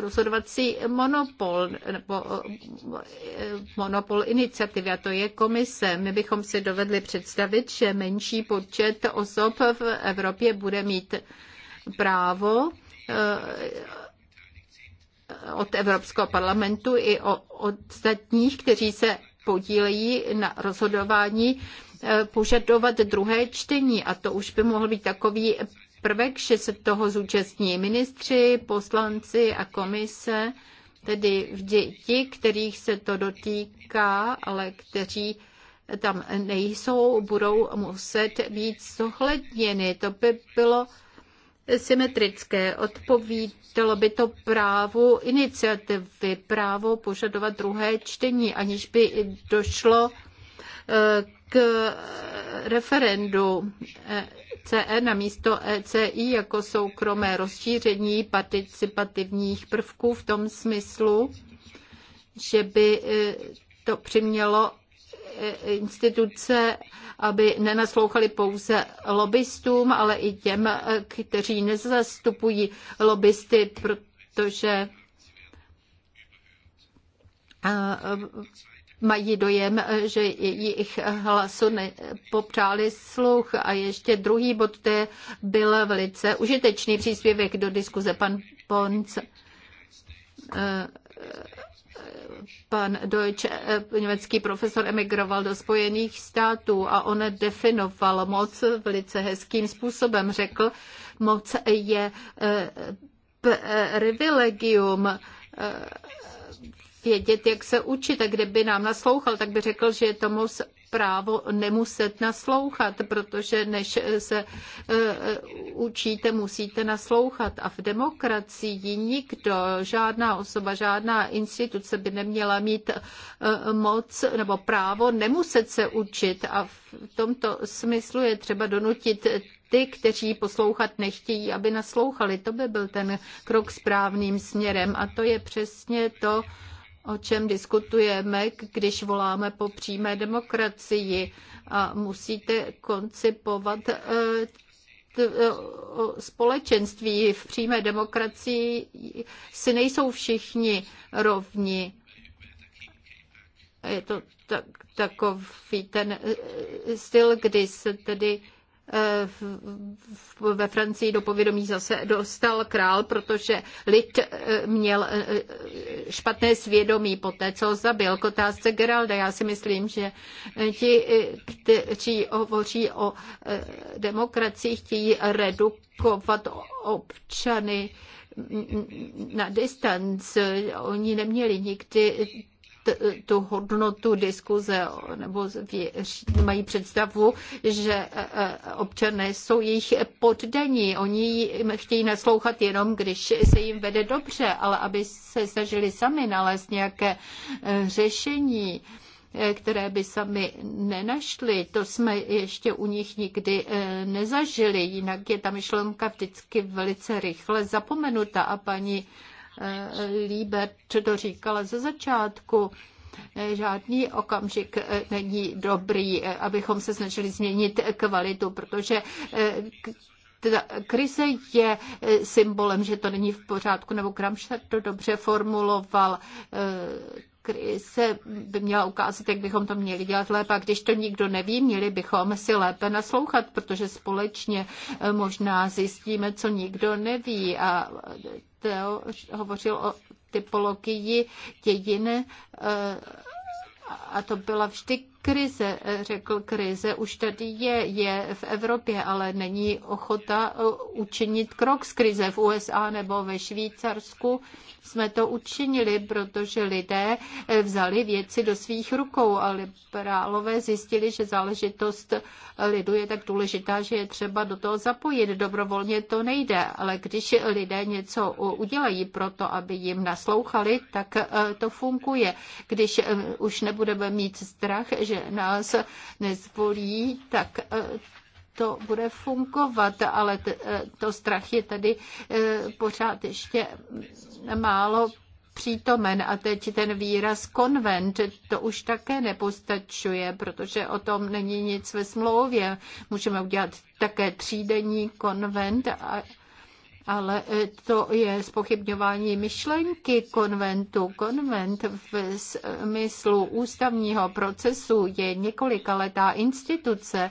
rozhodovací monopol nebo eh, monopol iniciativy, a to je komise. My bychom si dovedli představit, že menší počet osob v Evropě bude mít právo od Evropského parlamentu i o ostatních, kteří se podílejí na rozhodování Eh, požadovat druhé čtení a to už by mohl být takový prvek, že se toho zúčastní ministři, poslanci a komise, tedy vždy ti, kterých se to dotýká, ale kteří tam nejsou, budou muset být zohledněny. To by bylo symetrické. Odpovídalo by to právu iniciativy, právo požadovat druhé čtení, aniž by došlo eh, k eh, referendu eh, CE na místo ECI jako soukromé rozšíření participativních prvků v tom smyslu, že by eh, to přimělo instituce, aby nenaslouchali pouze lobbystům, ale i těm, kteří nezastupují lobbysty, protože mají dojem, že jejich hlasu popřáli sluch. A ještě druhý bod, to byl velice užitečný příspěvek do diskuze pan Ponc eh, pan Deutsch, eh, německý profesor, emigroval do Spojených států a on definoval moc velice hezkým způsobem. Řekl, moc je eh, privilegium vědět, jak se učit. A kdyby nám naslouchal, tak by řekl, že je tomu právo nemuset naslouchat, protože než se e, e, učíte, musíte naslouchat. A v demokracii nikdo, žádná osoba, žádná instituce by neměla mít e, moc nebo právo nemuset se učit. A v tomto smyslu je třeba donutit ty, kteří poslouchat nechtějí, aby naslouchali. To by byl ten krok správným směrem. A to je přesně to, o čem diskutujeme, když voláme po přímé demokracii. A musíte koncipovat eh, eh, společenství. V přímé demokracii si nejsou všichni rovni. Je to tak, takový ten eh, styl, kdy se tedy ve Francii do povědomí zase dostal král, protože lid eh, měl eh, špatné svědomí po té, co ho zabil. K otázce Geralda, já si myslím, že ti, kteří hovoří o eh, demokracii, chtějí redukovat občany mm, mm, mm, na distanc. Oni neměli nikdy tu hodnotu diskuze nebo mají představu, že e, e, občané jsou jejich poddaní. Oni jim chtějí naslouchat jenom, když se jim vede dobře, ale aby se snažili sami nalézt nějaké e, řešení které by sami nenašli. To jsme ještě u nich nikdy nezažili, jinak je ta myšlenka vždycky velice rychle zapomenuta a paní Eh, Liebert to říkala ze začátku, eh, žádný okamžik eh, není dobrý, abychom se snažili změnit kvalitu, protože ta krize je symbolem, že to není v pořádku, nebo Kramštat to dobře formuloval se by měla ukázat, jak bychom to měli dělat lépe. A když to nikdo neví, měli bychom si lépe naslouchat, protože společně eh, možná zjistíme, co nikdo neví. A eh, Teo hovořil o typologii dějin eh, a to byla vždy krize, řekl krize, už tady je, je v Evropě, ale není ochota učinit krok z krize v USA nebo ve Švýcarsku jsme to učinili, protože lidé eh, vzali věci do svých rukou a liberálové zjistili, že záležitost eh, lidu je tak důležitá, že je třeba do toho zapojit. Dobrovolně to nejde, ale když lidé něco udělají pro to, aby jim naslouchali, tak eh, to funguje. Když už nebudeme mít strach, že nás nezvolí, tak to bude fungovat, ale e, to strach je tady e, pořád ještě málo přítomen a teď ten výraz konvent, to už také nepostačuje, protože o tom není nic ve smlouvě. Můžeme udělat také třídenní konvent a ale e, to je spochybňování myšlenky konventu. Konvent v smyslu ústavního procesu je několikaletá instituce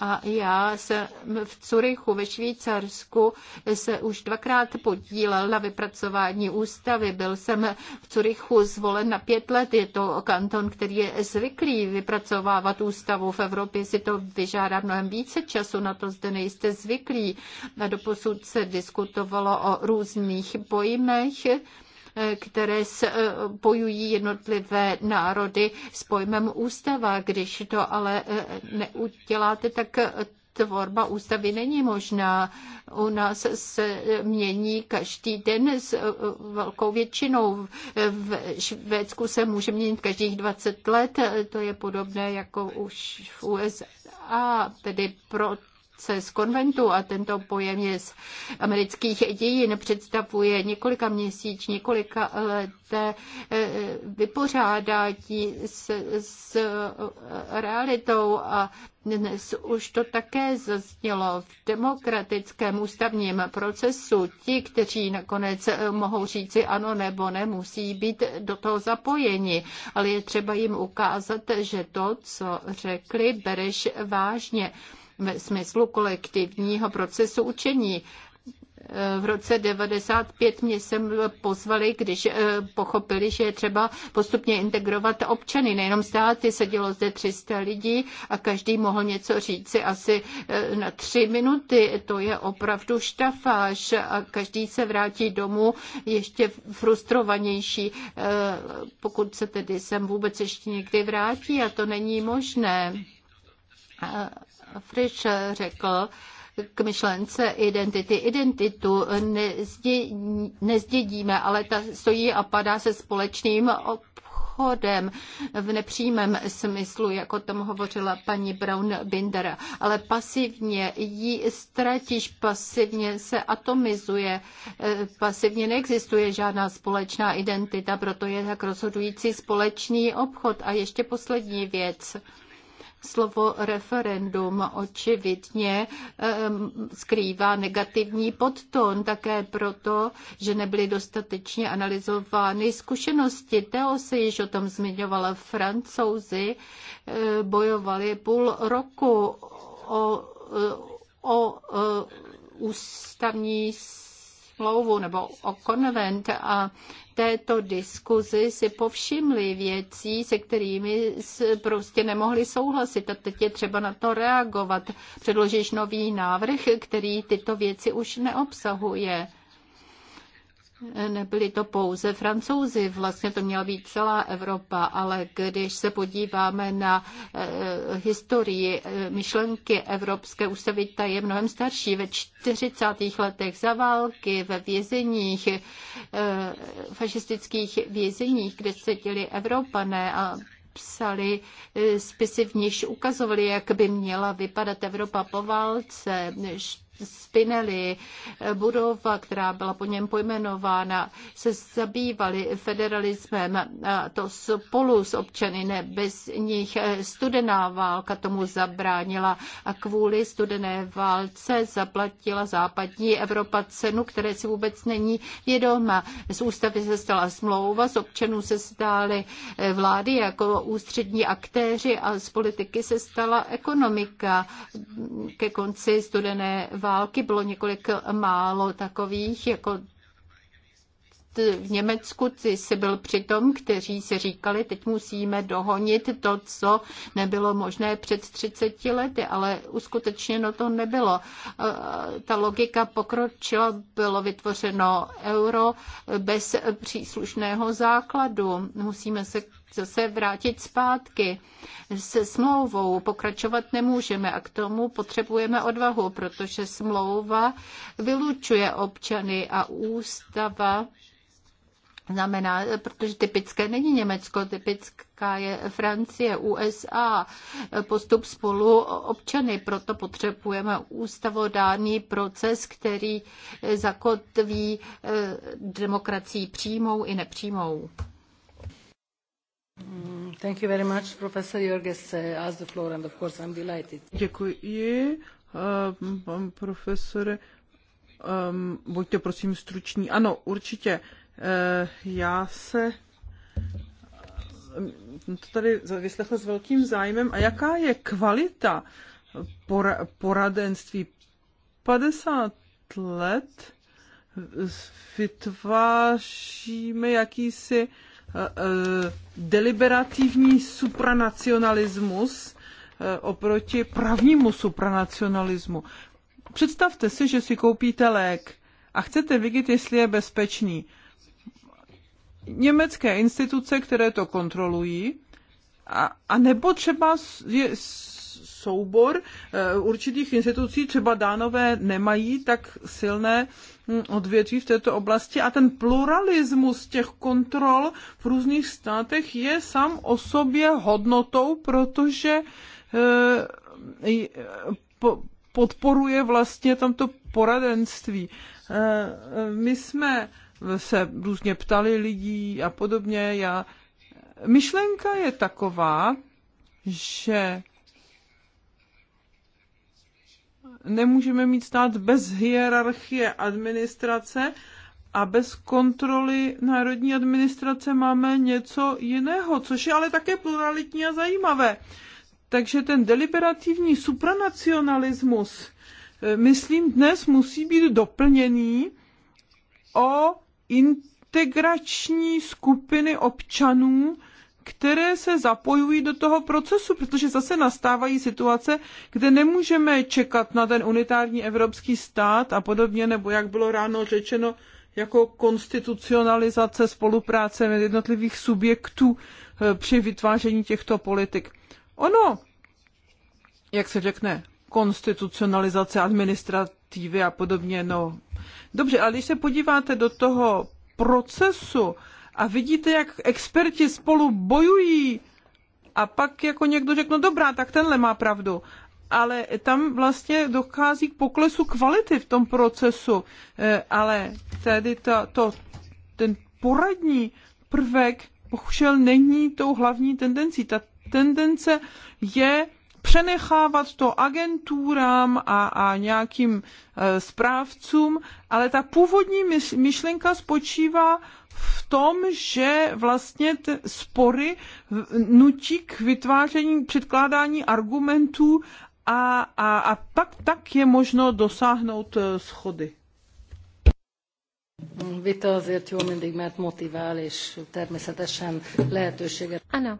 a já jsem v Curychu ve Švýcarsku se už dvakrát podílel na vypracování ústavy. Byl jsem v Curychu zvolen na pět let. Je to kanton, který je zvyklý vypracovávat ústavu. V Evropě si to vyžádá mnohem více času, na to zde nejste zvyklí. A doposud se diskutuje diskutovalo o různých pojmech, které spojují eh, jednotlivé národy s pojmem ústava. Když to ale eh, neuděláte, tak tvorba ústavy není možná. U nás se mění každý den s eh, velkou většinou. V Švédsku se může měnit každých 20 let. To je podobné jako už v USA. Tedy proto otce z konventu a tento pojem je z amerických dějin, představuje několika měsíc, několika let eh, vypořádání s, s eh, realitou a dnes už to také zaznělo v demokratickém ústavním procesu. Ti, kteří nakonec eh, mohou říci ano nebo ne, musí být do toho zapojeni, ale je třeba jim ukázat, že to, co řekli, bereš vážně ve smyslu kolektivního procesu učení. V roce 95 mě sem pozvali, když eh, pochopili, že je třeba postupně integrovat občany, nejenom státy. Sedělo zde 300 lidí a každý mohl něco si asi eh, na tři minuty. To je opravdu štafáž a každý se vrátí domů ještě frustrovanější, eh, pokud se tedy sem vůbec ještě někdy vrátí a to není možné Frisch řekl k myšlence identity. Identitu nezdědí, nezdědíme, ale ta stojí a padá se společným obchodem v nepřímém smyslu, jako tom hovořila paní Brown Binder, ale pasivně ji ztratíš, pasivně se atomizuje, eh, pasivně neexistuje žádná společná identita, proto je tak rozhodující společný obchod. A ještě poslední věc slovo referendum očividně ehm, skrývá negativní podton, také proto, že nebyly dostatečně analyzovány zkušenosti. Teo se již o tom zmiňovala. Francouzi ehm, bojovali půl roku o, e, o, o e, ústavní smlouvu nebo o konvent a této diskuzi si povšimli věcí, se kterými prostě nemohli souhlasit a teď je třeba na to reagovat. Předložíš nový návrh, který tyto věci už neobsahuje. Nebyli to pouze francouzi, vlastně to měla být celá Evropa, ale když se podíváme na eh, historii eh, myšlenky Evropské ústavy, ta je mnohem starší. Ve 40. letech za války, ve vězeních, eh, fašistických vězeních, kde seděli Evropané a psali spisy, v nichž ukazovali, jak by měla vypadat Evropa po válce. Spinelli, budova, která byla po něm pojmenována, se zabývali federalismem, a to spolu s občany, ne bez nich. Studená válka tomu zabránila a kvůli studené válce zaplatila západní Evropa cenu, které si vůbec není vědoma. Z ústavy se stala smlouva, z občanů se stály vlády jako ústřední aktéři a z politiky se stala ekonomika. Ke konci studené války války bylo několik málo takových, jako v Německu si byl přitom, kteří si říkali, teď musíme dohonit to, co nebylo možné před 30 lety, ale uskutečněno to nebylo. E, ta logika pokročila, bylo vytvořeno euro bez příslušného základu. Musíme se zase vrátit zpátky. Se smlouvou pokračovat nemůžeme a k tomu potřebujeme odvahu, protože smlouva vylučuje občany a ústava znamená, protože typické není Německo, typická je Francie, USA, postup spolu občany, proto potřebujeme ústavodárný proces, který zakotví eh, demokracii přímou i nepřímou. Mm, thank you very much, Professor the floor and of course I'm delighted. Děkuji, um, pan profesore. Um, buďte prosím struční. Ano, určitě. Eh, já se mm, to tady vyslechl s velkým zájmem. A jaká je kvalita pora- poradenství? 50 let vytváříme jakýsi uh, Eh, eh, deliberativní supranacionalismus eh, oproti pravnímu supranacionalismu. Představte si, že si koupíte lék a chcete vidět, jestli je bezpečný. Německé instituce, které to kontrolují, a, a nebo třeba je, soubor eh, určitých institucí, třeba dánové nemají tak silné hm, odvětví v této oblasti a ten pluralismus těch kontrol v různých státech je sám o sobě hodnotou, protože eh, eh, podporuje vlastně tamto poradenství. My jsme se různě ptali lidí a podobně. Já, myšlenka je taková, že nemůžeme mít stát bez hierarchie administrace a bez kontroly národní administrace máme něco jiného, což je ale také pluralitní a zajímavé. Takže ten deliberativní supranacionalismus, eh, myslím, dnes musí být doplněný o integrační skupiny občanů, které se zapojují do toho procesu, protože zase nastávají situace, kde nemůžeme čekat na ten unitární evropský stát a podobně, nebo jak bylo ráno řečeno, jako konstitucionalizace spolupráce jednotlivých subjektů eh, při vytváření těchto politik. Ono, jak se řekne, konstitucionalizace administrativy a podobně, no dobře, ale když se podíváte do toho procesu, a vidíte, jak experti spolu bojují a pak jako někdo řekne, no dobrá, tak tenhle má pravdu. Ale tam vlastně dochází k poklesu kvality v tom procesu. E, ale tedy ta, to, ten poradní prvek bohužel není tou hlavní tendencí. Ta tendence je přenechávat to agenturám a, a nějakým e, správcům, ale ta původní myšlenka spočívá v tom, že vlastně ty spory nutí k vytváření, předkládání argumentů a, a, a tak tak je možno dosáhnout eh, schody. Vita azért jó mindig, mert motivál, és természetesen lehetőséget. Ano,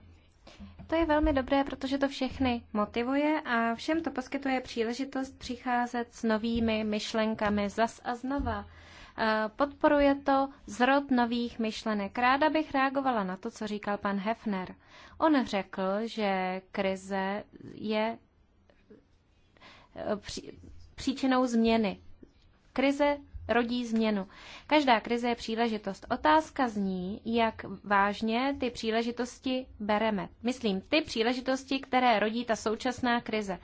to je velmi dobré, protože to všechny motivuje a všem to poskytuje příležitost přicházet s novými myšlenkami zas a znova. Eh, podporuje to zrod nových myšlenek. Ráda bych reagovala na to, co říkal pan Hefner. On řekl, že krize je eh, příčinou změny. Krize rodí změnu. Každá krize je příležitost. Otázka zní, jak vážně ty příležitosti bereme. Myslím, ty příležitosti, které rodí ta současná krize.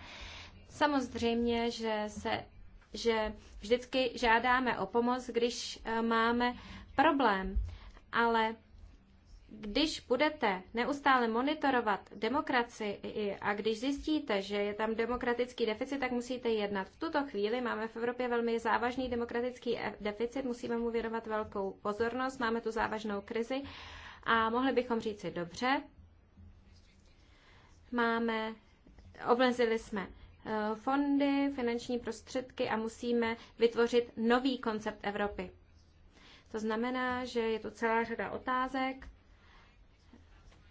Samozřejmě, že se že vždycky žádáme o pomoc, když eh, máme problém, ale když budete neustále monitorovat demokracii a když zjistíte, že je tam demokratický deficit, tak musíte jednat. V tuto chvíli máme v Evropě velmi závažný demokratický eh, deficit, musíme mu věnovat velkou pozornost, máme tu závažnou krizi a mohli bychom říci dobře, máme, oblezili jsme Eh, fondy, finanční prostředky a musíme vytvořit nový koncept Evropy. To znamená, že je tu celá řada otázek.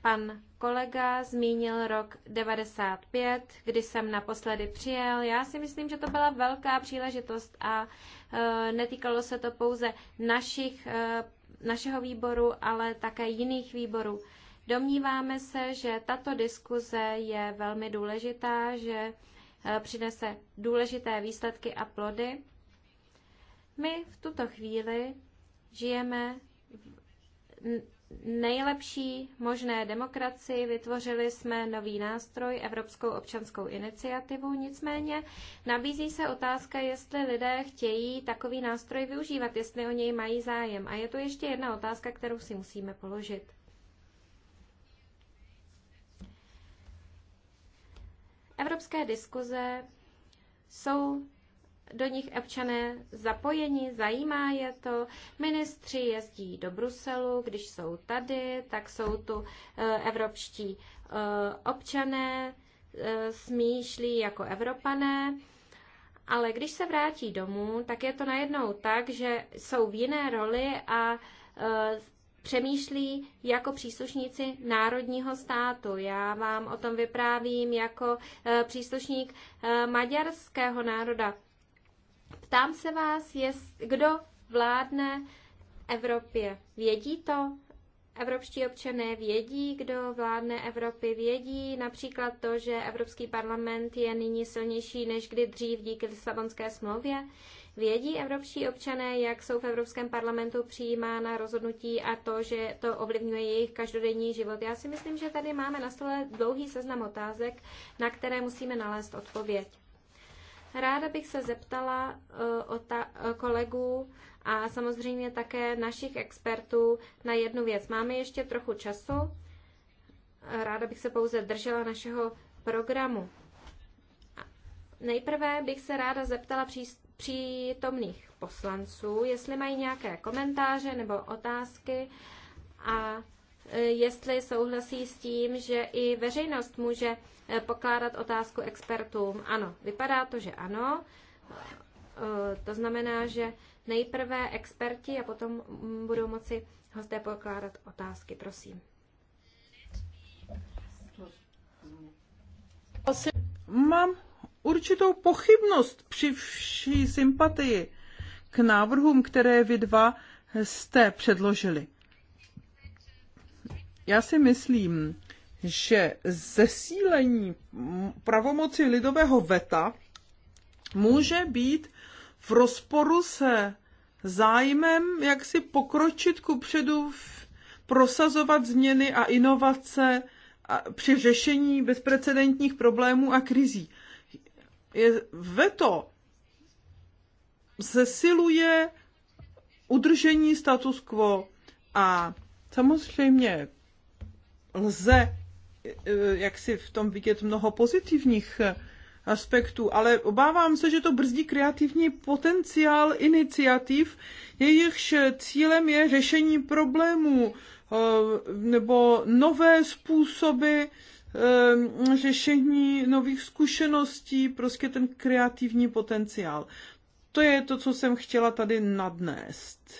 Pan kolega zmínil rok 95, kdy jsem naposledy přijel. Já si myslím, že to byla velká příležitost a e, netýkalo se to pouze našich, e, našeho výboru, ale také jiných výborů. Domníváme se, že tato diskuze je velmi důležitá, že Eh, přinese důležité výsledky a plody. My v tuto chvíli žijeme v nejlepší možné demokracii, vytvořili jsme nový nástroj, Evropskou občanskou iniciativu, nicméně nabízí se otázka, jestli lidé chtějí takový nástroj využívat, jestli o něj mají zájem. A je to ještě jedna otázka, kterou si musíme položit. Evropské diskuze jsou do nich občané zapojeni, zajímá je to. Ministři jezdí do Bruselu, když jsou tady, tak jsou tu eh, evropští eh, občané, eh, smýšlí jako evropané. Ale když se vrátí domů, tak je to najednou tak, že jsou v jiné roli a přemýšlí jako příslušníci národního státu. Já vám o tom vyprávím jako e, příslušník e, maďarského národa. Ptám se vás, jest, kdo vládne Evropě. Vědí to? Evropští občané vědí, kdo vládne Evropy, vědí například to, že Evropský parlament je nyní silnější než kdy dřív díky Lisabonské smlouvě. Vědí evropští občané, jak jsou v Evropském parlamentu přijímána rozhodnutí a to, že to ovlivňuje jejich každodenní život. Já si myslím, že tady máme na stole dlouhý seznam otázek, na které musíme nalézt odpověď. Ráda bych se zeptala uh, eh, eh, kolegů a samozřejmě také našich expertů na jednu věc. Máme ještě trochu času. Ráda bych se pouze držela našeho programu. Nejprve bych se ráda zeptala přítomných poslanců, jestli mají nějaké komentáře nebo otázky a e, jestli souhlasí s tím, že i veřejnost může e, pokládat otázku expertům. Ano, vypadá to, že ano. E, to znamená, že nejprve experti a potom budou moci hosté pokládat otázky. Prosím. Mám určitou pochybnost při vší sympatii k návrhům, které vy dva jste předložili. Já si myslím, že zesílení pravomoci lidového veta může být v rozporu se zájmem, jak si pokročit ku předu, prosazovat změny a inovace při řešení bezprecedentních problémů a krizí je veto zesiluje udržení status quo a samozřejmě lze eh, jak si v tom vidět mnoho pozitivních eh, aspektů, ale obávám se, že to brzdí kreativní potenciál iniciativ, jejichž cílem je řešení problémů eh, nebo nové způsoby Ehm, řešení nových zkušeností, prostě ten kreativní potenciál. To je to, co jsem chtěla tady nadnést.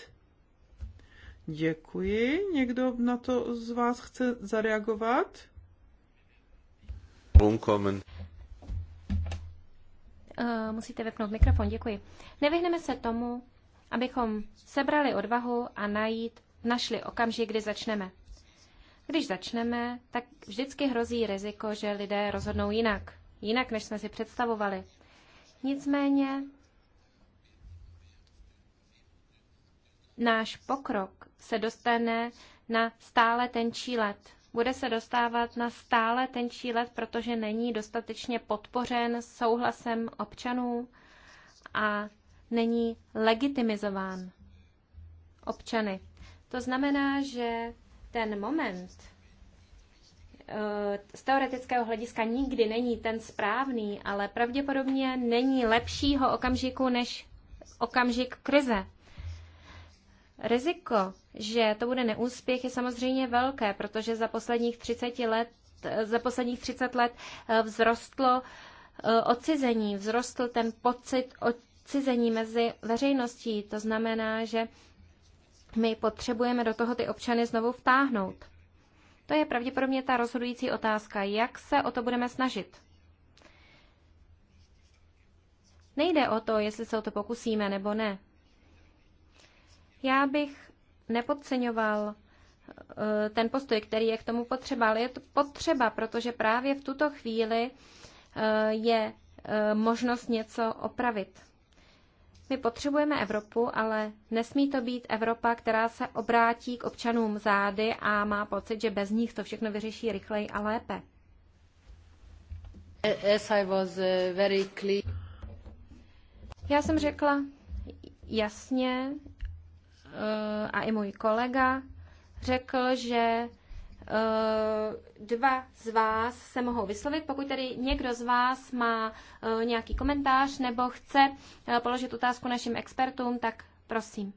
Děkuji. Někdo na to z vás chce zareagovat? Umkommen. Uh, eh, musíte vypnout mikrofon, děkuji. Nevyhneme se tomu, abychom sebrali odvahu a najít, našli okamžik, kdy začneme. Když začneme, tak vždycky hrozí riziko, že lidé rozhodnou jinak. Jinak, než jsme si představovali. Nicméně náš pokrok se dostane na stále tenčí let. Bude se dostávat na stále tenčí let, protože není dostatečně podpořen souhlasem občanů a není legitimizován občany. To znamená, že ten moment eh, z teoretického hlediska nikdy není ten správný, ale pravděpodobně není lepšího okamžiku než okamžik krize. Riziko, že to bude neúspěch, je samozřejmě velké, protože za posledních 30 let, za posledních 30 let eh, vzrostlo eh, odcizení, vzrostl ten pocit odcizení mezi veřejností. To znamená, že my potřebujeme do toho ty občany znovu vtáhnout. To je pravděpodobně ta rozhodující otázka, jak se o to budeme snažit. Nejde o to, jestli se o to pokusíme nebo ne. Já bych nepodceňoval eh, ten postoj, který je k tomu potřeba, ale je to potřeba, protože právě v tuto chvíli eh, je eh, možnost něco opravit. My potřebujeme Evropu, ale nesmí to být Evropa, která se obrátí k občanům zády a má pocit, že bez nich to všechno vyřeší rychleji a lépe. Uh, Já jsem řekla jasně uh, a i můj kolega řekl, že Eh, dva z vás se mohou vyslovit. Pokud tedy někdo z vás má eh, nějaký komentář nebo chce eh, položit otázku našim expertům, tak prosím.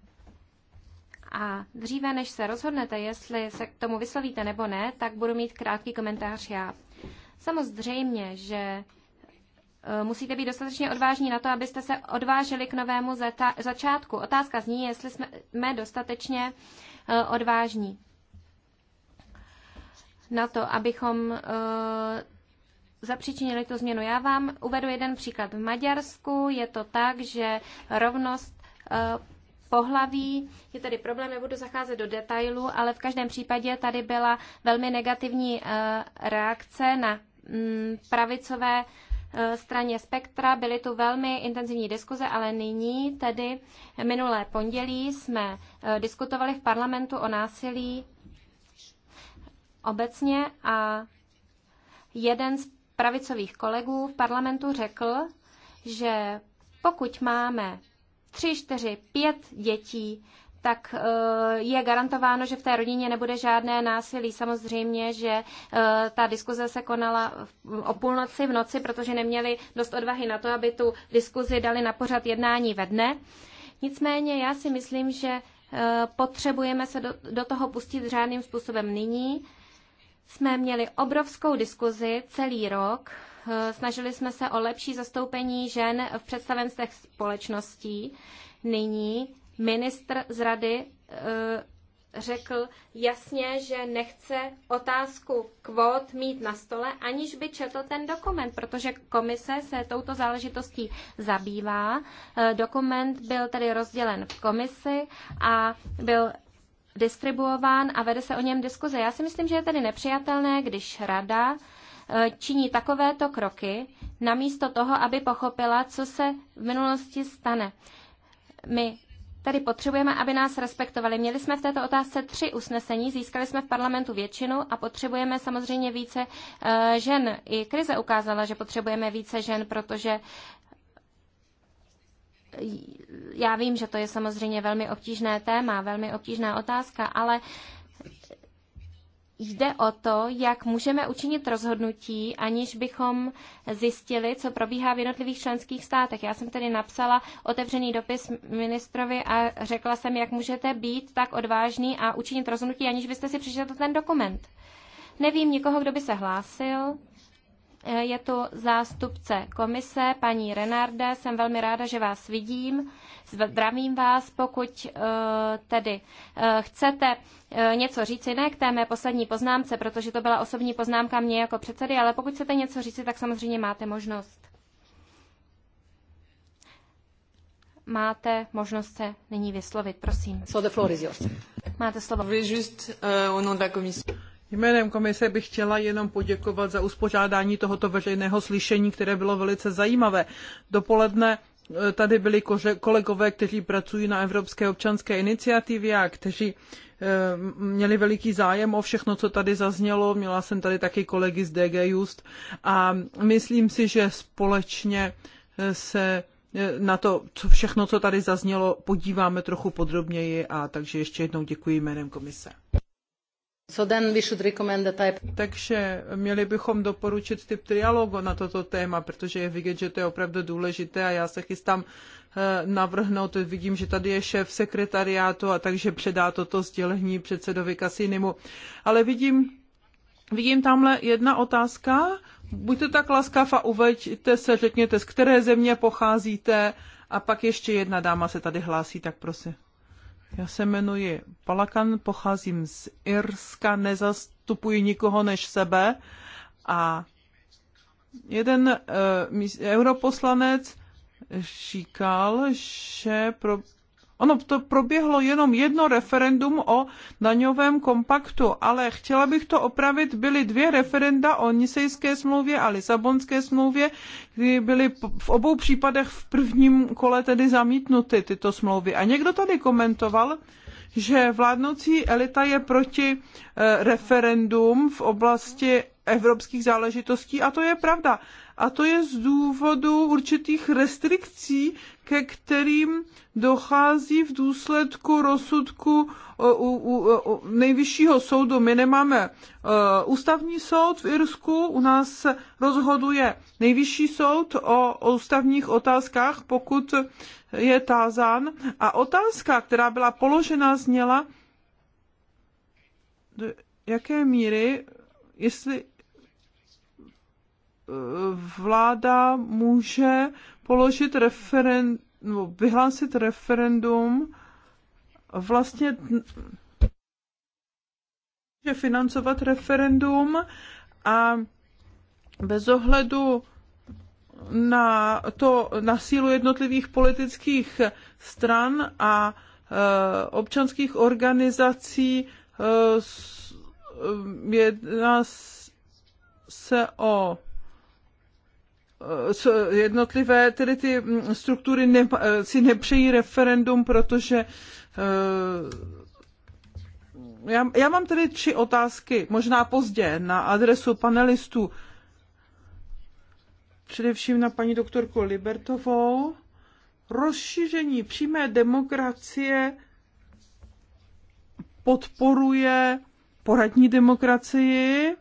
A dříve, než se rozhodnete, jestli se k tomu vyslovíte nebo ne, tak budu mít krátký komentář já. Samozřejmě, že musíte být dostatečně odvážní na to, abyste se odvážili k novému začátku. Otázka zní, jestli jsme dostatečně odvážní na to, abychom eh, zapříčinili tu změnu. Já vám uvedu jeden příklad. V Maďarsku je to tak, že rovnost eh, pohlaví. Je tady problém, nebudu zacházet do detailu, ale v každém případě tady byla velmi negativní eh, reakce na mm, pravicové straně spektra. Byly tu velmi intenzivní diskuze, ale nyní, tedy minulé pondělí, jsme diskutovali v parlamentu o násilí obecně a jeden z pravicových kolegů v parlamentu řekl, že pokud máme tři, čtyři, pět dětí, tak eh, je garantováno, že v té rodině nebude žádné násilí. Samozřejmě, že eh, ta diskuze se konala o půlnoci v noci, protože neměli dost odvahy na to, aby tu diskuzi dali na pořad jednání ve dne. Nicméně já si myslím, že eh, potřebujeme se do, toho pustit řádným způsobem nyní jsme měli obrovskou diskuzi celý rok. Eh, snažili jsme se o lepší zastoupení žen v představenstvech společností. Nyní ministr z rady eh, řekl jasně, že nechce otázku kvót mít na stole, aniž by četl ten dokument, protože komise se touto záležitostí zabývá. Eh, dokument byl tedy rozdělen v komisi a byl distribuován a vede se o něm diskuze. Já si myslím, že je tedy nepřijatelné, když rada e, činí takovéto kroky, namísto toho, aby pochopila, co se v minulosti stane. My Tady potřebujeme, aby nás respektovali. Měli jsme v této otázce tři usnesení, získali jsme v parlamentu většinu a potřebujeme samozřejmě více e, žen. I krize ukázala, že potřebujeme více žen, protože já vím, že to je samozřejmě velmi obtížné téma, velmi obtížná otázka, ale jde o to, jak můžeme učinit rozhodnutí, aniž bychom zjistili, co probíhá v jednotlivých členských státech. Já jsem tedy napsala otevřený dopis ministrovi a řekla jsem, jak můžete být tak odvážný a učinit rozhodnutí, aniž byste si přečetl ten dokument. Nevím nikoho, kdo by se hlásil. Eh, je tu zástupce komise, paní Renarde. Jsem velmi ráda, že vás vidím. Zdravím vás, pokud eh, tedy eh, chcete něco říci, ne k té mé poslední poznámce, protože to byla osobní poznámka mě jako předsedy, ale pokud chcete něco říci, tak samozřejmě máte možnost. Máte možnost se nyní vyslovit, prosím. So the floor is yours. Máte slovo. Jménem komise bych chtěla jenom poděkovat za uspořádání tohoto veřejného slyšení, které bylo velice zajímavé. Dopoledne eh, tady byli kolegové, kteří pracují na Evropské občanské iniciativě a kteří eh, měli veliký zájem o všechno, co tady zaznělo. Měla jsem tady taky kolegy z DG Just a myslím si, že společně eh, se na to co všechno, co tady zaznělo, podíváme trochu podrobněji a takže ještě jednou děkuji jménem komise. So then we should recommend the type. Takže měli bychom doporučit typ trialogu na toto téma, protože je vidět, že to je opravdu důležité a já se chystám eh, navrhnout. Vidím, že tady je šéf sekretariátu a takže předá toto sdělení předsedovi Kasinimu. Ale vidím, vidím tamhle jedna otázka. Buďte tak laskav a uveďte se, řekněte, z které země pocházíte. A pak ještě jedna dáma se tady hlásí, tak prosím. Já se jmenuji Palakan, pocházím z Irska, nezastupuji nikoho než sebe a jeden uh, europoslanec říkal, že pro Ono to proběhlo jenom jedno referendum o daňovém kompaktu, ale chtěla bych to opravit, byly dvě referenda o Nisejské smlouvě a Lisabonské smlouvě, kdy byly v obou případech v prvním kole tedy zamítnuty tyto smlouvy. A někdo tady komentoval, že vládnoucí elita je proti e, referendum v oblasti evropských záležitostí a to je pravda a to je z důvodu určitých restrikcí, ke kterým dochází v důsledku rozsudku u, u, u nejvyššího soudu. My nemáme uh, ústavní soud v Irsku, u nás rozhoduje nejvyšší soud o, o ústavních otázkách, pokud je tázán. A otázka, která byla položena, zněla, do jaké míry, jestli vláda může položit referen, no, vyhlásit referendum vlastně může financovat referendum a bez ohledu na to na sílu jednotlivých politických stran a e, občanských organizací e, jedná se o jednotlivé tedy ty mm, struktury ne, si nepřejí referendum, protože eh, já, já mám tedy tři otázky, možná pozdě, na adresu panelistů. Především na paní doktorku Libertovou. Rozšíření přímé demokracie podporuje poradní demokracii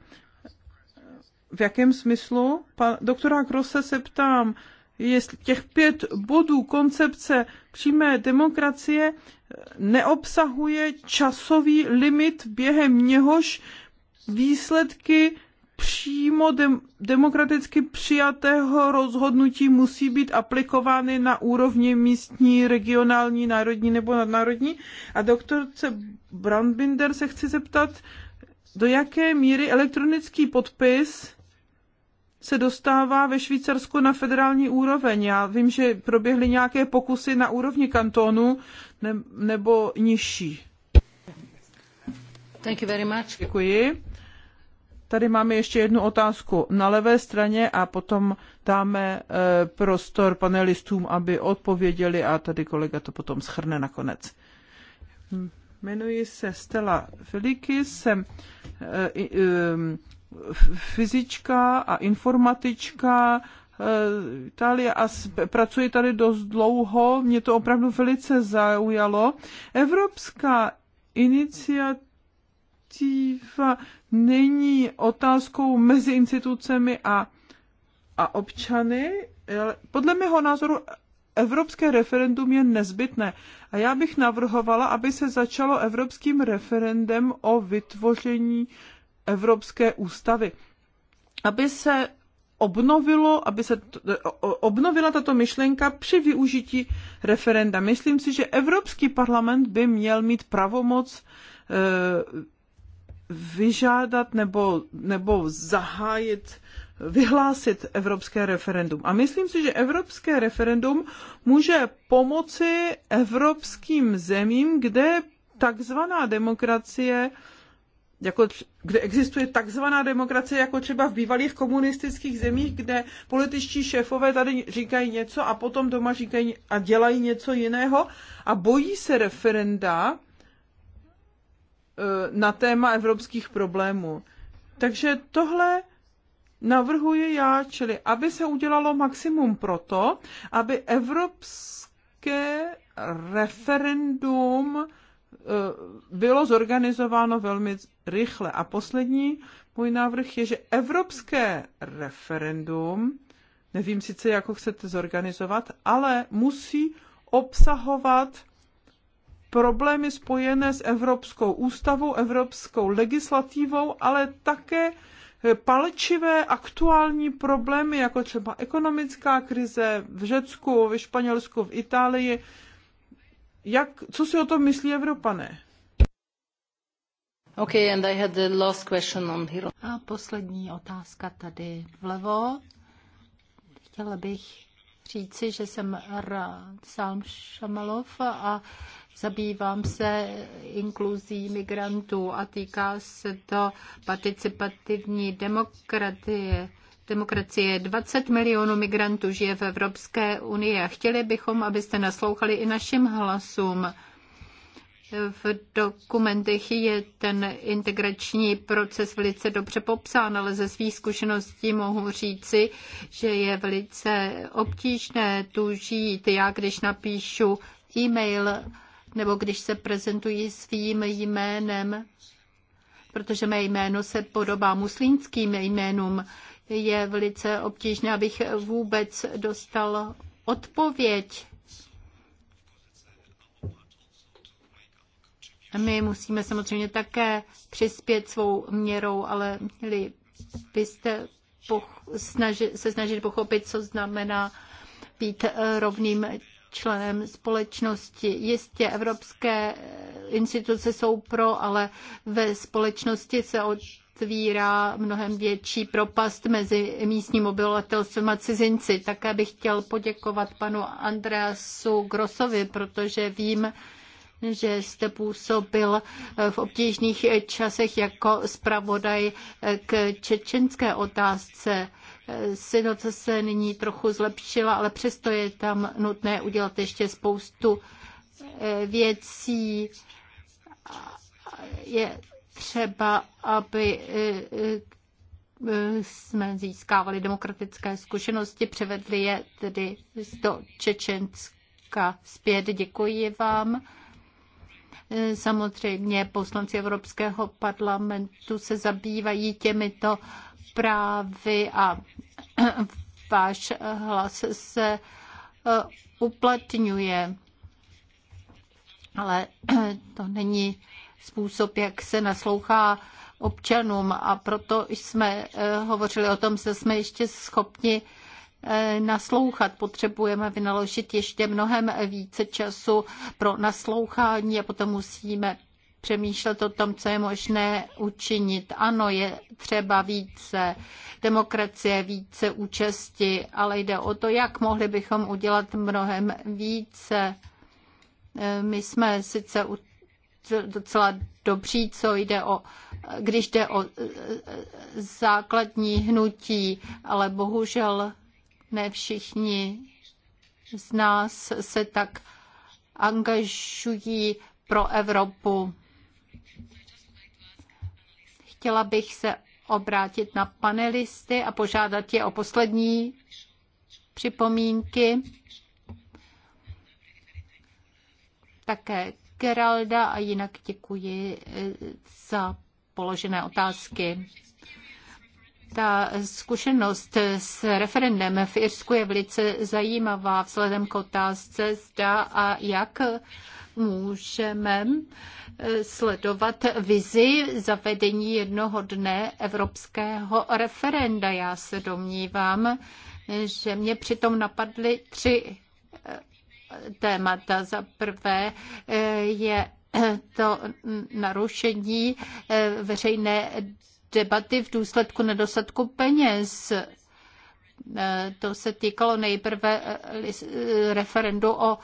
v jakém smyslu? Pa, doktora Krose se ptám, jestli těch pět bodů koncepce přímé demokracie eh, neobsahuje časový limit, během něhož výsledky přímo dem- demokraticky přijatého rozhodnutí musí být aplikovány na úrovni místní, regionální, národní nebo nadnárodní. A doktorce Brandbinder se chci zeptat, do jaké míry elektronický podpis se dostává ve Švýcarsku na federální úroveň. Já vím, že proběhly nějaké pokusy na úrovni kantonu ne, nebo nižší. Thank you very much. Děkuji. Tady máme ještě jednu otázku na levé straně a potom dáme eh, prostor panelistům, aby odpověděli a tady kolega to potom schrne nakonec. Jmenuji se Stella Felikis, jsem eh, ehm, fyzička a informatička eh, Itálie a pracuji tady dost dlouho, mě to opravdu velice zaujalo. Evropská iniciativa není otázkou mezi institucemi a, a občany. Podle mého názoru evropské referendum je nezbytné. A já bych navrhovala, aby se začalo evropským referendem o vytvoření Evropské ústavy. Aby se obnovilo, aby se e, obnovila tato myšlenka při využití referenda. Myslím si, že Evropský parlament by měl mít pravomoc e, vyžádat nebo, nebo zahájit, vyhlásit evropské referendum. A myslím si, že evropské referendum může pomoci evropským zemím, kde takzvaná demokracie jako, kde existuje takzvaná demokracie, jako třeba v bývalých komunistických zemích, kde političtí šéfové tady říkají něco a potom doma říkají a dělají něco jiného a bojí se referenda e, na téma evropských problémů. Takže tohle navrhuji já, čili aby se udělalo maximum proto, aby evropské referendum Eh, bylo zorganizováno velmi rychle. A poslední můj návrh je, že evropské referendum, nevím sice, jak ho chcete zorganizovat, ale musí obsahovat problémy spojené s Evropskou ústavou, evropskou legislativou, ale také eh, palčivé aktuální problémy, jako třeba ekonomická krize v Řecku, v Španělsku, v Itálii, jak, co si o tom myslí Evropané? Okay, and I had the last question on here. A poslední otázka tady vlevo. Chtěla bych říci, že jsem rád sám Šamalov a zabývám se inkluzí migrantů a týká se to participativní demokratie demokracie. 20 milionů migrantů žije v Evropské unii a chtěli bychom, abyste naslouchali i našim hlasům. V dokumentech je ten integrační proces velice dobře popsán, ale ze svých zkušeností mohu říci, že je velice obtížné tu žít. Já, když napíšu e-mail nebo když se prezentuji svým jménem, protože mé jméno se podobá muslínským jménům, je velice obtížné, abych vůbec dostal odpověď. My musíme samozřejmě také přispět svou měrou, ale měli byste se snažit pochopit, co znamená být rovným členem společnosti. Jistě evropské instituce jsou pro, ale ve společnosti se od otvírá mnohem větší propast mezi místním obyvatelstvem a cizinci. Také bych chtěl poděkovat panu Andreasu Grosovi, protože vím, že jste působil v obtížných časech jako zpravodaj k čečenské otázce. Situace se nyní trochu zlepšila, ale přesto je tam nutné udělat ještě spoustu eh, věcí. Je třeba, aby e, e, jsme získávali demokratické zkušenosti, převedli je tedy do Čečenska zpět. Děkuji vám. E, samozřejmě poslanci Evropského parlamentu se zabývají těmito právy a váš hlas se uplatňuje. Ale to není způsob, jak se naslouchá občanům a proto jsme eh, hovořili o tom, že jsme ještě schopni eh, naslouchat. Potřebujeme vynaložit ještě mnohem více času pro naslouchání a potom musíme přemýšlet o tom, co je možné učinit. Ano, je třeba více demokracie, více účasti, ale jde o to, jak mohli bychom udělat mnohem více. Eh, my jsme sice docela dobří, co jde o, když jde o základní hnutí, ale bohužel ne všichni z nás se tak angažují pro Evropu. Chtěla bych se obrátit na panelisty a požádat je o poslední připomínky. Také Geralda a jinak děkuji eh, za položené otázky. Ta zkušenost s referendem v Irsku je velice zajímavá vzhledem k otázce, zda a jak můžeme eh, sledovat vizi zavedení jednoho dne evropského referenda. Já se domnívám, že mě přitom napadly tři eh, témata. Za prvé eh, je to narušení eh, veřejné debaty v důsledku nedostatku peněz. Eh, to se týkalo nejprve referendu o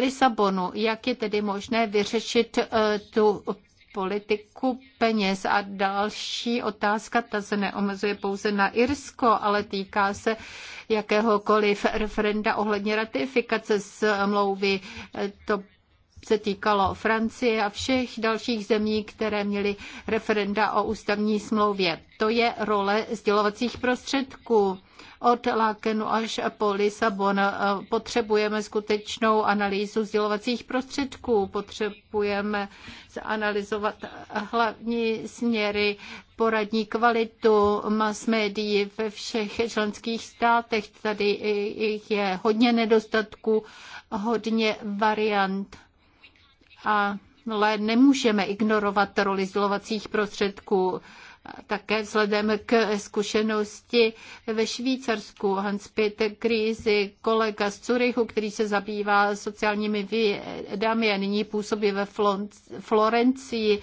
Lisabonu. Jak je tedy možné vyřešit tu politiku peněz. A další otázka, ta se neomezuje pouze na Irsko, ale týká se jakéhokoliv referenda ohledně ratifikace smlouvy. To se týkalo Francie a všech dalších zemí, které měly referenda o ústavní smlouvě. To je role sdělovacích prostředků. Od Lakenu až po Lisabon eh, potřebujeme skutečnou analýzu sdělovacích prostředků, potřebujeme zanalizovat hlavní směry, poradní kvalitu mass médií ve všech členských státech. Tady jich je hodně nedostatků, hodně variant ale nemůžeme ignorovat roli sdělovacích prostředků také vzhledem k zkušenosti ve Švýcarsku. Hans-Peter Krízy, kolega z Curychu, který se zabývá sociálními vědami a nyní působí ve Florencii,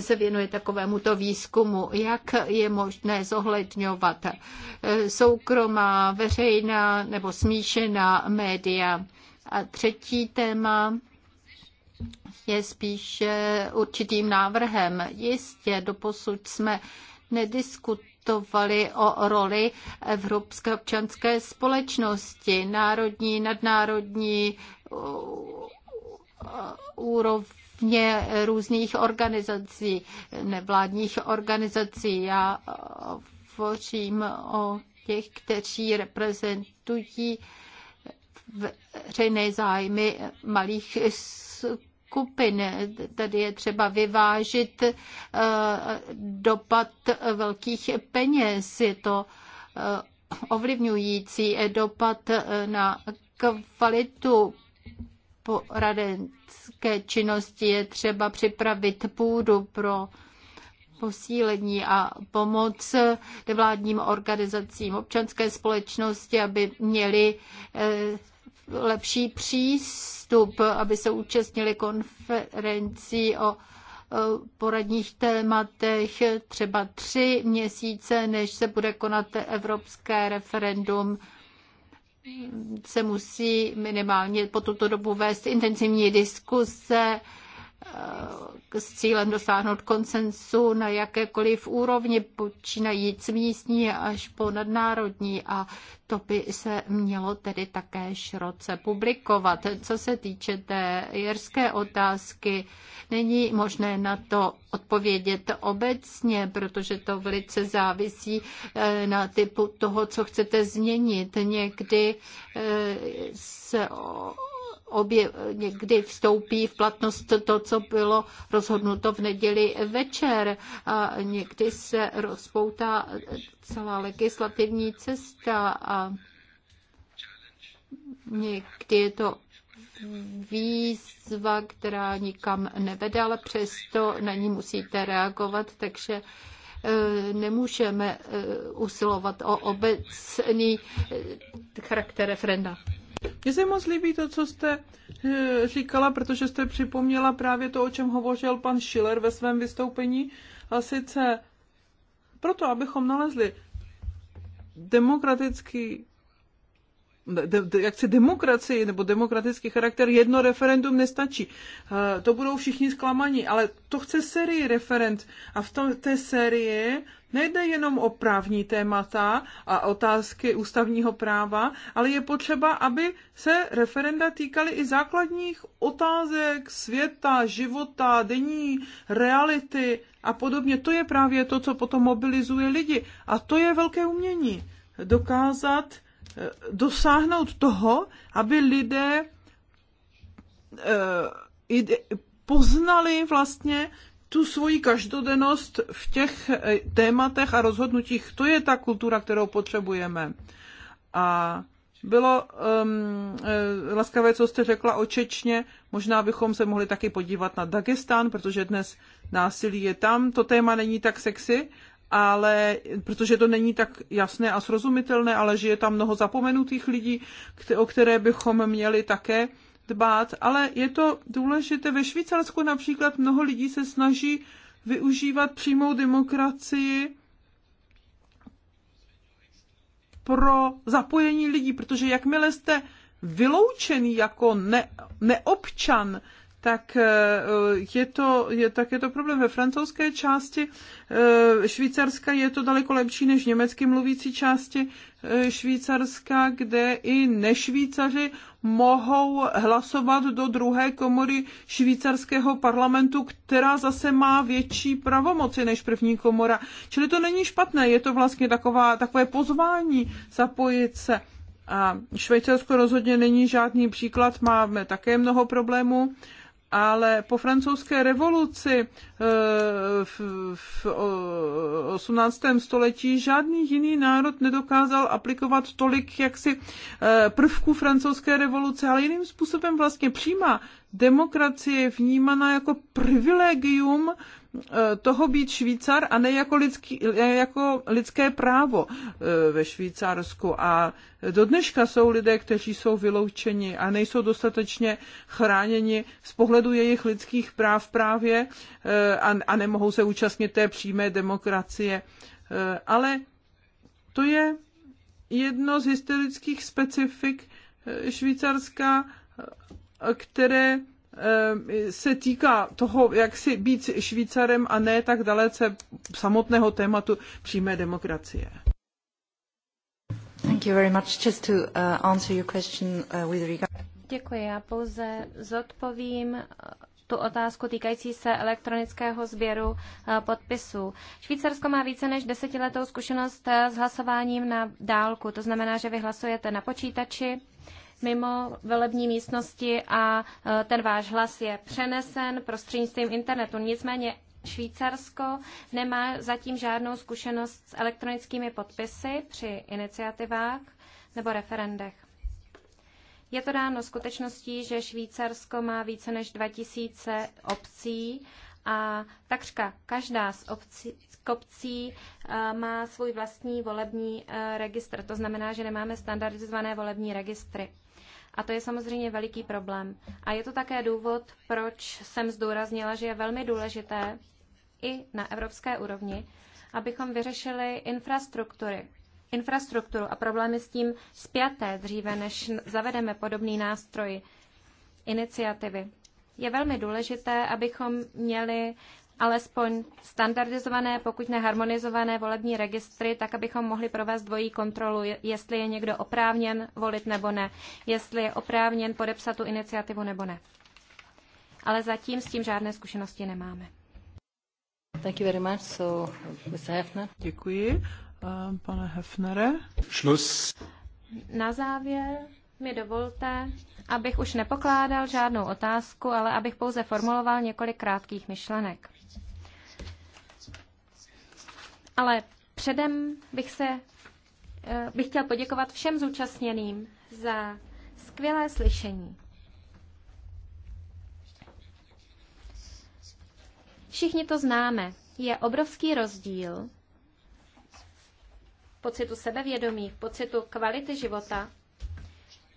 se věnuje takovémuto výzkumu, jak je možné zohledňovat eh, soukromá, veřejná nebo smíšená média. A třetí téma je spíš určitým návrhem. Jistě, doposud jsme nediskutovali o roli Evropské občanské společnosti, národní, nadnárodní uh, úrovně různých organizací, nevládních organizací. Já uh, hovořím o těch, kteří reprezentují veřejné zájmy malých skupin. Tady je třeba vyvážit eh, dopad velkých peněz. Je to eh, ovlivňující dopad eh, na kvalitu poradenské činnosti. Je třeba připravit půdu pro posílení a pomoc vládním organizacím občanské společnosti, aby měli lepší přístup, aby se účastnili konferencí o poradních tématech třeba tři měsíce, než se bude konat evropské referendum se musí minimálně po tuto dobu vést intenzivní diskuse Eh, s cílem dosáhnout konsensu na jakékoliv úrovni, počínajíc místní až po nadnárodní a to by se mělo tedy také široce publikovat. Co se týče té jerské otázky, není možné na to odpovědět obecně, protože to velice závisí eh, na typu toho, co chcete změnit. Někdy eh, se obě někdy vstoupí v platnost to, co bylo rozhodnuto v neděli večer a někdy se rozpoutá celá legislativní cesta a někdy je to výzva, která nikam nevede, ale přesto na ní musíte reagovat, takže e, nemůžeme e, usilovat o obecný e, charakter referenda. Mně se moc líbí to, co jste eh, říkala, protože jste připomněla právě to, o čem hovořil pan Schiller ve svém vystoupení. A sice proto, abychom nalezli demokratický de, de, jak se demokracii nebo demokratický charakter, jedno referendum nestačí. E, to budou všichni zklamaní, ale to chce sérii referent. A v tom, té sérii Nejde jenom o právní témata a otázky ústavního práva, ale je potřeba, aby se referenda týkaly i základních otázek světa, života, denní reality a podobně. To je právě to, co potom mobilizuje lidi. A to je velké umění. Dokázat eh, dosáhnout toho, aby lidé eh, poznali vlastně tu svoji každodennost v těch eh, tématech a rozhodnutích. To je ta kultura, kterou potřebujeme. A bylo um, laskavé, co jste řekla o Čečně. Možná bychom se mohli taky podívat na Dagestán, protože dnes násilí je tam. To téma není tak sexy, ale protože to není tak jasné a srozumitelné, ale že je tam mnoho zapomenutých lidí, o které bychom měli také dbát, ale je to důležité. Ve Švýcarsku například mnoho lidí se snaží využívat přímou demokracii pro zapojení lidí, protože jakmile jste vyloučený jako ne, neobčan, tak eh, je to, je, tak je to problém. Ve francouzské části eh, Švýcarska je to daleko lepší než německy mluvící části eh, Švýcarska, kde i nešvýcaři mohou hlasovat do druhé komory švýcarského parlamentu, která zase má větší pravomoci než první komora. Čili to není špatné, je to vlastně taková, takové pozvání zapojit se. A Švýcarsko rozhodně není žádný příklad, máme také mnoho problémů ale po francouzské revoluci eh, v, v 18. století žádný jiný národ nedokázal aplikovat tolik jaksi eh, prvků francouzské revoluce, ale jiným způsobem vlastně přímá demokracie je vnímána jako privilegium Eh, toho být Švýcar a ne jako, lidský, eh, jako lidské právo eh, ve Švýcarsku. A do dneška jsou lidé, kteří jsou vyloučeni a nejsou dostatečně chráněni z pohledu jejich lidských práv právě a, a nemohou se účastnit té přímé demokracie. Ale to je jedno z historických specifik Švýcarska, které Eh, se týká toho, jak si být Švýcarem a ne tak dalece samotného tématu přímé demokracie. Thank you very much. Just to eh, answer your question eh, with regard... Děkuji. Já pouze zodpovím tu otázku týkající se elektronického sběru podpisů. Švýcarsko má více než desetiletou zkušenost s hlasováním na dálku. To znamená, že vy hlasujete na počítači mimo velební místnosti a e, ten váš hlas je přenesen prostřednictvím internetu. Nicméně Švýcarsko nemá zatím žádnou zkušenost s elektronickými podpisy při iniciativách nebo referendech. Je to dáno skutečností, že Švýcarsko má více než 2000 obcí a takřka každá z obcí, obcí e, má svůj vlastní volební e, registr. To znamená, že nemáme standardizované volební registry. A to je samozřejmě veliký problém. A je to také důvod, proč jsem zdůraznila, že je velmi důležité i na evropské úrovni, abychom vyřešili infrastruktury, infrastrukturu a problémy s tím spjaté dříve, než zavedeme podobný nástroj iniciativy. Je velmi důležité, abychom měli alespoň standardizované, pokud neharmonizované volební registry, tak abychom mohli provést dvojí kontrolu, jestli je někdo oprávněn volit nebo ne, jestli je oprávněn podepsat tu iniciativu nebo ne. Ale zatím s tím žádné zkušenosti nemáme. Thank you very much. So, Mr. Hefner. Děkuji, eh, pane Hefnere. Schluss. Na závěr mi dovolte, abych už nepokládal žádnou otázku, ale abych pouze formuloval několik krátkých myšlenek. Ale předem bych se eh, bych chtěl poděkovat všem zúčastněným za skvělé slyšení. Všichni to známe. Je obrovský rozdíl v pocitu sebevědomí, v pocitu kvality života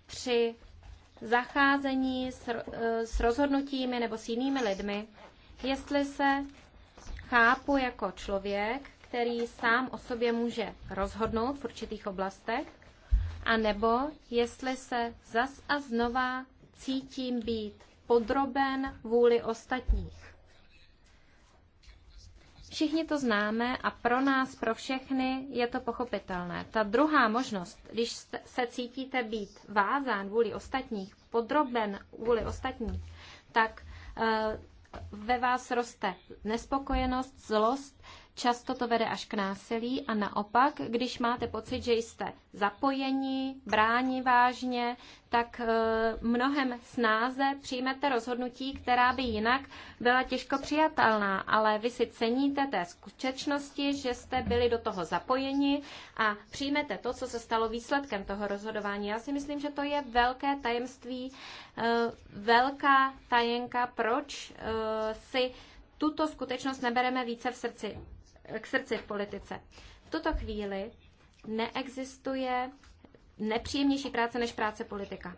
při zacházení s, eh, s rozhodnutími nebo s jinými lidmi, jestli se chápu jako člověk, který sám o sobě může rozhodnout v určitých oblastech, anebo jestli se zas a znova cítím být podroben vůli ostatních. Všichni to známe a pro nás, pro všechny je to pochopitelné. Ta druhá možnost, když se cítíte být vázán vůli ostatních, podroben vůli ostatních, tak eh, ve vás roste nespokojenost, zlost, Často to vede až k násilí a naopak, když máte pocit, že jste zapojeni, brání vážně, tak e, mnohem snáze přijmete rozhodnutí, která by jinak byla těžko přijatelná, ale vy si ceníte té skutečnosti, že jste byli do toho zapojeni a přijmete to, co se stalo výsledkem toho rozhodování. Já si myslím, že to je velké tajemství, e, velká tajenka, proč e, si tuto skutečnost nebereme více v srdci k srdci v politice. V tuto chvíli neexistuje nepříjemnější práce než práce politika.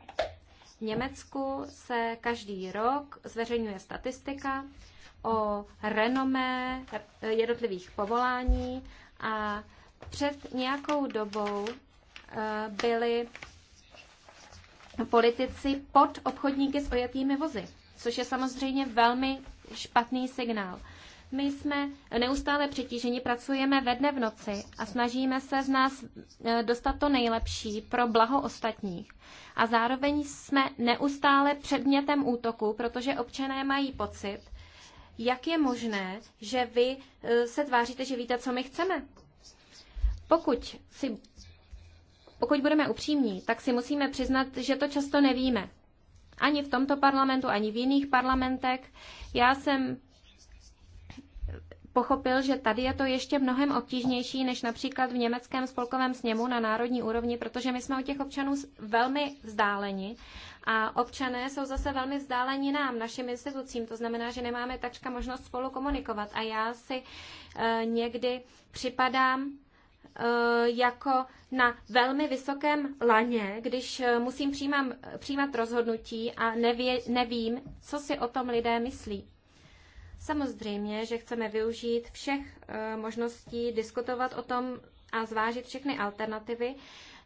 V Německu se každý rok zveřejňuje statistika o renomé jednotlivých povolání a před nějakou dobou eh, byli politici pod obchodníky s ojetými vozy, což je samozřejmě velmi špatný signál. My jsme neustále přetíženi, pracujeme ve dne v noci a snažíme se z nás e, dostat to nejlepší pro blaho ostatních. A zároveň jsme neustále předmětem útoku, protože občané mají pocit, jak je možné, že vy e, se tváříte, že víte, co my chceme. Pokud, si, pokud budeme upřímní, tak si musíme přiznat, že to často nevíme. Ani v tomto parlamentu, ani v jiných parlamentech. Já jsem pochopil, že tady je to ještě mnohem obtížnější než například v německém spolkovém sněmu na národní úrovni, protože my jsme u těch občanů velmi vzdáleni a občané jsou zase velmi vzdáleni nám, našim institucím. To znamená, že nemáme takřka možnost spolu komunikovat. A já si uh, někdy připadám e, jako na velmi vysokém laně, když e, musím přijímám, přijímat rozhodnutí a nevě, nevím, co si o tom lidé myslí. Samozřejmě, že chceme využít všech e, možností diskutovat o tom a zvážit všechny alternativy.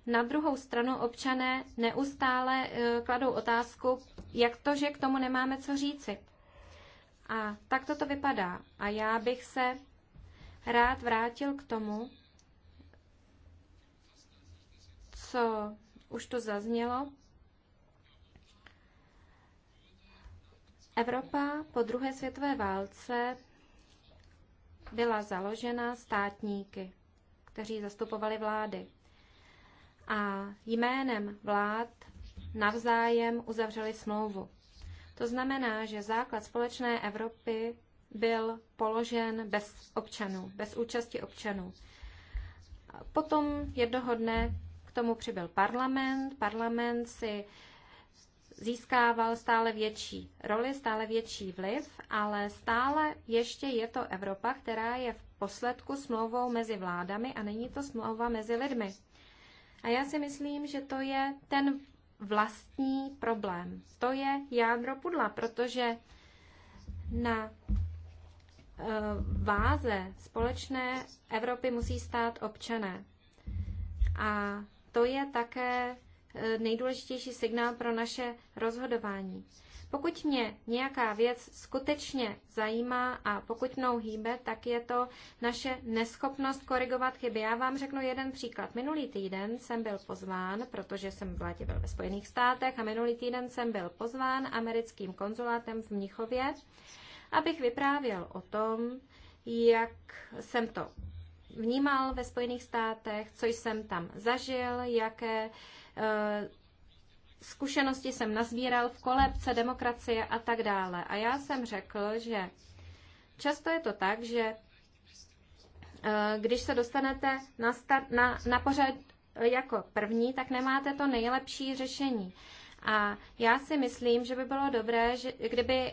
Na druhou stranu občané neustále e, kladou otázku, jak to, že k tomu nemáme co říci. A tak toto vypadá. A já bych se rád vrátil k tomu, co už to zaznělo. Evropa po druhé světové válce byla založena státníky, kteří zastupovali vlády. A jménem vlád navzájem uzavřeli smlouvu. To znamená, že základ společné Evropy byl položen bez občanů, bez účasti občanů. Potom jednoho dne k tomu přibyl parlament. Parlament si získával stále větší roli, stále větší vliv, ale stále ještě je to Evropa, která je v posledku smlouvou mezi vládami a není to smlouva mezi lidmi. A já si myslím, že to je ten vlastní problém. To je jádro pudla, protože na eh, váze společné Evropy musí stát občané. A to je také nejdůležitější signál pro naše rozhodování. Pokud mě nějaká věc skutečně zajímá a pokud mnou hýbe, tak je to naše neschopnost korigovat chyby. Já vám řeknu jeden příklad. Minulý týden jsem byl pozván, protože jsem v byl ve Spojených státech a minulý týden jsem byl pozván americkým konzulátem v Mnichově, abych vyprávěl o tom, jak jsem to vnímal ve Spojených státech, co jsem tam zažil, jaké Eh, zkušenosti jsem nazbíral v kolébce demokracie a tak dále. A já jsem řekl, že často je to tak, že eh, když se dostanete na, start, na, na pořad jako první, tak nemáte to nejlepší řešení. A já si myslím, že by bylo dobré, že, kdyby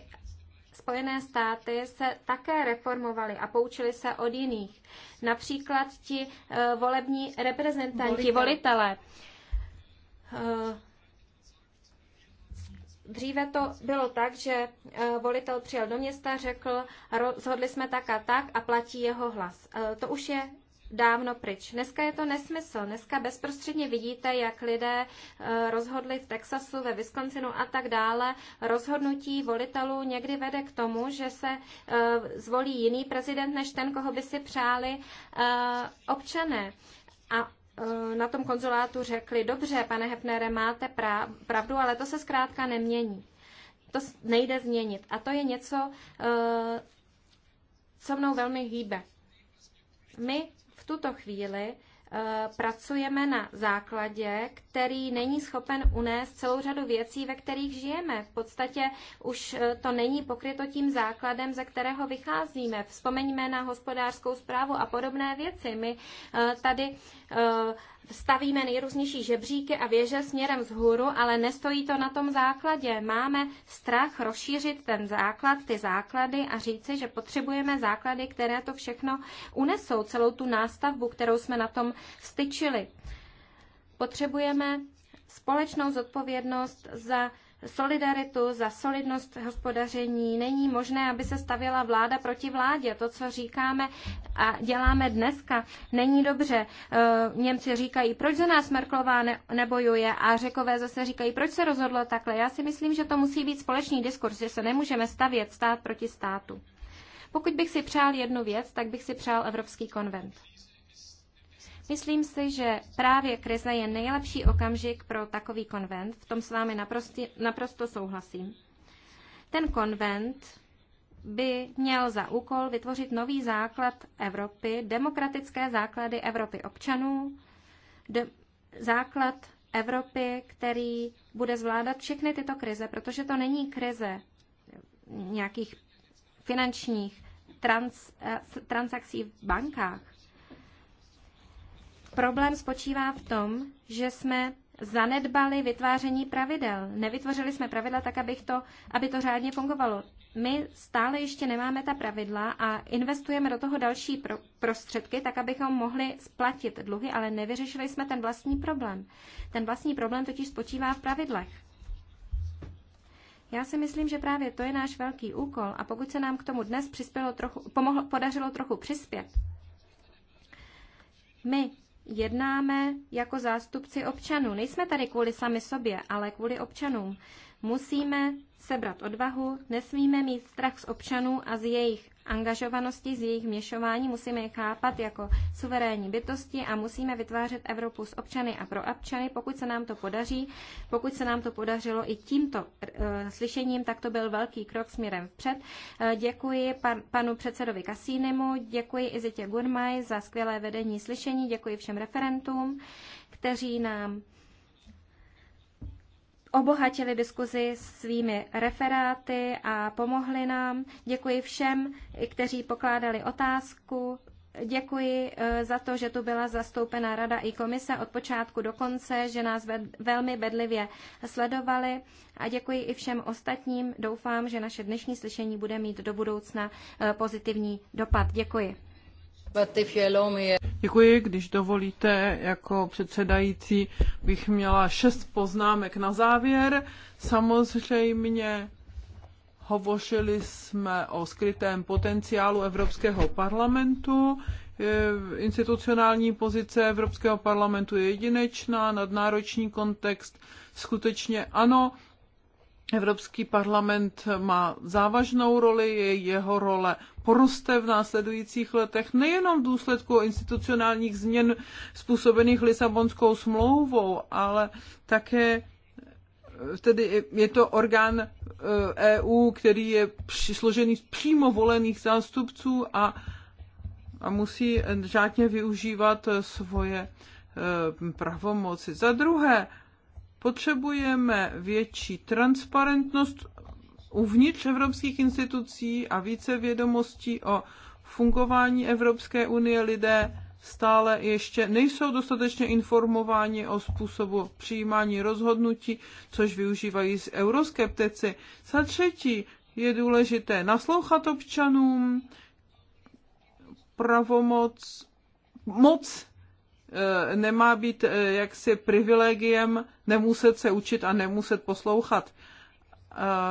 Spojené státy se také reformovaly a poučily se od jiných. Například ti eh, volební reprezentanti, volitelé Eh, dříve to bylo tak, že eh, volitel přijel do města, řekl, rozhodli jsme tak a tak a platí jeho hlas. Eh, to už je dávno pryč. Dneska je to nesmysl. Dneska bezprostředně vidíte, jak lidé rozhodli v Texasu, ve Wisconsinu a tak dále. Rozhodnutí volitelů někdy vede k tomu, že se zvolí jiný prezident než ten, koho by si přáli občané. A Eh, na tom konzulátu řekli, dobře, pane Hefnere, máte pravdu, ale to se zkrátka nemění. To nejde změnit. A to je něco, eh, co mnou velmi hýbe. My v tuto chvíli Eh, pracujeme na základě, který není schopen unést celou řadu věcí, ve kterých žijeme. V podstatě už eh, to není pokryto tím základem, ze kterého vycházíme. Vzpomeňme na hospodářskou zprávu a podobné věci. My eh, tady stavíme nejrůznější žebříky a věže směrem vzhůru, ale nestojí to na tom základě. Máme strach rozšířit ten základ, ty základy a říci, že potřebujeme základy, které to všechno unesou, celou tu nástavbu, kterou jsme na tom styčili. Potřebujeme společnou zodpovědnost za solidaritu, za solidnost hospodaření. Není možné, aby se stavěla vláda proti vládě. To, co říkáme a děláme dneska, není dobře. Eh, Němci říkají, proč za nás Merklová nebojuje a řekové zase říkají, proč se rozhodlo takhle. Já si myslím, že to musí být společný diskurs, že se nemůžeme stavět stát proti státu. Pokud bych si přál jednu věc, tak bych si přál Evropský konvent. Myslím si, že právě krize je nejlepší okamžik pro takový konvent. V tom s vámi naprosti, naprosto souhlasím. Ten konvent by měl za úkol vytvořit nový základ Evropy, demokratické základy Evropy občanů, de, základ Evropy, který bude zvládat všechny tyto krize, protože to není krize nějakých finančních trans, eh, transakcí v bankách. Problém spočívá v tom, že jsme zanedbali vytváření pravidel. Nevytvořili jsme pravidla tak, abych to, aby to řádně fungovalo. My stále ještě nemáme ta pravidla a investujeme do toho další pro, prostředky, tak abychom mohli splatit dluhy, ale nevyřešili jsme ten vlastní problém. Ten vlastní problém totiž spočívá v pravidlech. Já si myslím, že právě to je náš velký úkol a pokud se nám k tomu dnes přispělo trochu, pomohlo, podařilo trochu přispět, my jednáme jako zástupci občanů. Nejsme tady kvůli sami sobě, ale kvůli občanům. Musíme sebrat odvahu, nesmíme mít strach z občanů a z jejich angažovanosti, z jejich měšování musíme je chápat jako suverénní bytosti a musíme vytvářet Evropu s občany a pro občany. Pokud se nám to podaří, pokud se nám to podařilo i tímto uh, slyšením, tak to byl velký krok směrem vpřed. Uh, děkuji pan, panu předsedovi Kasínemu, děkuji Izitě Gurmaj za skvělé vedení slyšení, děkuji všem referentům, kteří nám obohatili diskuzi svými referáty a pomohli nám. Děkuji všem, kteří pokládali otázku. Děkuji eh, za to, že tu byla zastoupena rada i komise od počátku do konce, že nás velmi bedlivě sledovali a děkuji i všem ostatním. Doufám, že naše dnešní slyšení bude mít do budoucna eh, pozitivní dopad. Děkuji. But if you allow me, Děkuji, když dovolíte, jako předsedající bych měla šest poznámek na závěr. Samozřejmě hovořili jsme o skrytém potenciálu Evropského parlamentu. Institucionální pozice Evropského parlamentu je jedinečná, nadnároční kontext skutečně ano Evropský parlament má závažnou roli, jeho role poroste v následujících letech nejenom v důsledku institucionálních změn způsobených Lisabonskou smlouvou, ale také tedy je to orgán EU, e který je složený z přímo volených zástupců a, a musí řádně využívat e, svoje e, pravomoci. Za druhé, Potřebujeme větší transparentnost uvnitř evropských institucí a více vědomostí o fungování Evropské unie. Lidé stále ještě nejsou dostatečně informováni o způsobu přijímání rozhodnutí, což využívají z euroskeptici. Za třetí je důležité naslouchat občanům, pravomoc, moc Eh, nemá být eh, jaksi privilegiem nemuset se učit a nemuset poslouchat.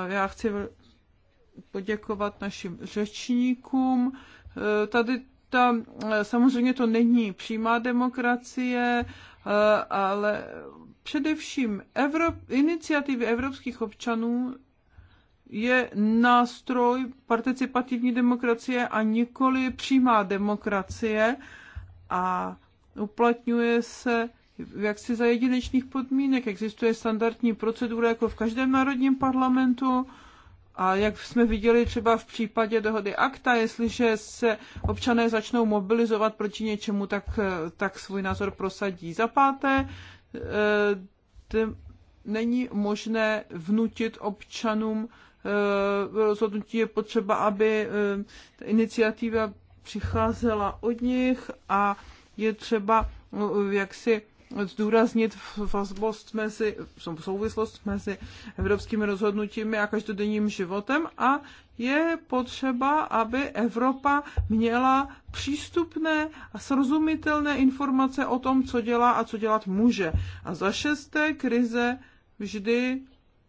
Já chci poděkovat našim řečníkům. Eh, tady ta, samozřejmě to není přímá demokracie, ale především Evrop, iniciativy evropských občanů je nástroj participativní demokracie a nikoli přímá demokracie. A uplatňuje se jaksi za jedinečných podmínek. Existuje standardní procedura jako v každém národním parlamentu a jak jsme viděli třeba v případě dohody akta, jestliže se občané začnou mobilizovat proti něčemu, tak, eh, tak svůj názor prosadí. Za páté, eh, není možné vnutit občanům eh, rozhodnutí, je potřeba, aby iniciativa přicházela od nich a je třeba no, jak si zdůraznit vazbost mezi, souvislost mezi evropskými rozhodnutími a každodenním životem a je potřeba, aby Evropa měla přístupné a srozumitelné informace o tom, co dělá a co dělat může. A za šesté krize vždy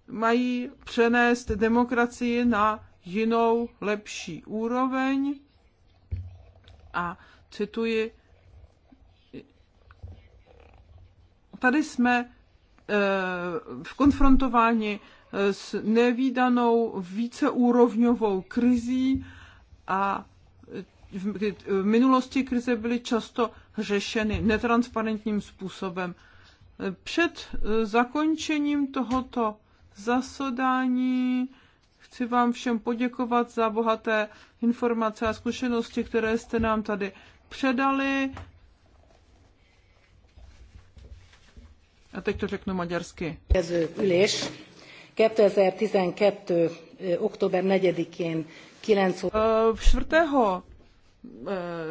mají přenést demokracii na jinou, lepší úroveň. A cituji tady jsme v eh, konfrontování eh, s nevýdanou víceúrovňovou krizí a v minulosti krize byly často řešeny netransparentním způsobem. Před eh, zakončením tohoto zasedání chci vám všem poděkovat za bohaté informace a zkušenosti, které jste nám tady předali. A teď to řeknu maďarsky. Ülés 2012. október 4-én 9 4.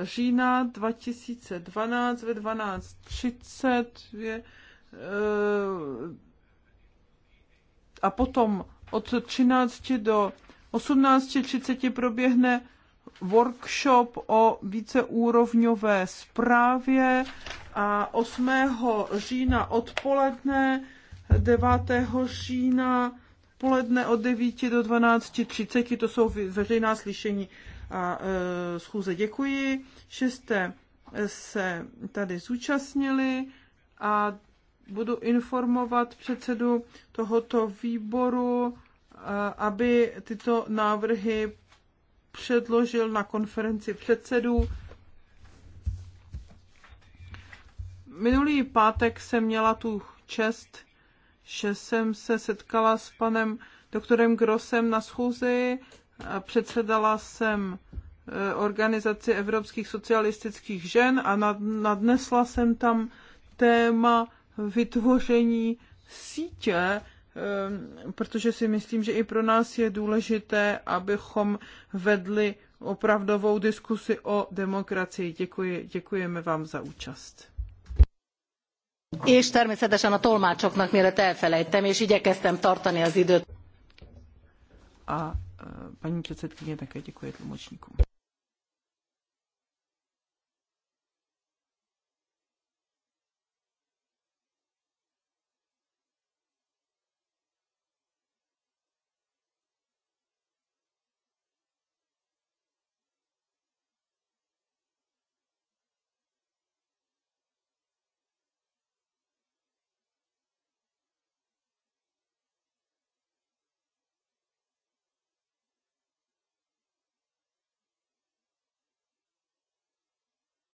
října 2012 ve 12.30 je, a potom od 13 do 18.30 proběhne workshop o víceúrovňové zprávě a 8. října odpoledne, 9. října poledne od 9 do 12.30, to jsou veřejná slyšení a e, schůze. Děkuji. 6. E, se tady zúčastnili a budu informovat předsedu tohoto výboru, e, aby tyto návrhy předložil na konferenci předsedů. Minulý pátek jsem měla tu čest, že jsem se setkala s panem doktorem Grosem na schůzi. Předsedala jsem eh, organizaci evropských socialistických žen a nadnesla jsem tam téma vytvoření sítě, eh, protože si myslím, že i pro nás je důležité, abychom vedli opravdovou diskusi o demokracii. Děkuji, děkujeme vám za účast. És természetesen a tolmácsoknak, mielőtt elfelejtem, és igyekeztem tartani az időt. A paní předsedkyně také děkuje tlumočníkům.